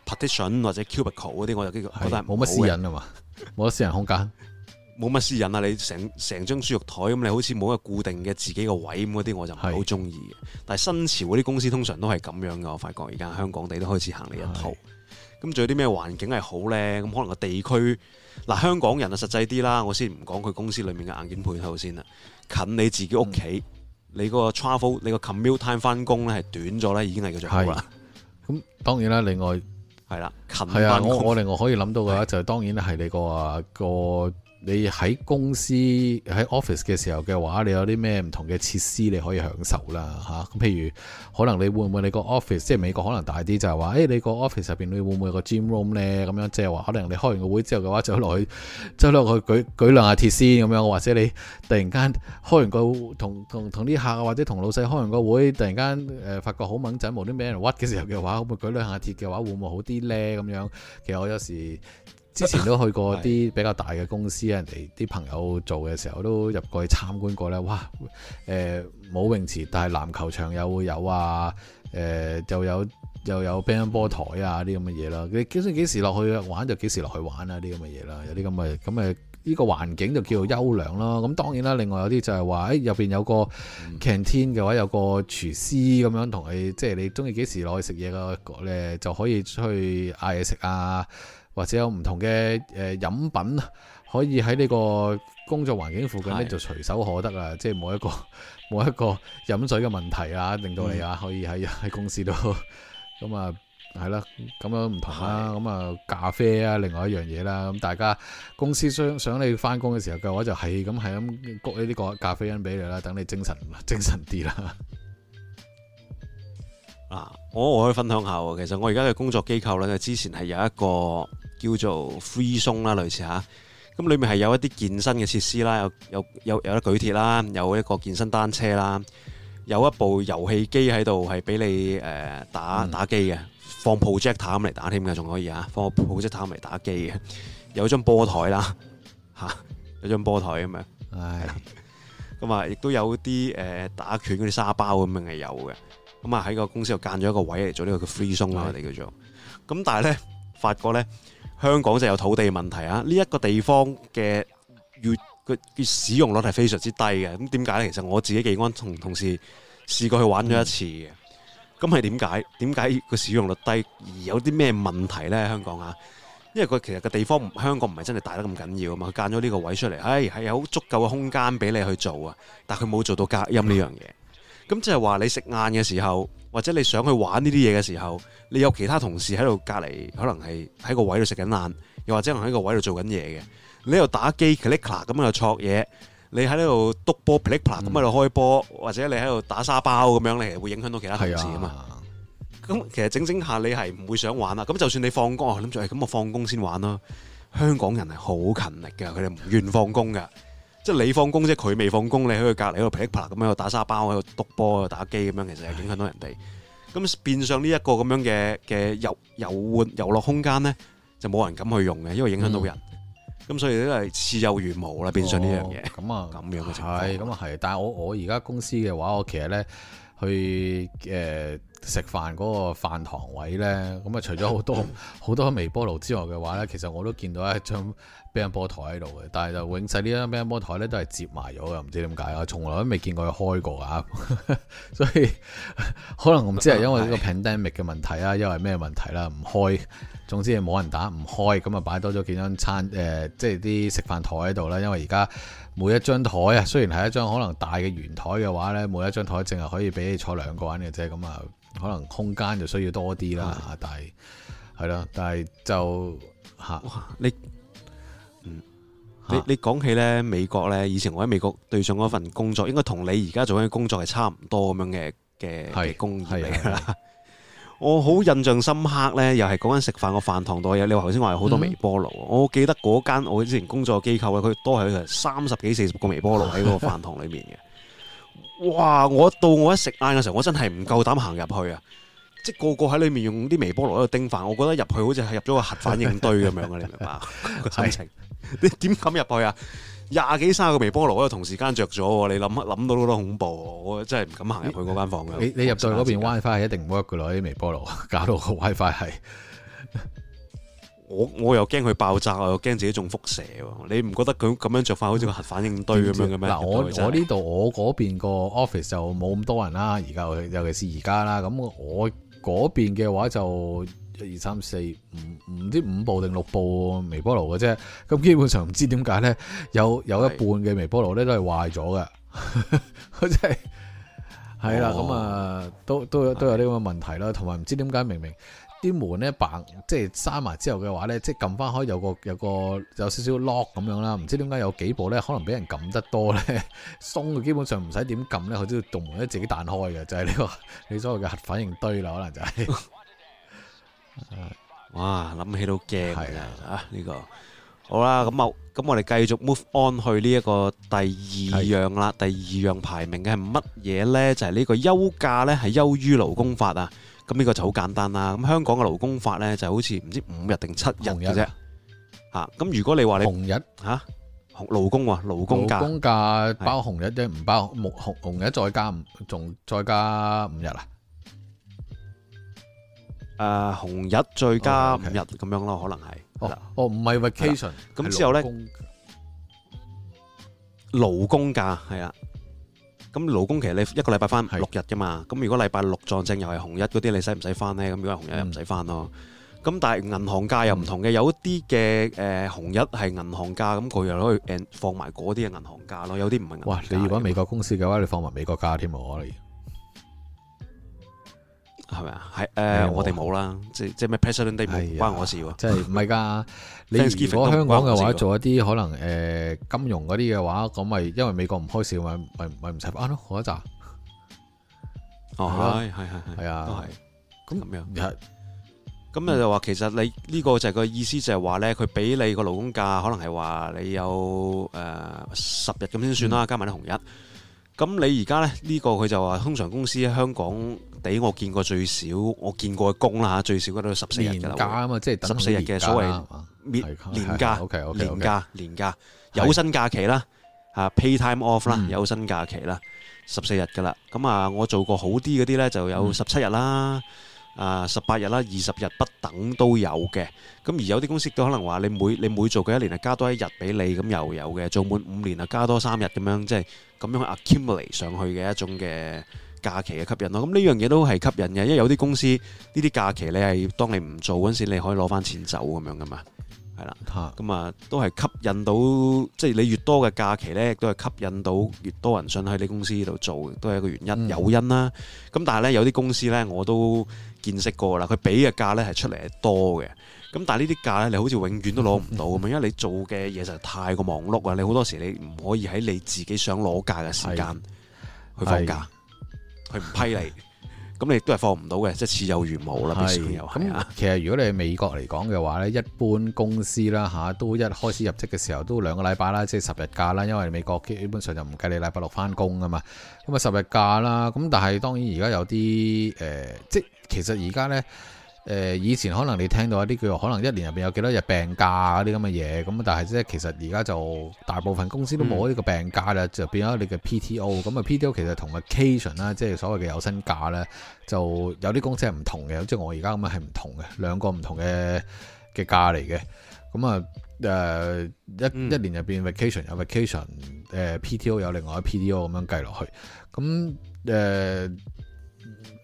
partition 或者 cubicle 嗰啲，我就覺得冇乜私隱啊嘛，冇得 私人空間，冇乜私隱啊！你成成張豬肉台咁，你好似冇一個固定嘅自己嘅位咁嗰啲，我就唔係好中意嘅。是但係新潮嗰啲公司通常都係咁樣嘅，我發覺而家香港地都開始行呢一套。咁仲有啲咩環境係好咧？咁可能個地區，嗱、啊、香港人啊實際啲啦，我先唔講佢公司裏面嘅硬件配套先啦。近你自己屋企，嗯、你個 travel、你個 commute time 返工咧係短咗咧，已經係佢最好啦。咁當然啦，另外係啦，近翻。係啊，我我另外可以諗到嘅話的就係當然係你個、嗰個。你喺公司喺 office 嘅時候嘅話，你有啲咩唔同嘅設施你可以享受啦，吓、啊、咁譬如可能你會唔會你個 office 即係美國可能大啲，就係話誒你個 office 入邊你會唔會有個 gym room 咧？咁樣即係話可能你開完個會之後嘅話就落去，就落去舉舉，舉兩下鐵先咁樣，或者你突然間開完個會同同同啲客或者同老細開完個會，突然間誒、呃、發覺好掹仔，冇啲咩人屈嘅時候嘅話，可唔會舉兩下鐵嘅話會唔會好啲咧？咁樣其實我有時。之前都去過啲比較大嘅公司啊，的人哋啲朋友做嘅時候都入過去參觀過咧。哇！呃、冇泳池，但係籃球場又會有啊！呃、就有又有乒乓波台啊啲咁嘅嘢啦。你幾時幾時落去玩就幾時落去玩啊啲咁嘅嘢啦。有啲咁嘅咁呢個環境就叫做優良啦。咁、哦、當然啦，另外有啲就係話入面有個 canteen 嘅話有個廚師咁樣同、嗯、你，即係你中意幾時落去食嘢嘅誒就可以出去嗌嘢食啊。或者有唔同嘅誒飲品可以喺呢個工作環境附近呢，就隨手可得啊！是的 即係冇一個冇一個飲水嘅問題啊，令到你啊可以喺喺公司度。咁啊、嗯，係啦，咁樣唔同啦。咁啊，咖啡啊，另外一樣嘢啦。咁大家公司想想你翻工嘅時候嘅話，就係咁係咁谷呢啲個咖啡因俾你啦，等你精神精神啲啦。嗱，我我可以分享下喎。其實我而家嘅工作機構咧，之前係有一個。叫做 free zone 啦，類似嚇咁，裏面係有一啲健身嘅設施啦，有有有有得舉鐵啦，有一個健身單車啦，有一部遊戲機喺度係俾你誒、呃、打打機嘅，放 projector 咁嚟打添嘅，仲可以啊，放 projector 嚟打機嘅，有一張波台啦嚇、啊，有一張波台咁樣，咁啊唉，亦都有啲誒、呃、打拳嗰啲沙包咁樣係有嘅，咁啊喺個公司度間咗一個位嚟做呢、這個叫 free zone 啦，我哋叫做咁，但係咧發覺咧。香港就有土地問題啊！呢、這、一個地方嘅月個月使用率係非常之低嘅。咁點解呢？其實我自己幾安同同事試過去玩咗一次嘅。咁係點解？點解個使用率低而有啲咩問題呢？香港啊，因為佢其實這個地方唔香港唔係真係大得咁緊要啊嘛。佢間咗呢個位出嚟，係、哎、係有足夠嘅空間俾你去做啊。但係佢冇做到隔音呢樣嘢。咁即係話你食晏嘅時候。或者你想去玩呢啲嘢嘅時候，你有其他同事喺度隔離，可能係喺個位度食緊晏，又或者可能喺個位度做緊嘢嘅，你喺度打機 click click 咁喺度嘢，你喺呢度督波 play play 咁喺度開波，或者你喺度打沙包咁樣打，你係會影響到其他同事啊嘛。咁其實整整下你係唔會想玩啊。咁就算你放工，我諗住，咁、哎、我放工先玩啦。香港人係好勤力嘅，佢哋唔願放工嘅。即係你放工，即係佢未放工，你喺佢隔離喺度噼啪咁喺度打沙包，喺度篤波，打機咁樣，其實係影響到人哋。咁的變相呢一個咁樣嘅嘅遊遊玩遊樂空間咧，就冇人敢去用嘅，因為影響到人。咁、嗯、所以都係似有如無啦。哦、變相呢樣嘢。咁啊，咁樣嘅情況。係，咁啊係。但係我我而家公司嘅話，我其實咧去誒。呃食飯嗰個飯堂位呢，咁啊除咗好多好多微波爐之外嘅話呢，其實我都見到一張乒波台喺度嘅，但係就永世呢張乒波台呢，都係接埋咗嘅，唔知點解啊，從來都未見過佢開過啊， 所以可能唔知係因為呢個 pandemic 嘅問題啊，因為咩問題啦，唔開，總之係冇人打唔開，咁啊擺多咗幾張餐、呃、即係啲食飯台喺度啦，因為而家每一張台啊，雖然係一張可能大嘅圓台嘅話呢，每一張台淨係可以俾你坐兩個人嘅啫，咁啊～可能空間就需要多啲啦、啊，但係係咯，但係就吓你，嗯，啊、你講起咧美國咧，以前我喺美國對上嗰份工作，應該同你而家做緊嘅工作係差唔多咁樣嘅嘅工嚟。 我好印象深刻咧，又係講緊食飯個飯堂度嘢，你話頭先話有好多微波爐，嗯、哼我記得嗰間我之前工作嘅機構咧，佢都係三十幾、四十個微波爐喺嗰個飯堂裏面嘅。 哇！我到我一食晏嘅時候，我真係唔夠膽行入去啊！即係個個喺裏面用啲微波爐喺度叮飯，我覺得入去好似係入咗個核反應堆咁樣嘅， 你明嘛？親情你點敢入去啊？廿幾 三十個微波爐喺度同時間着咗，你諗一諗到都恐怖，我真係唔敢行入去嗰間房間、欸。你你入到去嗰邊 WiFi 係一定 work 嘅咯？啲微波爐搞到個 WiFi 係。我我又驚佢爆炸啊，我又驚自己中輻射。你唔覺得佢咁樣着法好似個核反應堆咁樣嘅咩？嗱，我我呢度我嗰邊個 office 就冇咁多人啦。而家尤其是而家啦，咁我嗰邊嘅話就一二三四五唔知五部定六部微波爐嘅啫。咁基本上唔知點解咧，有有一半嘅微波爐咧都係壞咗嘅。佢真係係啦，咁啊都都都有呢個問題啦。同埋唔知點解明明。啲門咧即係閂埋之後嘅話咧，即係撳翻開有個有個有少少 lock 咁樣啦。唔知點解有幾部咧，可能俾人撳得多咧， 鬆到基本上唔使點撳咧，佢都要動門咧自己彈開嘅，就係呢個你所謂嘅核反應堆啦，可能就係。啊！哇，諗起都驚啊！呢個好啦，咁啊，咁我哋繼續 move on 去呢一個第二樣啦。是第二樣排名嘅係乜嘢咧？就係呢個優價咧，係優於勞工法啊。咁呢個就好簡單啦。咁香港嘅勞工法咧，就好似唔知五日定七日嘅啫。紅日！咁、啊、如果你話你紅日、啊、勞工喎、啊，勞工假，勞工假包紅日啫，唔是包木紅紅日再加，仲再加五日啊！誒，紅日再加五日咁樣咯，哦、可能係哦哦，唔係 vacation。咁、哦、之後咧，的勞工假係啦。咁勞工其實你一個禮拜翻六日噶嘛，咁是如果禮拜六撞正又係紅日嗰啲，你使唔使翻呢？咁如果係紅日又唔使翻咯。咁、嗯、但係銀行價又唔同嘅，有啲嘅誒紅日係銀行價，咁佢又攞去放埋嗰啲嘅銀行價咯。有啲唔係銀行價。哇！你如果美國公司嘅話，麼你放埋美國價添喎。係咪啊？係誒，我哋冇啦，即即咩 president day 冇關我事喎。即係唔係噶？你如果香港嘅話，做一啲可能誒金融嗰啲嘅話，咁咪因為美國唔開市，咪咪唔使，翻咯，嗰一扎。哦，係係係係啊，都係。咁又咩咁啊就話，其實你呢個就係個意思，就係話咧，佢俾你個勞工假，可能係話你有誒十日咁先算啦，加埋啲紅日。咁你而家呢呢、呢個佢就話，通常公司喺香港地我見過最少，我見過嘅工啦最少都十四日㗎啦，年假嘛，即係十四日嘅所謂年假，的年假的年假有薪假期啦 pay time off 啦，嗯、有薪假期啦，十四日噶啦。咁啊，我做過好啲嗰啲呢，就有十七日啦。嗯啊，十八日啦，二十日不等都有嘅。咁而有啲公司都可能話你每你每做嘅一年啊，加多一日俾你，咁又有嘅。做滿五年啊，加多三日咁樣，即係咁樣 accumulate 上去嘅一種嘅假期嘅吸引咯。咁呢樣嘢都係吸引嘅，因為有啲公司呢啲假期你係當你唔做嗰陣時，你可以攞翻錢走咁樣噶嘛。係啦，咁啊都係吸引到，即係你越多嘅假期呢，都係吸引到越多人想喺你公司度做，都係一個原因，誘因啦。咁但係呢有啲公司呢我都。見識過啦，佢俾嘅假呢係出嚟係多嘅，咁但係呢啲假呢，你好似永遠都攞唔到咁樣。嗯、因為你做嘅嘢實太過忙碌啊，你好多時你唔可以喺你自己想攞假嘅時間去放假，佢唔批你。 咁你都係放唔到嘅，即係似有如無啦。咁又係啊！其實如果你係美國嚟講嘅話呢，一般公司啦，都一開始入職嘅時候都兩個禮拜啦，即係十日假啦，因為美國基本上就唔計你禮拜六返工㗎嘛。咁啊十日假啦，咁但係當然而家有啲、呃、即係其實而家呢。誒、呃、以前可能你聽到一啲叫做可能一年入邊有幾多日病假嗰啲咁嘅嘢，咁但係即係其實而家就大部分公司都冇呢個病假啦，嗯、就變咗你嘅 PTO。咁啊 PTO 其實同 vacation 啦，即係所謂嘅有薪假咧，就有啲公司係唔同嘅，即係我而家咁樣係唔同嘅，兩個唔同嘅嘅價嚟嘅。咁啊誒一、嗯、一年入邊 vacation 有 vacation，誒、呃、PTO 有另外一 PTO 咁樣計落去。咁誒。呃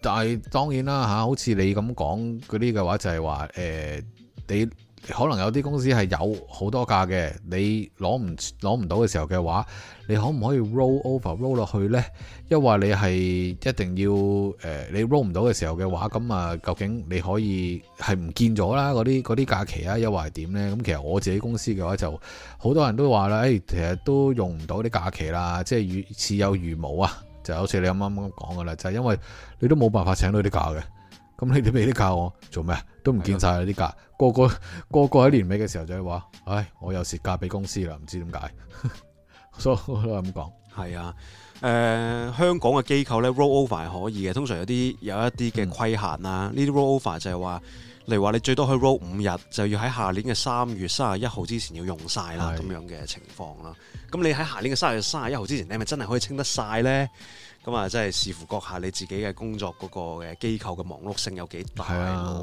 但係當然啦吓，好似你咁講嗰啲嘅話就係話，誒、就是呃，你可能有啲公司係有好多假嘅，你攞唔攞唔到嘅時候嘅話，你可唔可以 roll over roll 落去呢？又或你係一定要，誒、呃，你 roll 唔到嘅時候嘅話，咁啊，究竟你可以係唔見咗啦？嗰啲嗰啲假期啊，又係點呢？咁其實我自己公司嘅話就好多人都話啦，誒、哎，其實都用唔到啲假期啦，即係似有如冇啊。就好似你啱啱咁講嘅啦，就係、是、因為你都冇辦法請到啲假嘅，咁你哋俾啲假我做咩？都唔見晒嗰啲假。個個個個喺年尾嘅時候就係話，唉，我有蝕假俾公司啦，唔知點解，所以我都係咁講。係啊，誒、呃、香港嘅機構咧，roll over 係可以嘅，通常有啲有一啲嘅規限啊。呢啲 roll over 就係話，嚟話你最多去 roll 五日，就要喺下年嘅三月三十一號之前要用晒啦，咁樣嘅情況啦。咁你喺下年嘅三月三十一號之前，你咪真係可以清得晒咧？咁啊，即係視乎閣下你自己嘅工作嗰個嘅機構嘅忙碌性有幾大啊，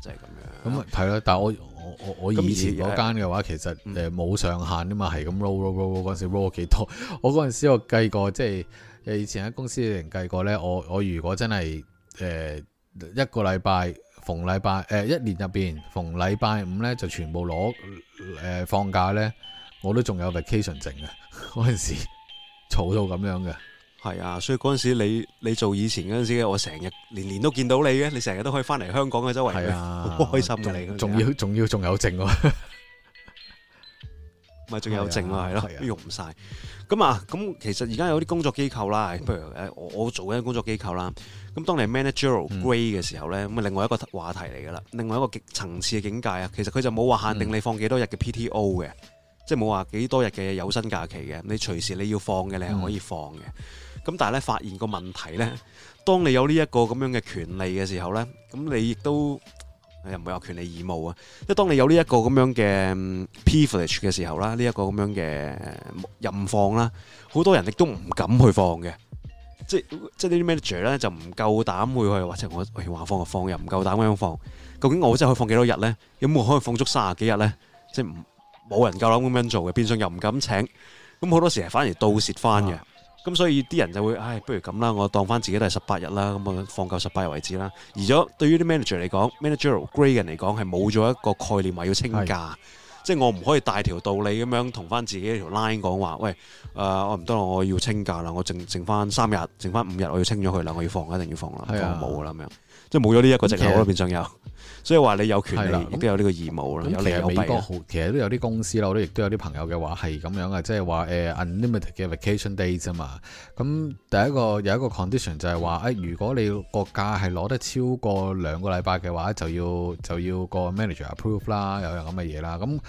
即係咁樣。咁啊，係啦，但係我我我以前嗰間嘅話，其實誒冇上限啊嘛，係咁、嗯、roll roll roll 嗰陣時 roll 咗幾多？我嗰陣時我計過，即係誒以前喺公司嘅人計過咧，我我如果真係誒一個禮拜。逢禮拜誒，一年入面逢禮拜五咧就全部攞誒、呃、放假咧，我都仲有 vacation 剩嘅嗰陣時，嘈到咁樣嘅。係啊，所以嗰陣時你你做以前嗰陣時，我成日年年都見到你嘅，你成日都可以翻嚟香港嘅周圍，是啊、好開心嘅你。仲要仲要仲有剩。 咪仲有剩咯，係咯，用唔晒。咁啊的，咁其實而家有啲工作機構啦，不、嗯、如我，我做緊工作機構啦。咁當你係 managerial grade 嘅時候咧，咁啊、嗯，另外一個話題嚟噶啦，另外一個極層次嘅境界啊，其實佢就冇話限定你放幾多日嘅 PTO 嘅，嗯、即係冇話幾多日嘅有薪假期嘅，你隨時你要放嘅，你係可以放嘅。咁、嗯、但係咧，發現個問題咧，當你有呢一個咁樣嘅權利嘅時候咧，咁你亦都。又唔會有權利義務啊！即係當你有呢一個咁樣嘅 privilege 嘅時候啦，呢、這、一個咁樣嘅任放啦，好多人亦都唔敢去放嘅。即係即係呢啲 manager 咧就唔夠膽會去，或者我話、哎、放就放又唔夠膽咁樣放。究竟我真係可以放幾多日咧？有冇可以放足三十幾日咧？即係冇人夠膽咁樣做嘅，變相又唔敢請。咁好多時反而倒蝕翻嘅。咁所以啲人就會，唉，不如咁啦，我當返自己都係十八日啦，咁啊放夠十八日為止啦。而咗對於啲 manager 嚟講是，manager grey 人嚟講係冇咗一個概念話要清假，即係我唔可以大條道理咁樣同翻自己一條 line 講話，喂，我、呃、唔得啦，我要清假啦，我剩剩翻三日，剩翻五日，我要清咗佢啦，我要放啦，一定要放啦，冇啦咁樣，即係冇咗呢一個藉口咯，變仲有，Okay. 所以話你有權利，亦都有呢個義務啦。咁的其實美國好，其實都有啲公司啦，我亦都有啲朋友嘅話係咁樣嘅，即係話 unlimited 嘅 vacation days 啊嘛。咁第一個有一個 condition 就係話，如果你個假係攞得超過兩個禮拜嘅話，就要就要個 manager approve 啦，有有咁嘅嘢啦。咁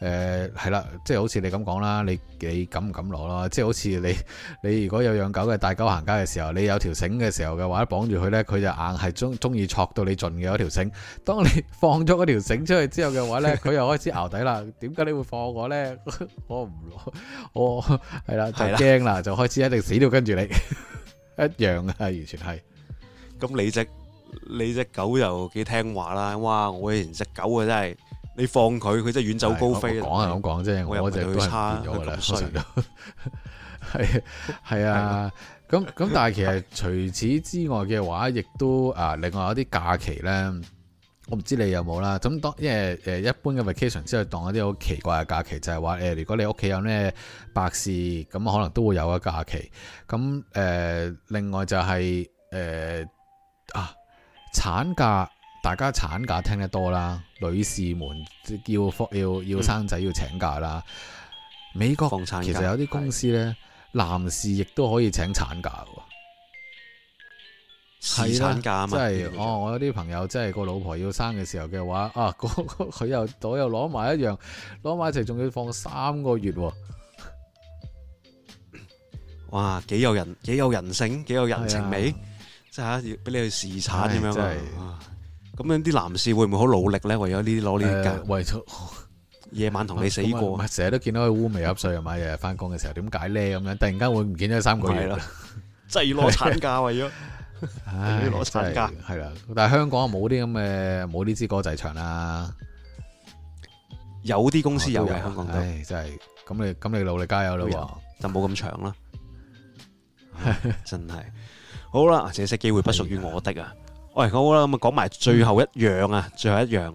誒，係啦、嗯，即係、就是、好似你咁講啦，你你敢唔敢攞啦？即、就、係、是、好似你你如果有養狗嘅，帶狗行街嘅時候，你有條繩嘅時候嘅話，綁住佢呢，佢就硬係中中意索到你盡嘅嗰條繩。當你放咗嗰條繩出去之後嘅話呢，佢 又開始淆底啦。點解你會放我呢？我唔攞，我係啦，就驚啦，的就開始一定死都跟住你，一樣啊，完全係。咁你隻你隻狗又幾聽話啦？哇，我以前隻狗啊真係～你放佢，佢真係遠走高飛啦！講係咁講啫，我，我就都差咗啦，衰咗。係係常 啊，咁咁 但係其實除此之外嘅話，亦都啊，另外有啲假期咧，我唔知你有冇啦。咁當因為誒一般嘅 vacation 之外，當一啲好奇怪嘅假期，就係話誒，如果你屋企有咩白事，咁可能都會有一假期。咁誒，另外就係、是、誒啊產假。大家產假聽得多啦，女士們要服要要生仔要請假啦。嗯、美國其實有啲公司呢，男士亦都可以請產假喎。侍產假嘛，即係哦，我有啲朋友即係個老婆要生嘅時候嘅話，啊佢又我又攞埋一樣攞埋一齊，仲要放三個月，啊。哇！幾有人幾有人性幾有人情味，即係的要俾你去侍產咁的樣。真是咁樣啲男士會唔會好努力咧？為咗呢啲攞呢啲假，為咗夜晚同你死過，成日都見到佢烏眉瞌睡又買嘢翻工嘅時候，點解呢咁樣？突然間會唔見咗三個月，即係攞產假為咗，攞產假係啦。但係香港冇啲咁嘅，冇呢支歌仔唱啦。有啲公司有嘅香港都，唉，真係。咁你咁你努力加油咯喎，就冇咁長啦。真係好啦，這些機會不屬於我的啊。喂，好啦，咁啊，講埋最後一樣啊，最後一樣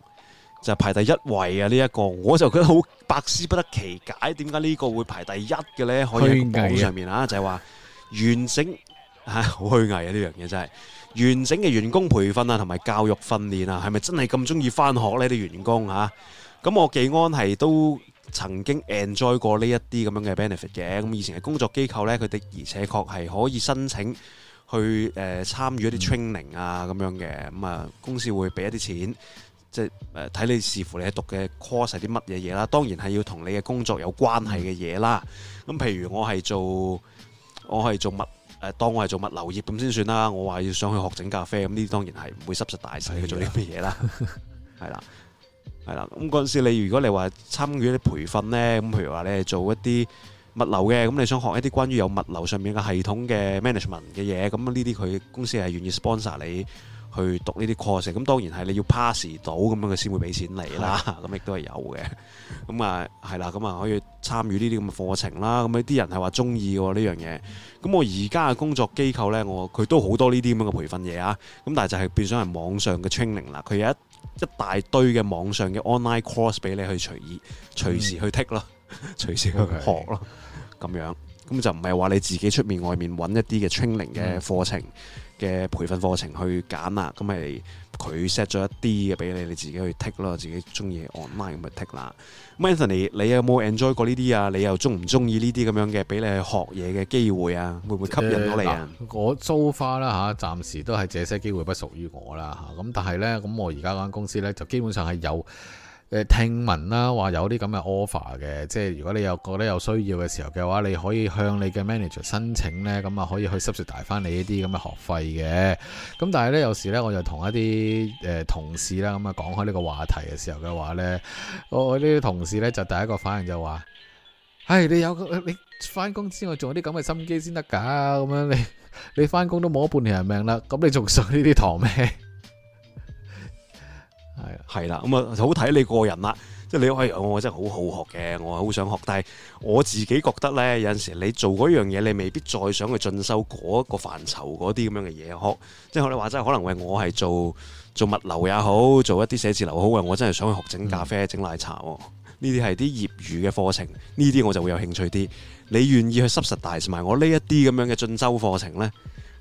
就係排第一位啊，呢一個我就覺得好百思不得其解，點解呢個會排第一嘅呢？可以喺網上面啊，就係話完整吓，好虛偽啊！呢樣嘢真係完整嘅員工培訓啊，同埋教育訓練啊，係咪真係咁中意翻學呢？啲員工吓，咁我技安係都曾經 enjoy 過呢一啲咁樣嘅 benefit 嘅，咁以前嘅工作機構呢，佢的而且確係可以申請。去誒、呃、參與一啲 training 啊咁樣嘅，咁、嗯、啊公司會俾一啲錢，即係誒睇你視乎你讀嘅 course 係啲乜嘢嘢啦。當然係要同你嘅工作有關係嘅嘢啦。咁譬如我係做我係做物誒，當我係做物流業咁先算啦。我話要上去學整咖啡，咁呢啲當然係唔會濕實大細去是的 做啲乜嘢啦。係啦， 係啦。咁嗰陣時，你如果你話參與啲培訓呢，咁譬如話你係做一啲物流嘅，咁你想學一啲關於有物流上面嘅系統嘅 management 嘅嘢，咁呢啲佢公司係願意 sponsor 你去讀呢啲課程。咁當然係你要 pass 到，咁樣佢先會俾錢你啦，咁亦都係有嘅咁。啊係啦，咁啊可以參與呢啲咁嘅課程啦，咁啲人係話中意喎呢樣嘢。咁我而家嘅工作機構呢，我佢都好多呢啲咁嘅培訓嘢啊，咁但係就係變咗係網上嘅 training 啦，佢有一一大堆嘅網上嘅 online course 俾你去隨意隨時去剔咯。嗯隨時去學咯，咁樣，咁就唔係話你自己出面外面揾一啲嘅 training 嘅課程嘅、嗯、培訓課程去揀啦，咁係佢 set 咗一啲嘅俾你你自己去 take 咯，自己中意 online 咁咪 take 啦。Anthony 你有冇 enjoy 過呢啲啊？你又中唔中意呢啲咁樣嘅俾你去學嘢嘅機會啊？會唔會吸引到你啊？我租花啦吓，暫、呃、時都係這些機會不屬於我啦吓。咁但係咧，咁我而家嗰間公司咧就基本上係有。誒聽聞啦，話有啲咁嘅 offer 嘅，即係如果你有覺得有需要嘅時候嘅話，你可以向你嘅 manager 申請呢，咁啊可以去吸收大翻你呢啲咁嘅學費嘅。咁但係呢，有時呢，我就同一啲誒同事啦，咁啊講開呢個話題嘅時候嘅話呢，我呢啲同事呢，就第一個反應就話：唉、哎，你有你翻工之外，仲有啲咁嘅心機先得㗎，咁樣你你翻工都冇咗半條人命啦，咁你仲上呢啲堂咩？係啦，咁啊好睇你個人啦，即係你可我真係好好學嘅，我好想學，但係我自己覺得呢，有陣時你做嗰樣嘢，你未必再想去進修嗰一個範疇嗰啲咁樣嘅嘢學，即係你話齋可能喂我係做做物流也好，做一啲寫字樓好，我真係想去學整咖啡、整奶茶，呢啲係啲業餘嘅課程，呢啲我就會有興趣啲。你願意去 subsidize 埋我呢一啲咁樣嘅進修課程呢？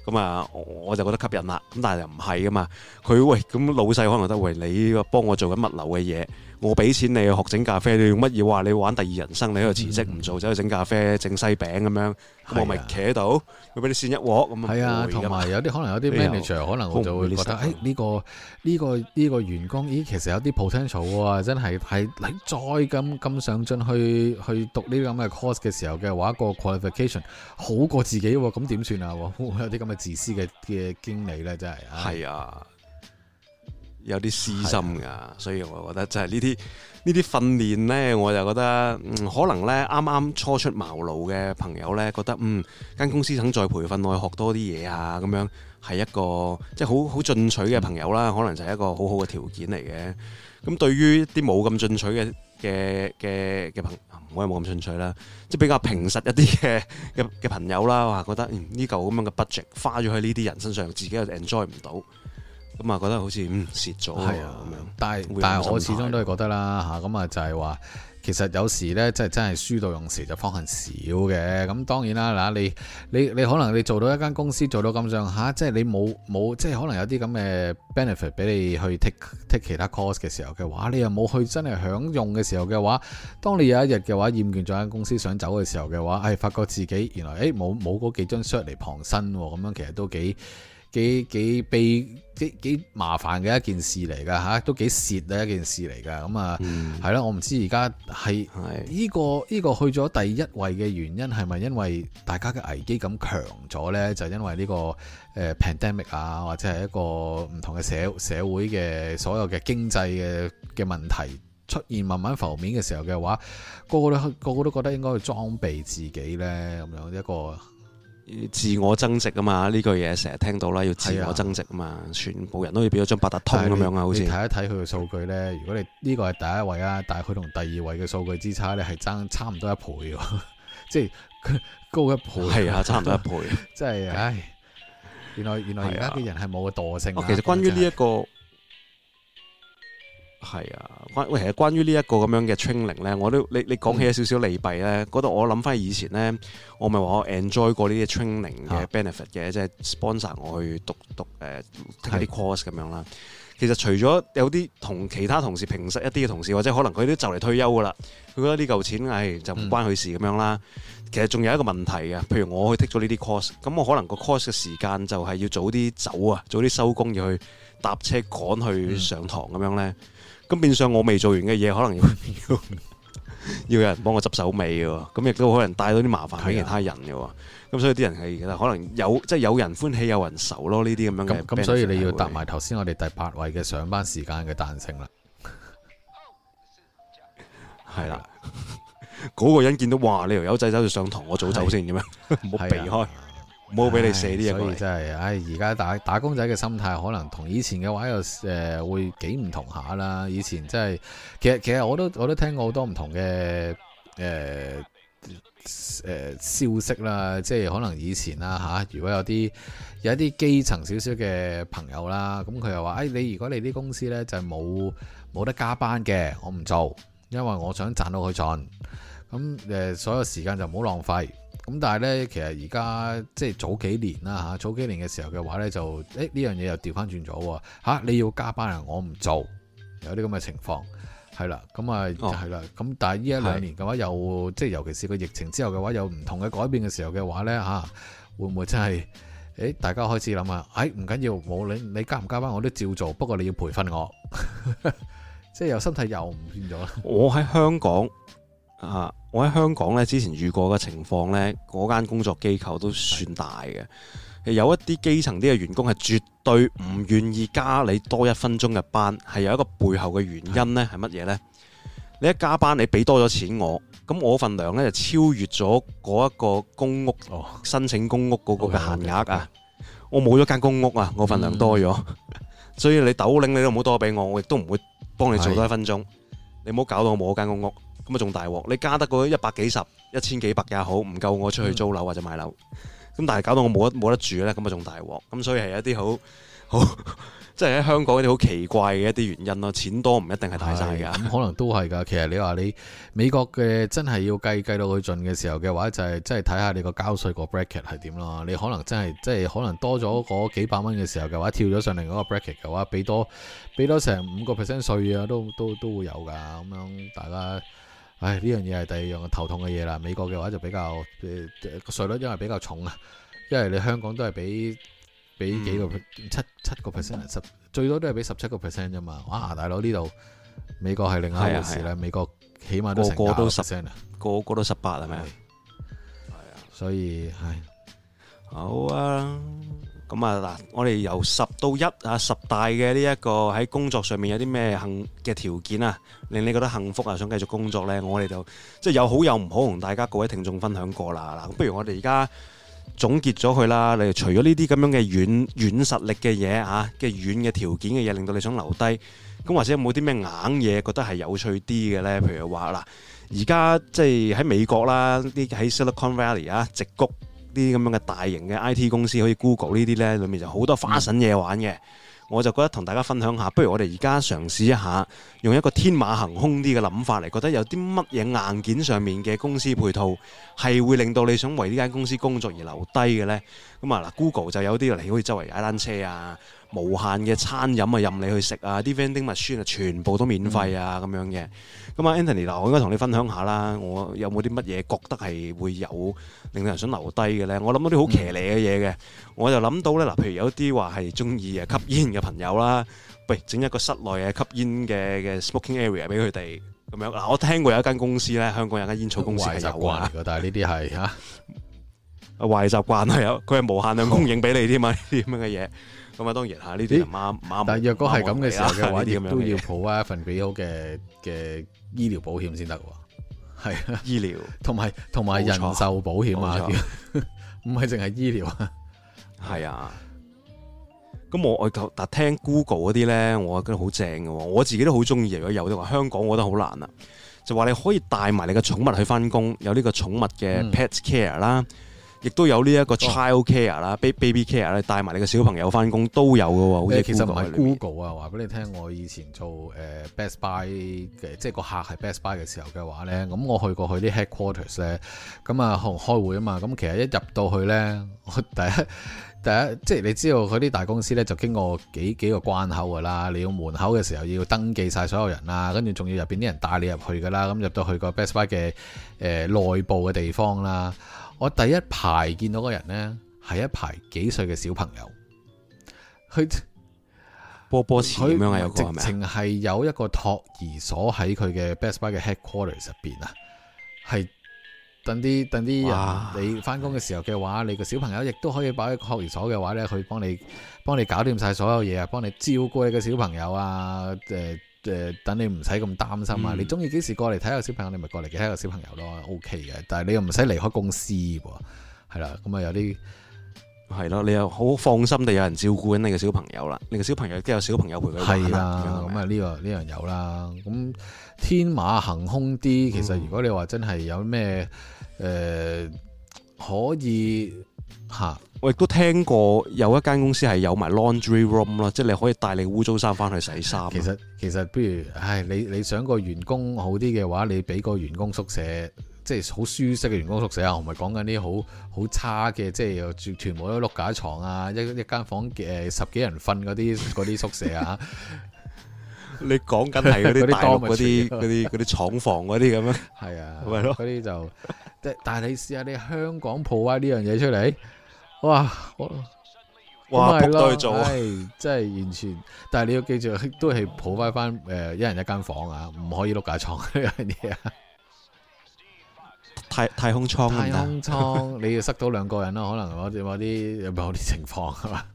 咁啊，我就覺得吸引啦，咁但係又唔係噶嘛，佢，喂，咁老細可能覺得喂，你幫我做緊物流嘅嘢。我俾錢你學整咖啡，你用乜嘢話你玩第二人生？你喺度辭職唔做，走去整咖啡、整西餅咁樣，嗯、我咪企喺度，我俾、啊、你錢一鑊咁啊！啊，同埋有啲 有可能有啲 manager，可能我就會覺得，誒呢、 哎這個呢、這個呢、這個員工，咦其實有啲 potential 喎。真係係你再咁咁上進去去讀呢啲咁嘅 course 嘅時候嘅話，個 qualification 好過自己，咁點算啊？會有啲咁嘅自私嘅嘅經理咧？真係啊。有啲私心噶，的所以我覺得真係呢啲呢啲訓練呢。我就覺得、嗯、可能呢啱啱初出茅廬嘅朋友呢，覺得嗯間公司肯再培訓我，學多啲嘢啊，咁樣係一個即係好好進取嘅朋友啦，嗯、可能就係一個好好嘅條件嚟嘅。咁對於啲冇咁進取嘅嘅嘅嘅朋，唔好話冇咁進取啦，即、就、係、是、比較平實一啲嘅嘅朋友啦，我覺得呢嚿咁樣嘅 budget 花咗喺呢啲人身上，自己又 enjoy 唔到。咁啊，覺得好似嗯蝕咗啊，咁樣。但係但係，我始終都係覺得啦嚇，咁啊就係話，其實有時呢即係真係書到用時就方恨少嘅。咁當然啦，嗱，你你你可能你做到一間公司做到咁上下，即係你冇冇，即係可能有啲咁嘅 benefit 俾你去 take take 其他 course 嘅時候嘅話，你又冇去真係享用嘅時候嘅話，當你有一日嘅話厭倦咗間公司想走嘅時候嘅話，係、哎、發覺自己原來誒冇冇嗰幾張 shirt 嚟傍身喎，咁樣其實都幾～幾幾悲幾幾麻煩嘅一件事嚟噶吓，都幾蝕嘅一件事嚟噶，咁啊係咯，我唔知而家係呢個呢個去咗第一位嘅原因係咪因為大家嘅危機感強咗呢？就因為呢個、呃、pandemic 啊，或者係一個唔同嘅社社會嘅所有嘅經濟嘅嘅問題出現慢慢浮面嘅時候嘅話，個個都個個都覺得應該去裝備自己呢，咁樣一個。自我增值啊嘛，呢句嘢成日聽到啦，要自我增值啊嘛，的全部人都要變咗張八達通咁樣啊，好似像睇一睇佢嘅數據咧。如果你呢個係第一位啊，但係佢同第二位嘅數據之差咧係爭差唔多一倍喎， 即係高一倍。係啊，差唔多一倍，真係唉！原來原來而家啲人係冇個惰性。其實關於呢、這、一個。係啊，關其實關於呢一個咁樣嘅 training 咧，我都你你講起有少少利弊咧。嗰度，嗯、我諗翻以前咧，我咪話我 enjoy 過呢啲 training 嘅 benefit 嘅，啊、即係 sponsor 我去讀讀誒聽下啲 course 咁樣啦。呃嗯，其實除咗有啲同其他同事平實一啲嘅同事，或者可能佢都就嚟退休噶啦，佢覺得呢嚿錢唉，哎、就唔關佢事咁樣啦。嗯，其實仲有一個問題嘅，譬如我去剔咗呢啲 course，咁我可能個 course 嘅時間就係要早啲走啊，早啲收工要去搭車趕去上堂咁，嗯，樣咧。咁變相我未做完嘅嘢，可能要 要有人幫我執手尾嘅，咁亦都可能帶到啲麻煩俾其他人嘅，咁的所以啲人係，可能有即係、即係、有人歡喜有人愁咯，呢啲咁樣嘅。咁所以你要搭埋頭先，我哋第八位嘅上班時間嘅彈性啦，係啦的，嗰的個人見到哇，你條友仔走去上堂，我早走先咁樣，唔好避開。冇俾你死啲嘢，哎、真係，唉、哎！而家打打工仔嘅心態，可能同以前嘅話又誒、呃、會幾唔同下啦。以前真、就、係、是，其實其實我都我都聽過好多唔同嘅誒、呃呃、消息啦，即係可能以前啦、啊、如果有啲有啲基層少少嘅朋友啦，咁佢又話，哎，你如果你啲公司呢，就冇、是、冇得加班嘅，我唔做，因為我想賺到佢賺，咁、呃、所有時間就唔好浪費。咁但係呢，其實而家即係早幾年啦，吓，早幾年嘅時候嘅話呢，就誒呢樣嘢又調翻轉咗，吓、啊、你要加班啊，我唔做，有啲咁嘅情況，係啦，咁啊係啦，咁、哦、但係呢一兩年嘅話又，又即係尤其是個疫情之後嘅話，有唔同嘅改變嘅時候嘅話呢，吓會唔會真係誒、欸、大家開始諗啊？唉、欸，唔緊要，冇你你加唔加班我都照做，不過你要培訓我，即係又身體又唔變咗啦。我喺香港。啊！我喺香港咧，之前遇過嘅情況咧，嗰間工作機構都算大嘅。有一啲基層啲嘅員工係絕對唔願意加你多一分鐘嘅班，係有一個背後嘅原因咧，係乜嘢呢？你一加班，你俾多咗錢我，咁我份糧咧就超越咗嗰一個公屋、哦、申請公屋嗰個嘅限額啊！哦嗯、我冇咗間公屋啊，我份糧多咗，嗯、 所以你斗零你都唔好多俾我，我亦都唔會幫你做多一分鐘。的你唔好搞到我冇咗間公屋。咁啊仲大鑊！你加得嗰一百幾十、一千幾百也好，唔夠我出去租樓或者買樓。咁、嗯、但係搞到我冇得冇得住呢，咁啊仲大鑊。咁所以係一啲好好，即係喺香港一啲好奇怪嘅一啲原因咯。錢多唔一定係大晒㗎，咁、嗯、可能都係噶。其實你話你美國嘅真係要計計到佢盡嘅時候嘅話，就係真係睇下你交稅個交稅個 bracket 係點咯。你可能真係即係可能多咗嗰幾百蚊嘅時候嘅話，跳咗上嚟嗰個 bracket 嘅話，俾多俾多成五個 percent 稅啊，都都都會有噶。咁樣大家。唉，呢樣嘢係第二樣頭痛嘅嘢啦。美國嘅話就比較誒個稅率因為比較重啊，因為你香港都係俾俾幾個七七個 percent，十最多都係俾十七個 percent 啫嘛。哇，大佬呢度美國係另一回事啦。啊啊、美國起碼都成個，個個都十 percent 啊，個個都十八係咪對啊？係啊，所以係好啊。咁啊嗱，我哋由十到一啊，十大嘅呢一個喺工作上面有啲咩幸嘅條件啊，令你覺得幸福啊，想繼續工作呢，我哋就即係有好有唔好，同大家各位聽眾分享過啦嗱。不如我哋而家總結咗佢啦。你除咗呢啲咁樣嘅軟軟實力嘅嘢啊，嘅軟嘅條件嘅嘢，令到你想留低，咁或者有冇啲咩硬嘢覺得係有趣啲嘅呢？譬如話嗱，而家即係喺美國啦，啲喺 Silicon Valley 啊，直谷。啲咁樣嘅大型嘅 IT 公司，可以 Google 呢啲，呢裏面就好多花神嘢玩嘅。我就覺得同大家分享下，不如我哋而家嘗試一下，用一個天馬行空啲嘅諗法嚟，覺得有啲乜嘢硬件上面嘅公司配套，係會令到你想為呢間公司工作而留低嘅呢？咁啊嗱，Google 就有啲，例如，好似周圍踩單車啊。無限嘅餐飲啊，任你去食啊！啲 vending machine 啊，全部都免費啊，咁樣嘅。咁啊，Anthony，嗱，我應該同你分享下啦。我有冇啲乜嘢覺得係會有令到人想留低嘅咧？我諗到啲好騎呢嘅嘢嘅，我就諗到咧，嗱，譬如有啲話係中意啊吸煙嘅朋友啦，喂，整一個室內嘅吸煙嘅嘅 smoking area 俾佢哋咁樣。嗱，我聽過有一間公司咧，香港有間煙草公司係有啊。壞習慣嚟嘅，但係呢啲係嚇，啊，壞習慣啊，有佢係無限量供應俾你添啊，呢啲咁樣嘅嘢。咁啊，當然嚇呢啲唔啱，啱。但若果係咁嘅時候嘅話，都要抱翻一份幾好嘅嘅醫療保險先得喎。係啊，醫療同埋同埋人壽保險啊，唔係淨係醫療啊。係啊。咁我我但聽 Google 啲咧，我覺得好正嘅。我自己都好中意。如果有啲話，香港我覺得好難啊。就話你可以帶埋你嘅寵物去翻工，有呢個寵物嘅 Pet Care 啦。亦都有呢一個 child care 啦，baby care 咧，帶埋你個小朋友返工都有㗎喎，好似 Google，誒，其實唔係 Google 啊，話俾你聽，我以前做 Best Buy 嘅，即係個客係 Best Buy 嘅時候嘅話呢，咁我去過去啲 headquarters 咧，咁啊可能開會啊嘛，咁其實一入到去呢，我第一第一即係你知道佢啲大公司呢，就經過幾幾個關口㗎啦，你要門口嘅時候要登記晒所有人啦，跟住仲要入面啲人帶你入去㗎啦，咁入到去個 Best Buy 嘅誒內部嘅地方啦。我第一排見到個人呢，係一排幾歲嘅小朋友，佢波波池咁樣啊，有個他他直情接係有一個托兒所喺佢嘅 Best Buy 嘅 Headquarters 入邊啊，係等啲等啲人，你翻工嘅時候嘅話，哇你個小朋友亦都可以擺喺托兒所嘅話呢，佢幫你幫你搞掂晒所有嘢啊，幫你照顧你嘅小朋友啊，誒、呃。誒，等你唔使咁擔心啊！嗯、你中意幾時過嚟睇下小朋友，你咪過嚟睇下小朋友咯，OK 嘅。但係你又唔使離開公司喎，係啦。咁啊，有啲係咯，你又好放心地有人照顧緊你嘅小朋友啦。你嘅小朋友都有小朋友陪佢玩啦。咁啊的，呢、嗯呢個呢樣、呢個、有啦。咁天馬行空啲，嗯、其實如果你話真係有咩誒、呃，可以嚇。啊。我亦都聽過有一間公司係有埋 laundry room 囉，即係你可以帶你污糟衫翻去洗衫。其實其實不如，唉，你你想個員工好啲嘅話，你俾個員工宿舍，即係好舒適嘅員工宿舍啊，我唔係講緊啲好好差嘅，即係全部都碌架床啊，一一間房誒十幾人瞓嗰啲嗰啲宿舍 啊。 你講緊係嗰啲大陸嗰啲嗰啲嗰啲廠房嗰啲咁樣，係啊，嗰啲呀吧就，但係你試下你香港鋪啊呢樣嘢出嚟。哇！我哇，仆堆哇真係完全。但係你要記住，都係抱翻翻誒一人一間房啊，唔可以碌架牀嗰啲啊。 太太空艙，太空艙你要塞到兩個人咯， 可能我哋某啲某啲情況係嘛？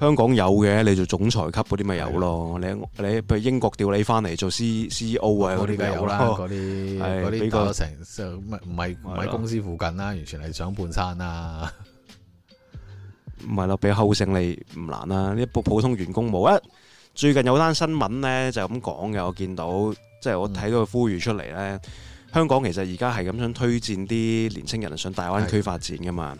香港有嘅，你做總裁級嗰啲咪有咯的？你你譬如英國調你翻嚟做 CEO 啊嗰啲都有啦？嗰啲係比較成咁唔係唔係公司附近啦，的完全係上半山啊！唔係咯，俾後生你，唔難啊。呢個普通員工冇啊。最近有單新聞咧就咁講嘅，我見到即係、就是、我睇到佢呼籲出嚟咧。嗯、香港其實而家係咁想推薦啲年青人上大灣區發展噶嘛。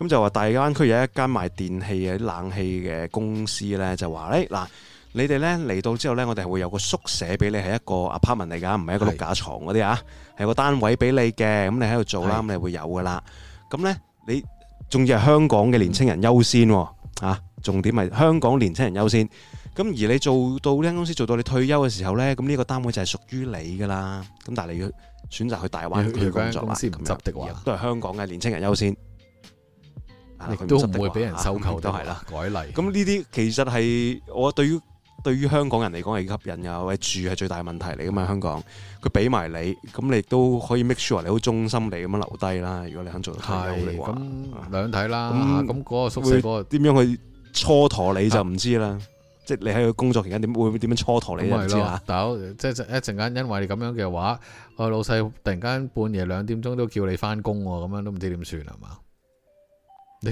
咁就話大灣區有一間賣電器嘅冷氣嘅公司咧，就話誒嗱，你哋咧，嚟到之後咧，我哋係會有個宿舍俾你，係一個 apartment 嚟噶，唔係一個碌架床嗰啲啊，係個單位俾你嘅。咁你喺度做啦，咁你會有噶啦。咁咧，你仲要係香港嘅年青人優先啊？重點係香港年青人優先。咁而你做到呢間公司，做到你退休嘅時候咧，咁呢個單位就係屬於你噶啦。咁但係你要選擇去大灣區工作啦，咁樣嘅話都係香港嘅年青人優先。都唔會俾人收購的，都係啦，改例。咁呢啲其實係我對於對於香港人嚟講係吸引噶。或者，住係最大的問題嚟噶嘛？香港佢俾埋你，咁你都可以 make sure 你好忠心地咁樣留低啦。如果你肯做到太好嘅話，兩睇啦。咁嗰個宿舍嗰個點樣去蹉跎你就唔知啦。的即係你喺佢工作期間點會點樣蹉跎你就唔知啦。大佬，即係一陣間因為你咁樣嘅話，我老細突然間半夜兩點鐘都叫你返工喎，咁樣都唔知點算係嘛？你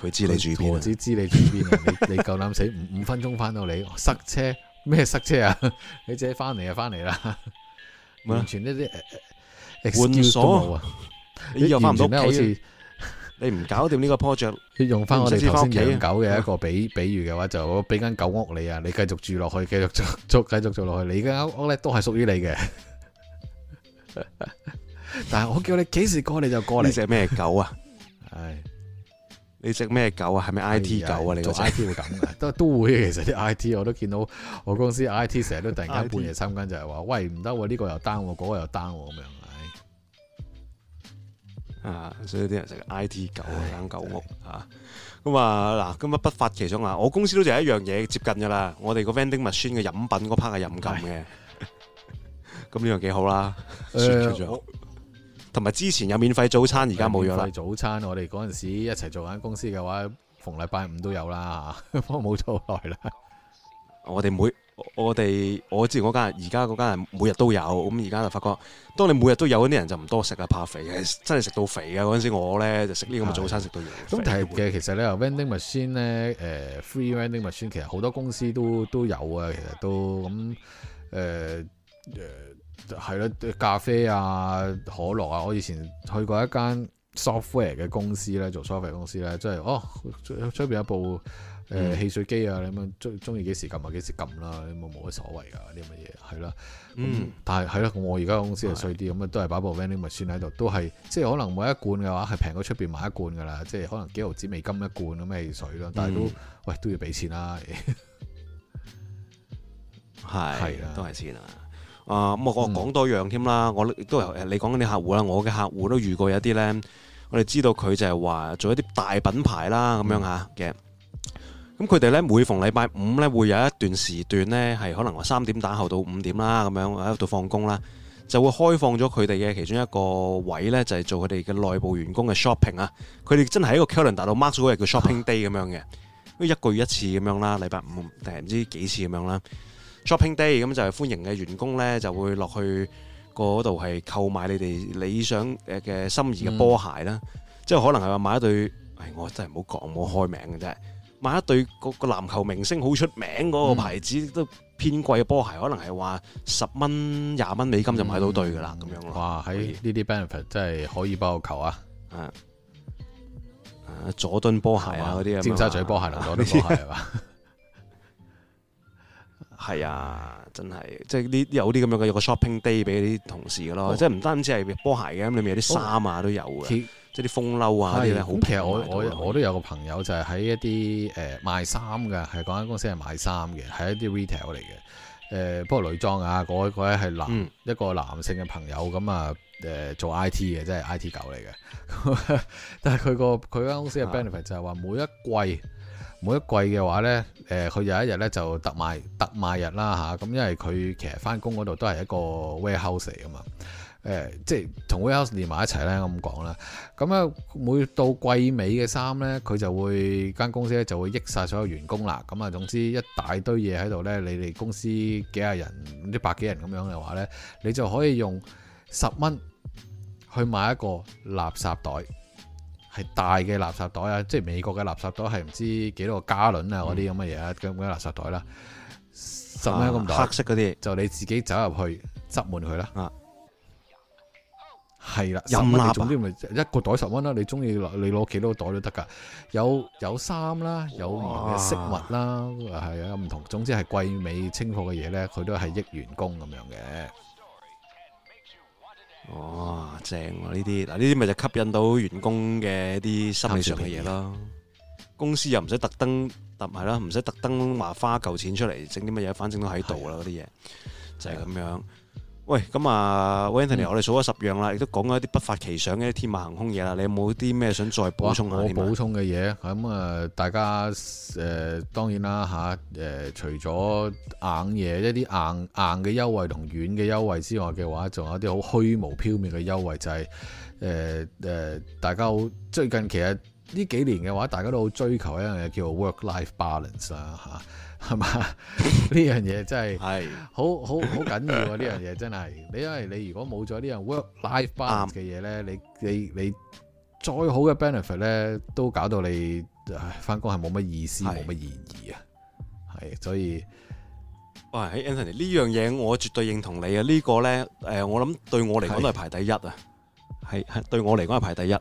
佢知你住邊啊？我知知你住邊啊！你你夠膽死，五五分鐘翻到你，塞車咩塞車啊？你自己翻嚟就翻嚟啦，完全呢啲誒誒換鎖啊！你用翻屋企，你唔搞掂呢個 project，你用翻我哋頭先養狗嘅一個比，比喻嘅話就俾間狗屋你啊，你繼續住落去，繼續做做，繼續做落去，你間屋咧都係屬於你嘅。但係我叫你幾時過你就過嚟，你隻咩狗啊？係，你食咩狗啊？係咪 I T 狗啊？哎、呀你說做 I T 會咁都都會，其實啲 I T 我都見到，我公司 I T 成日都突然間半夜三更，就係話，喂，唔得，呢個又 down，嗰個又 down 咁樣，係啊，所以啲人食 I T 狗，啃狗屋啊。咁啊嗱，咁啊不發其中啊，我公司都就係一樣嘢接近㗎喇，我哋個 vending Machine 嘅飲品嗰 part 係任飲嘅，咁呢樣幾好啦。同埋之前有免費早餐，而家冇咗。免費早餐，我哋嗰陣時一齊做緊公司嘅話，逢禮拜五都有啦。幫冇咗好耐啦。我哋每我哋我之前嗰間，而家嗰間每日都有。咁而家就發覺，當你每日都有嗰啲人，就唔多食啊，怕肥嘅，真係食到肥嘅嗰陣時我呢，我咧就食呢咁嘅早餐，食到嘢。全。咁但係嘅其實咧，啊，vending machine 咧、呃，誒，free vending machine，其實好多公司都都有啊，其實都咁誒誒。呃呃係咯，咖啡啊，可樂啊，我以前去過一間 software 嘅公司咧，做 software 公司咧，即、就、係、是、哦，出出邊有部誒、呃、汽水機啊，你咁樣中中意幾時撳啊，幾時撳啦，冇冇乜所謂噶啲咁嘅嘢，係啦、嗯。但係係啦，我而家公司係衰啲，咁啊的都係擺部 vending machine 咪算喺度，都係即係可能每一罐嘅話係平過出邊買一罐噶啦，即係可能幾毫子美金一罐咁嘅汽水咯，但係都、嗯、喂都要俾錢啦，係啦的，的都係錢啊。啊，咁我講多樣添啦，我都由你講緊嗰啲客戶啦，我嘅客戶都遇過有啲咧，我哋知道佢就係話做一啲大品牌啦咁樣嚇嘅，咁佢哋咧每逢禮拜五咧會有一段時段咧係可能話三點打後到五點啦咁樣喺度放工啦，就會開放咗佢哋嘅其中一個位咧就係、是、做佢哋嘅內部員工嘅 shopping 啊，佢哋真係一個 calendar 達到 mark 咗一日叫 shopping day 咁樣嘅，啊、一個月一次咁樣啦，禮拜五定唔知幾次咁樣啦。Shopping day 咁就係歡迎嘅員工咧，就會落去嗰度係購買你哋理想誒嘅心儀嘅波鞋啦。即係、嗯、可能係話買一對，哎、我真係唔好講，唔好開名嘅啫。買一對個個籃球明星好出名嗰個牌子、嗯、都偏貴嘅波鞋，可能係話十蚊、廿蚊美金就買到對噶啦咁樣咯。哇！喺呢啲 benefit 真係可以幫我求啊啊，啊！佐敦波鞋啊嗰啲，啊、些尖沙咀波鞋同佐敦波鞋係、啊、嘛？ 係啊，真係，即係啲有啲咁樣嘅，有個 shopping day 俾啲同事嘅咯，哦、即係唔單止係波鞋嘅，咁裏面，有啲衫啊都有嘅，哦、即係啲風褸啊，係好平。其實我我我都有個朋友就係喺一啲誒、呃、賣衫嘅，係嗰間公司係賣衫嘅，係一啲 retail 嚟嘅，誒不過女裝啊，嗰、嗰個咧係男、嗯、一個男性嘅朋友咁啊，誒、呃、做 IT 嘅，即係 IT 狗嚟嘅， 但係佢、嗰個佢間公司嘅 benefit 就係話每一季。每一季嘅話咧，誒佢有一日咧就特賣，特賣日啦嚇，咁因為佢其實翻工嗰度都係一個 warehouse 嚟嘛，誒即係同 warehouse 連埋一齊咧，我咁講啦。咁啊，每到季尾嘅衫咧，佢就會間公司咧就會益曬所有員工啦。咁啊，總之一大堆嘢喺度咧，你哋公司幾廿人，一百幾人咁樣嘅話咧，你就可以用十蚊去買一個垃圾袋。係大嘅垃圾袋啊，即係美國嘅垃圾袋是不知道、啊，係唔知幾多個加侖啊，嗰啲咁嘅嘢啊，咁嘅垃圾袋啦、啊，十蚊咁個、啊、黑色嗰啲就你自己走入去執滿佢啦。啊，係啦的，任垃蠟總之咪一個袋十蚊啦，你中意你攞幾多個袋都得㗎。有有衫啦，有唔同嘅飾物啦、啊，係啊唔同。總之係貴美清貨嘅嘢咧，佢都係益員工咁樣嘅。哇、哦、正喎呢啲。嗱，呢啲咪就吸引到員工嘅一啲心理上嘅嘢咯。面公司又唔使特登係啦，唔使特登話花嚿錢出嚟整啲乜嘢，反正都喺度啦嗰啲嘢，就係、是、咁樣。喂，咁啊，Wendy，n 我哋數咗十樣啦，亦都講咗一啲不法奇想嘅天馬行空嘢啦。你有冇啲咩想再補充，啊、的補充嘅嘢，咁啊，大家誒、呃，當然啦吓，誒、呃，除咗硬嘢一啲硬硬嘅優惠同軟嘅優惠之外嘅話，仲有啲好虛無縹緲嘅優惠，就係誒誒，大家好，最近其實呢幾年嘅話，大家都好追求一樣嘢，叫做 work-life balance 啦、啊、吓。係嘛？呢 樣嘢真係， 係好好好緊要啊。呢樣嘢真係，你因為你如果冇咗呢樣 work-life balance 嘅嘢咧，你你你再好嘅 benefit 咧，都搞到你翻工係冇乜意思，冇乜是意義啊！係，所以喂，Anthony 呢樣嘢我絕對認同你啊！這個、呢個咧，誒，我諗對我嚟講都係排第一啊，係係的對我嚟講係排第一，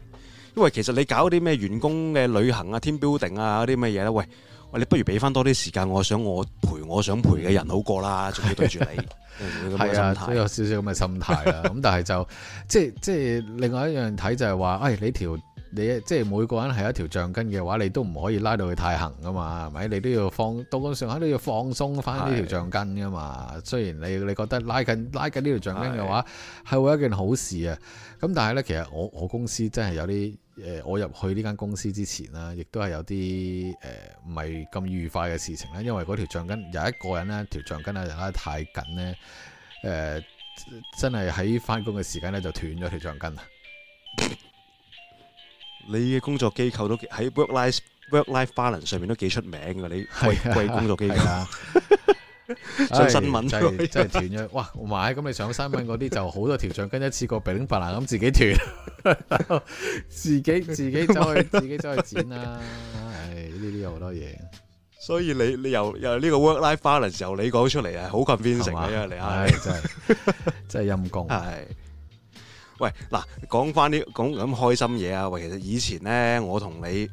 因為其實你搞啲咩員工嘅旅行啊、team building 啊嗰啲咩嘢咧，喂。喂，你不如俾翻多啲時間，我想我陪我想陪嘅人好過啦，仲要對住你。係、 嗯、啊，都有少少咁嘅心態啦。咁 但係就即即另外一樣睇就係、是、話，誒、哎、你條你即每個人係一條橡筋嘅話，你都唔可以拉到佢太行噶嘛，係咪？你都要放到咁上下，都要放鬆翻呢條橡筋噶嘛。是的 雖然你你覺得拉緊拉緊呢條橡筋嘅話係會一件好事啊，咁是的 但係咧，其實我我公司真係有啲。誒，我入去呢間公司之前啦，亦都係有啲誒唔係咁愉快嘅事情咧，因為嗰條，條橡筋有一個人呢條橡筋啊，拉得太緊呢，誒真係喺返工嘅時間呢就斷咗條橡筋啦。你嘅工作機構都喺 work life work life balance 上面都幾出名㗎，你貴，啊、貴工作機構啊。 上新聞、哎、真係真係斷咗， 哇！唔係咁你上新聞嗰啲就好多條橡筋一次過噼哩啪啦咁自己斷， 自己自己再 自己再去剪啦。唉、哎，呢啲有好多嘢，所以你你由由呢個 work life balance 由你講出嚟係好 convincing 嘅啫，你係真係真係陰功。係喂，嗱，講翻啲講咁開心嘢啊！喂，其實以前咧，我同你。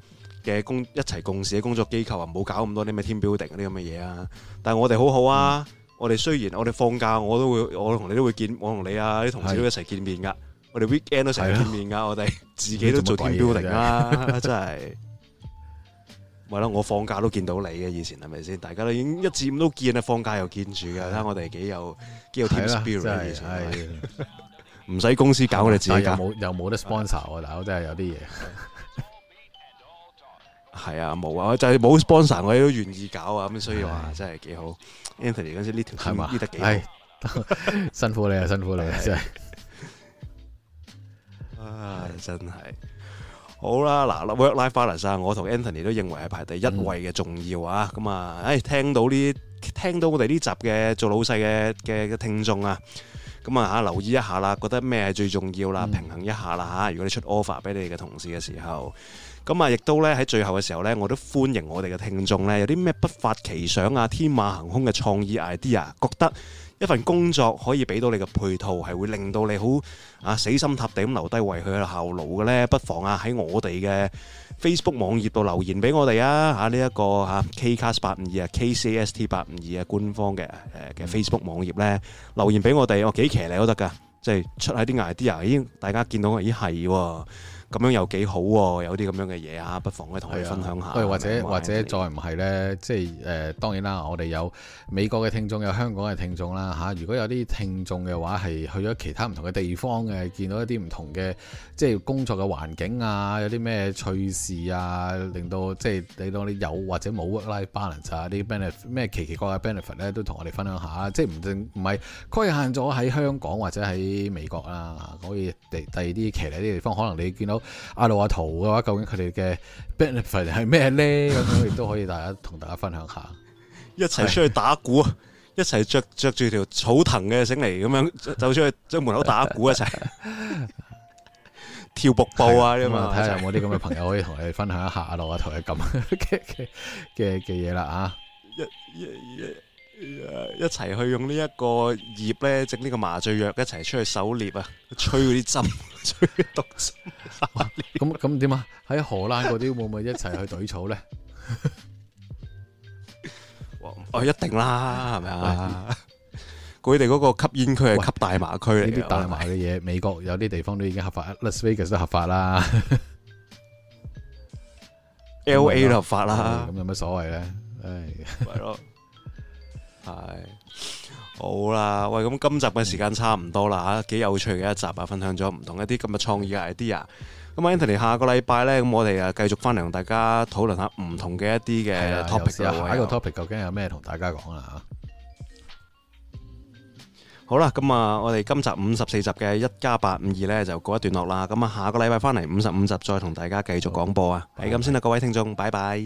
嘅共一齊共事嘅工作機構啊，冇搞咁多啲咩 team building 嗰啲咁嘅嘢啊，但係我哋好好啊，我哋雖然我哋放假我都會，我同你都會見，我同你啊啲同事都一齊見面噶，我哋 weekend 都成日見面噶，我哋自己都做 team building 啦，真係，咪咯，我放假都見到你嘅，以前係咪先？大家都已經一至五都見啊，放假又見住噶，睇下我哋幾有幾有 team spirit 嘅以前，唔使公司搞，我哋自己搞，又冇又冇得 sponsor 啊，大佬真係有啲嘢。係啊，冇啊，我就係冇 sponsor，我哋都願意搞啊，咁所以話真係幾好。Anthony 嗰時呢條片呢得幾好，辛苦你啊，辛苦你真係。啊，真係好啦，嗱，work-life balance，我同 Anthony 都認為係排第一位嘅重要啊。咁啊，誒，聽到呢，聽到我哋呢集嘅做老細嘅嘅聽眾啊，咁啊吓留意一下啦，覺得咩係最重要啦，平衡一下啦吓。如果你出 offer 俾你嘅同事嘅時候。咁啊，亦都咧喺最後嘅時候咧，我都歡迎我哋嘅聽眾咧，有啲咩不法奇想啊、天馬行空嘅創意 idea，覺得一份工作可以俾到你嘅配套，係會令到你好啊死心塌地咁留低為佢去效勞嘅咧，不妨啊喺我哋嘅 Facebook 網頁度留言俾我哋啊！嚇呢一個嚇 Kcast 八五二啊，Kcast 八五二啊官方嘅誒嘅 Facebook 網頁咧，留言俾我哋我，幾騎呢都得㗎，即係出吓啲 idea，咦大家見到咦係喎。咁樣又幾好喎、啊，有啲咁樣嘅嘢啊，不妨咧同我哋分享下。誒或者係係或者再唔係咧，即係誒當然啦，我哋有美國嘅聽眾有香港嘅聽眾啦吓，如果有啲聽眾嘅話係去咗其他唔同嘅地方嘅，見到一啲唔同嘅即係工作嘅環境啊，有啲咩趣事啊，令到即係你到你有或者冇 work-life balance 啊，啲 benefit 咩奇奇怪怪 benefit 咧，都同我哋分享下，即係唔正唔係規限咗喺香港或者喺美國啦，可以第第二啲其他啲地方，可能你見到。阿路阿圖嘅話，究竟佢哋嘅 benefit 係咩咧？咁樣亦都可以大家同大家分享下，一齊出去打鼓， 一齊着着住條草藤嘅繩嚟，咁樣走出去出門口打鼓一齊， 跳瀑布啊咁啊！睇下、 嗯、有冇啲咁嘅朋友可以同你哋分享一下阿路阿圖嘅咁嘅嘅嘅嘢啦啊！Yeah, yeah. 一齊去用這呢一個葉咧整呢個麻醉藥，一齊出去狩獵啊！吹嗰啲針， 吹啲毒針。咁咁點啊？喺荷蘭嗰啲會唔會一齊去懟草咧？ 哦，一定啦，係咪 啊？佢哋嗰個吸煙區係吸大麻區，呢啲大麻嘅嘢，美國有啲地方都已經合法 ，Las Vegas 都合法啦 ，LA 都合法啦。咁、 哎、有乜所謂咧？唉，係咯。係好啦，喂，咁今集嘅時間差唔多啦吓，幾有趣嘅一集啊，分享咗唔同一啲咁嘅創意嘅 idea。咁、嗯、Anthony，下個禮拜呢，咁我哋啊繼續翻嚟同大家討論下唔同嘅一啲嘅 topic 啦。下個 topic 究竟有咩同大家講啊？嗯、好啦，咁啊，我哋今集五十四集嘅一加八五二呢就告一段落啦。咁啊，下個禮拜翻嚟五十五集再同大家繼續廣播啊。係咁先啦，的各位聽眾，拜拜。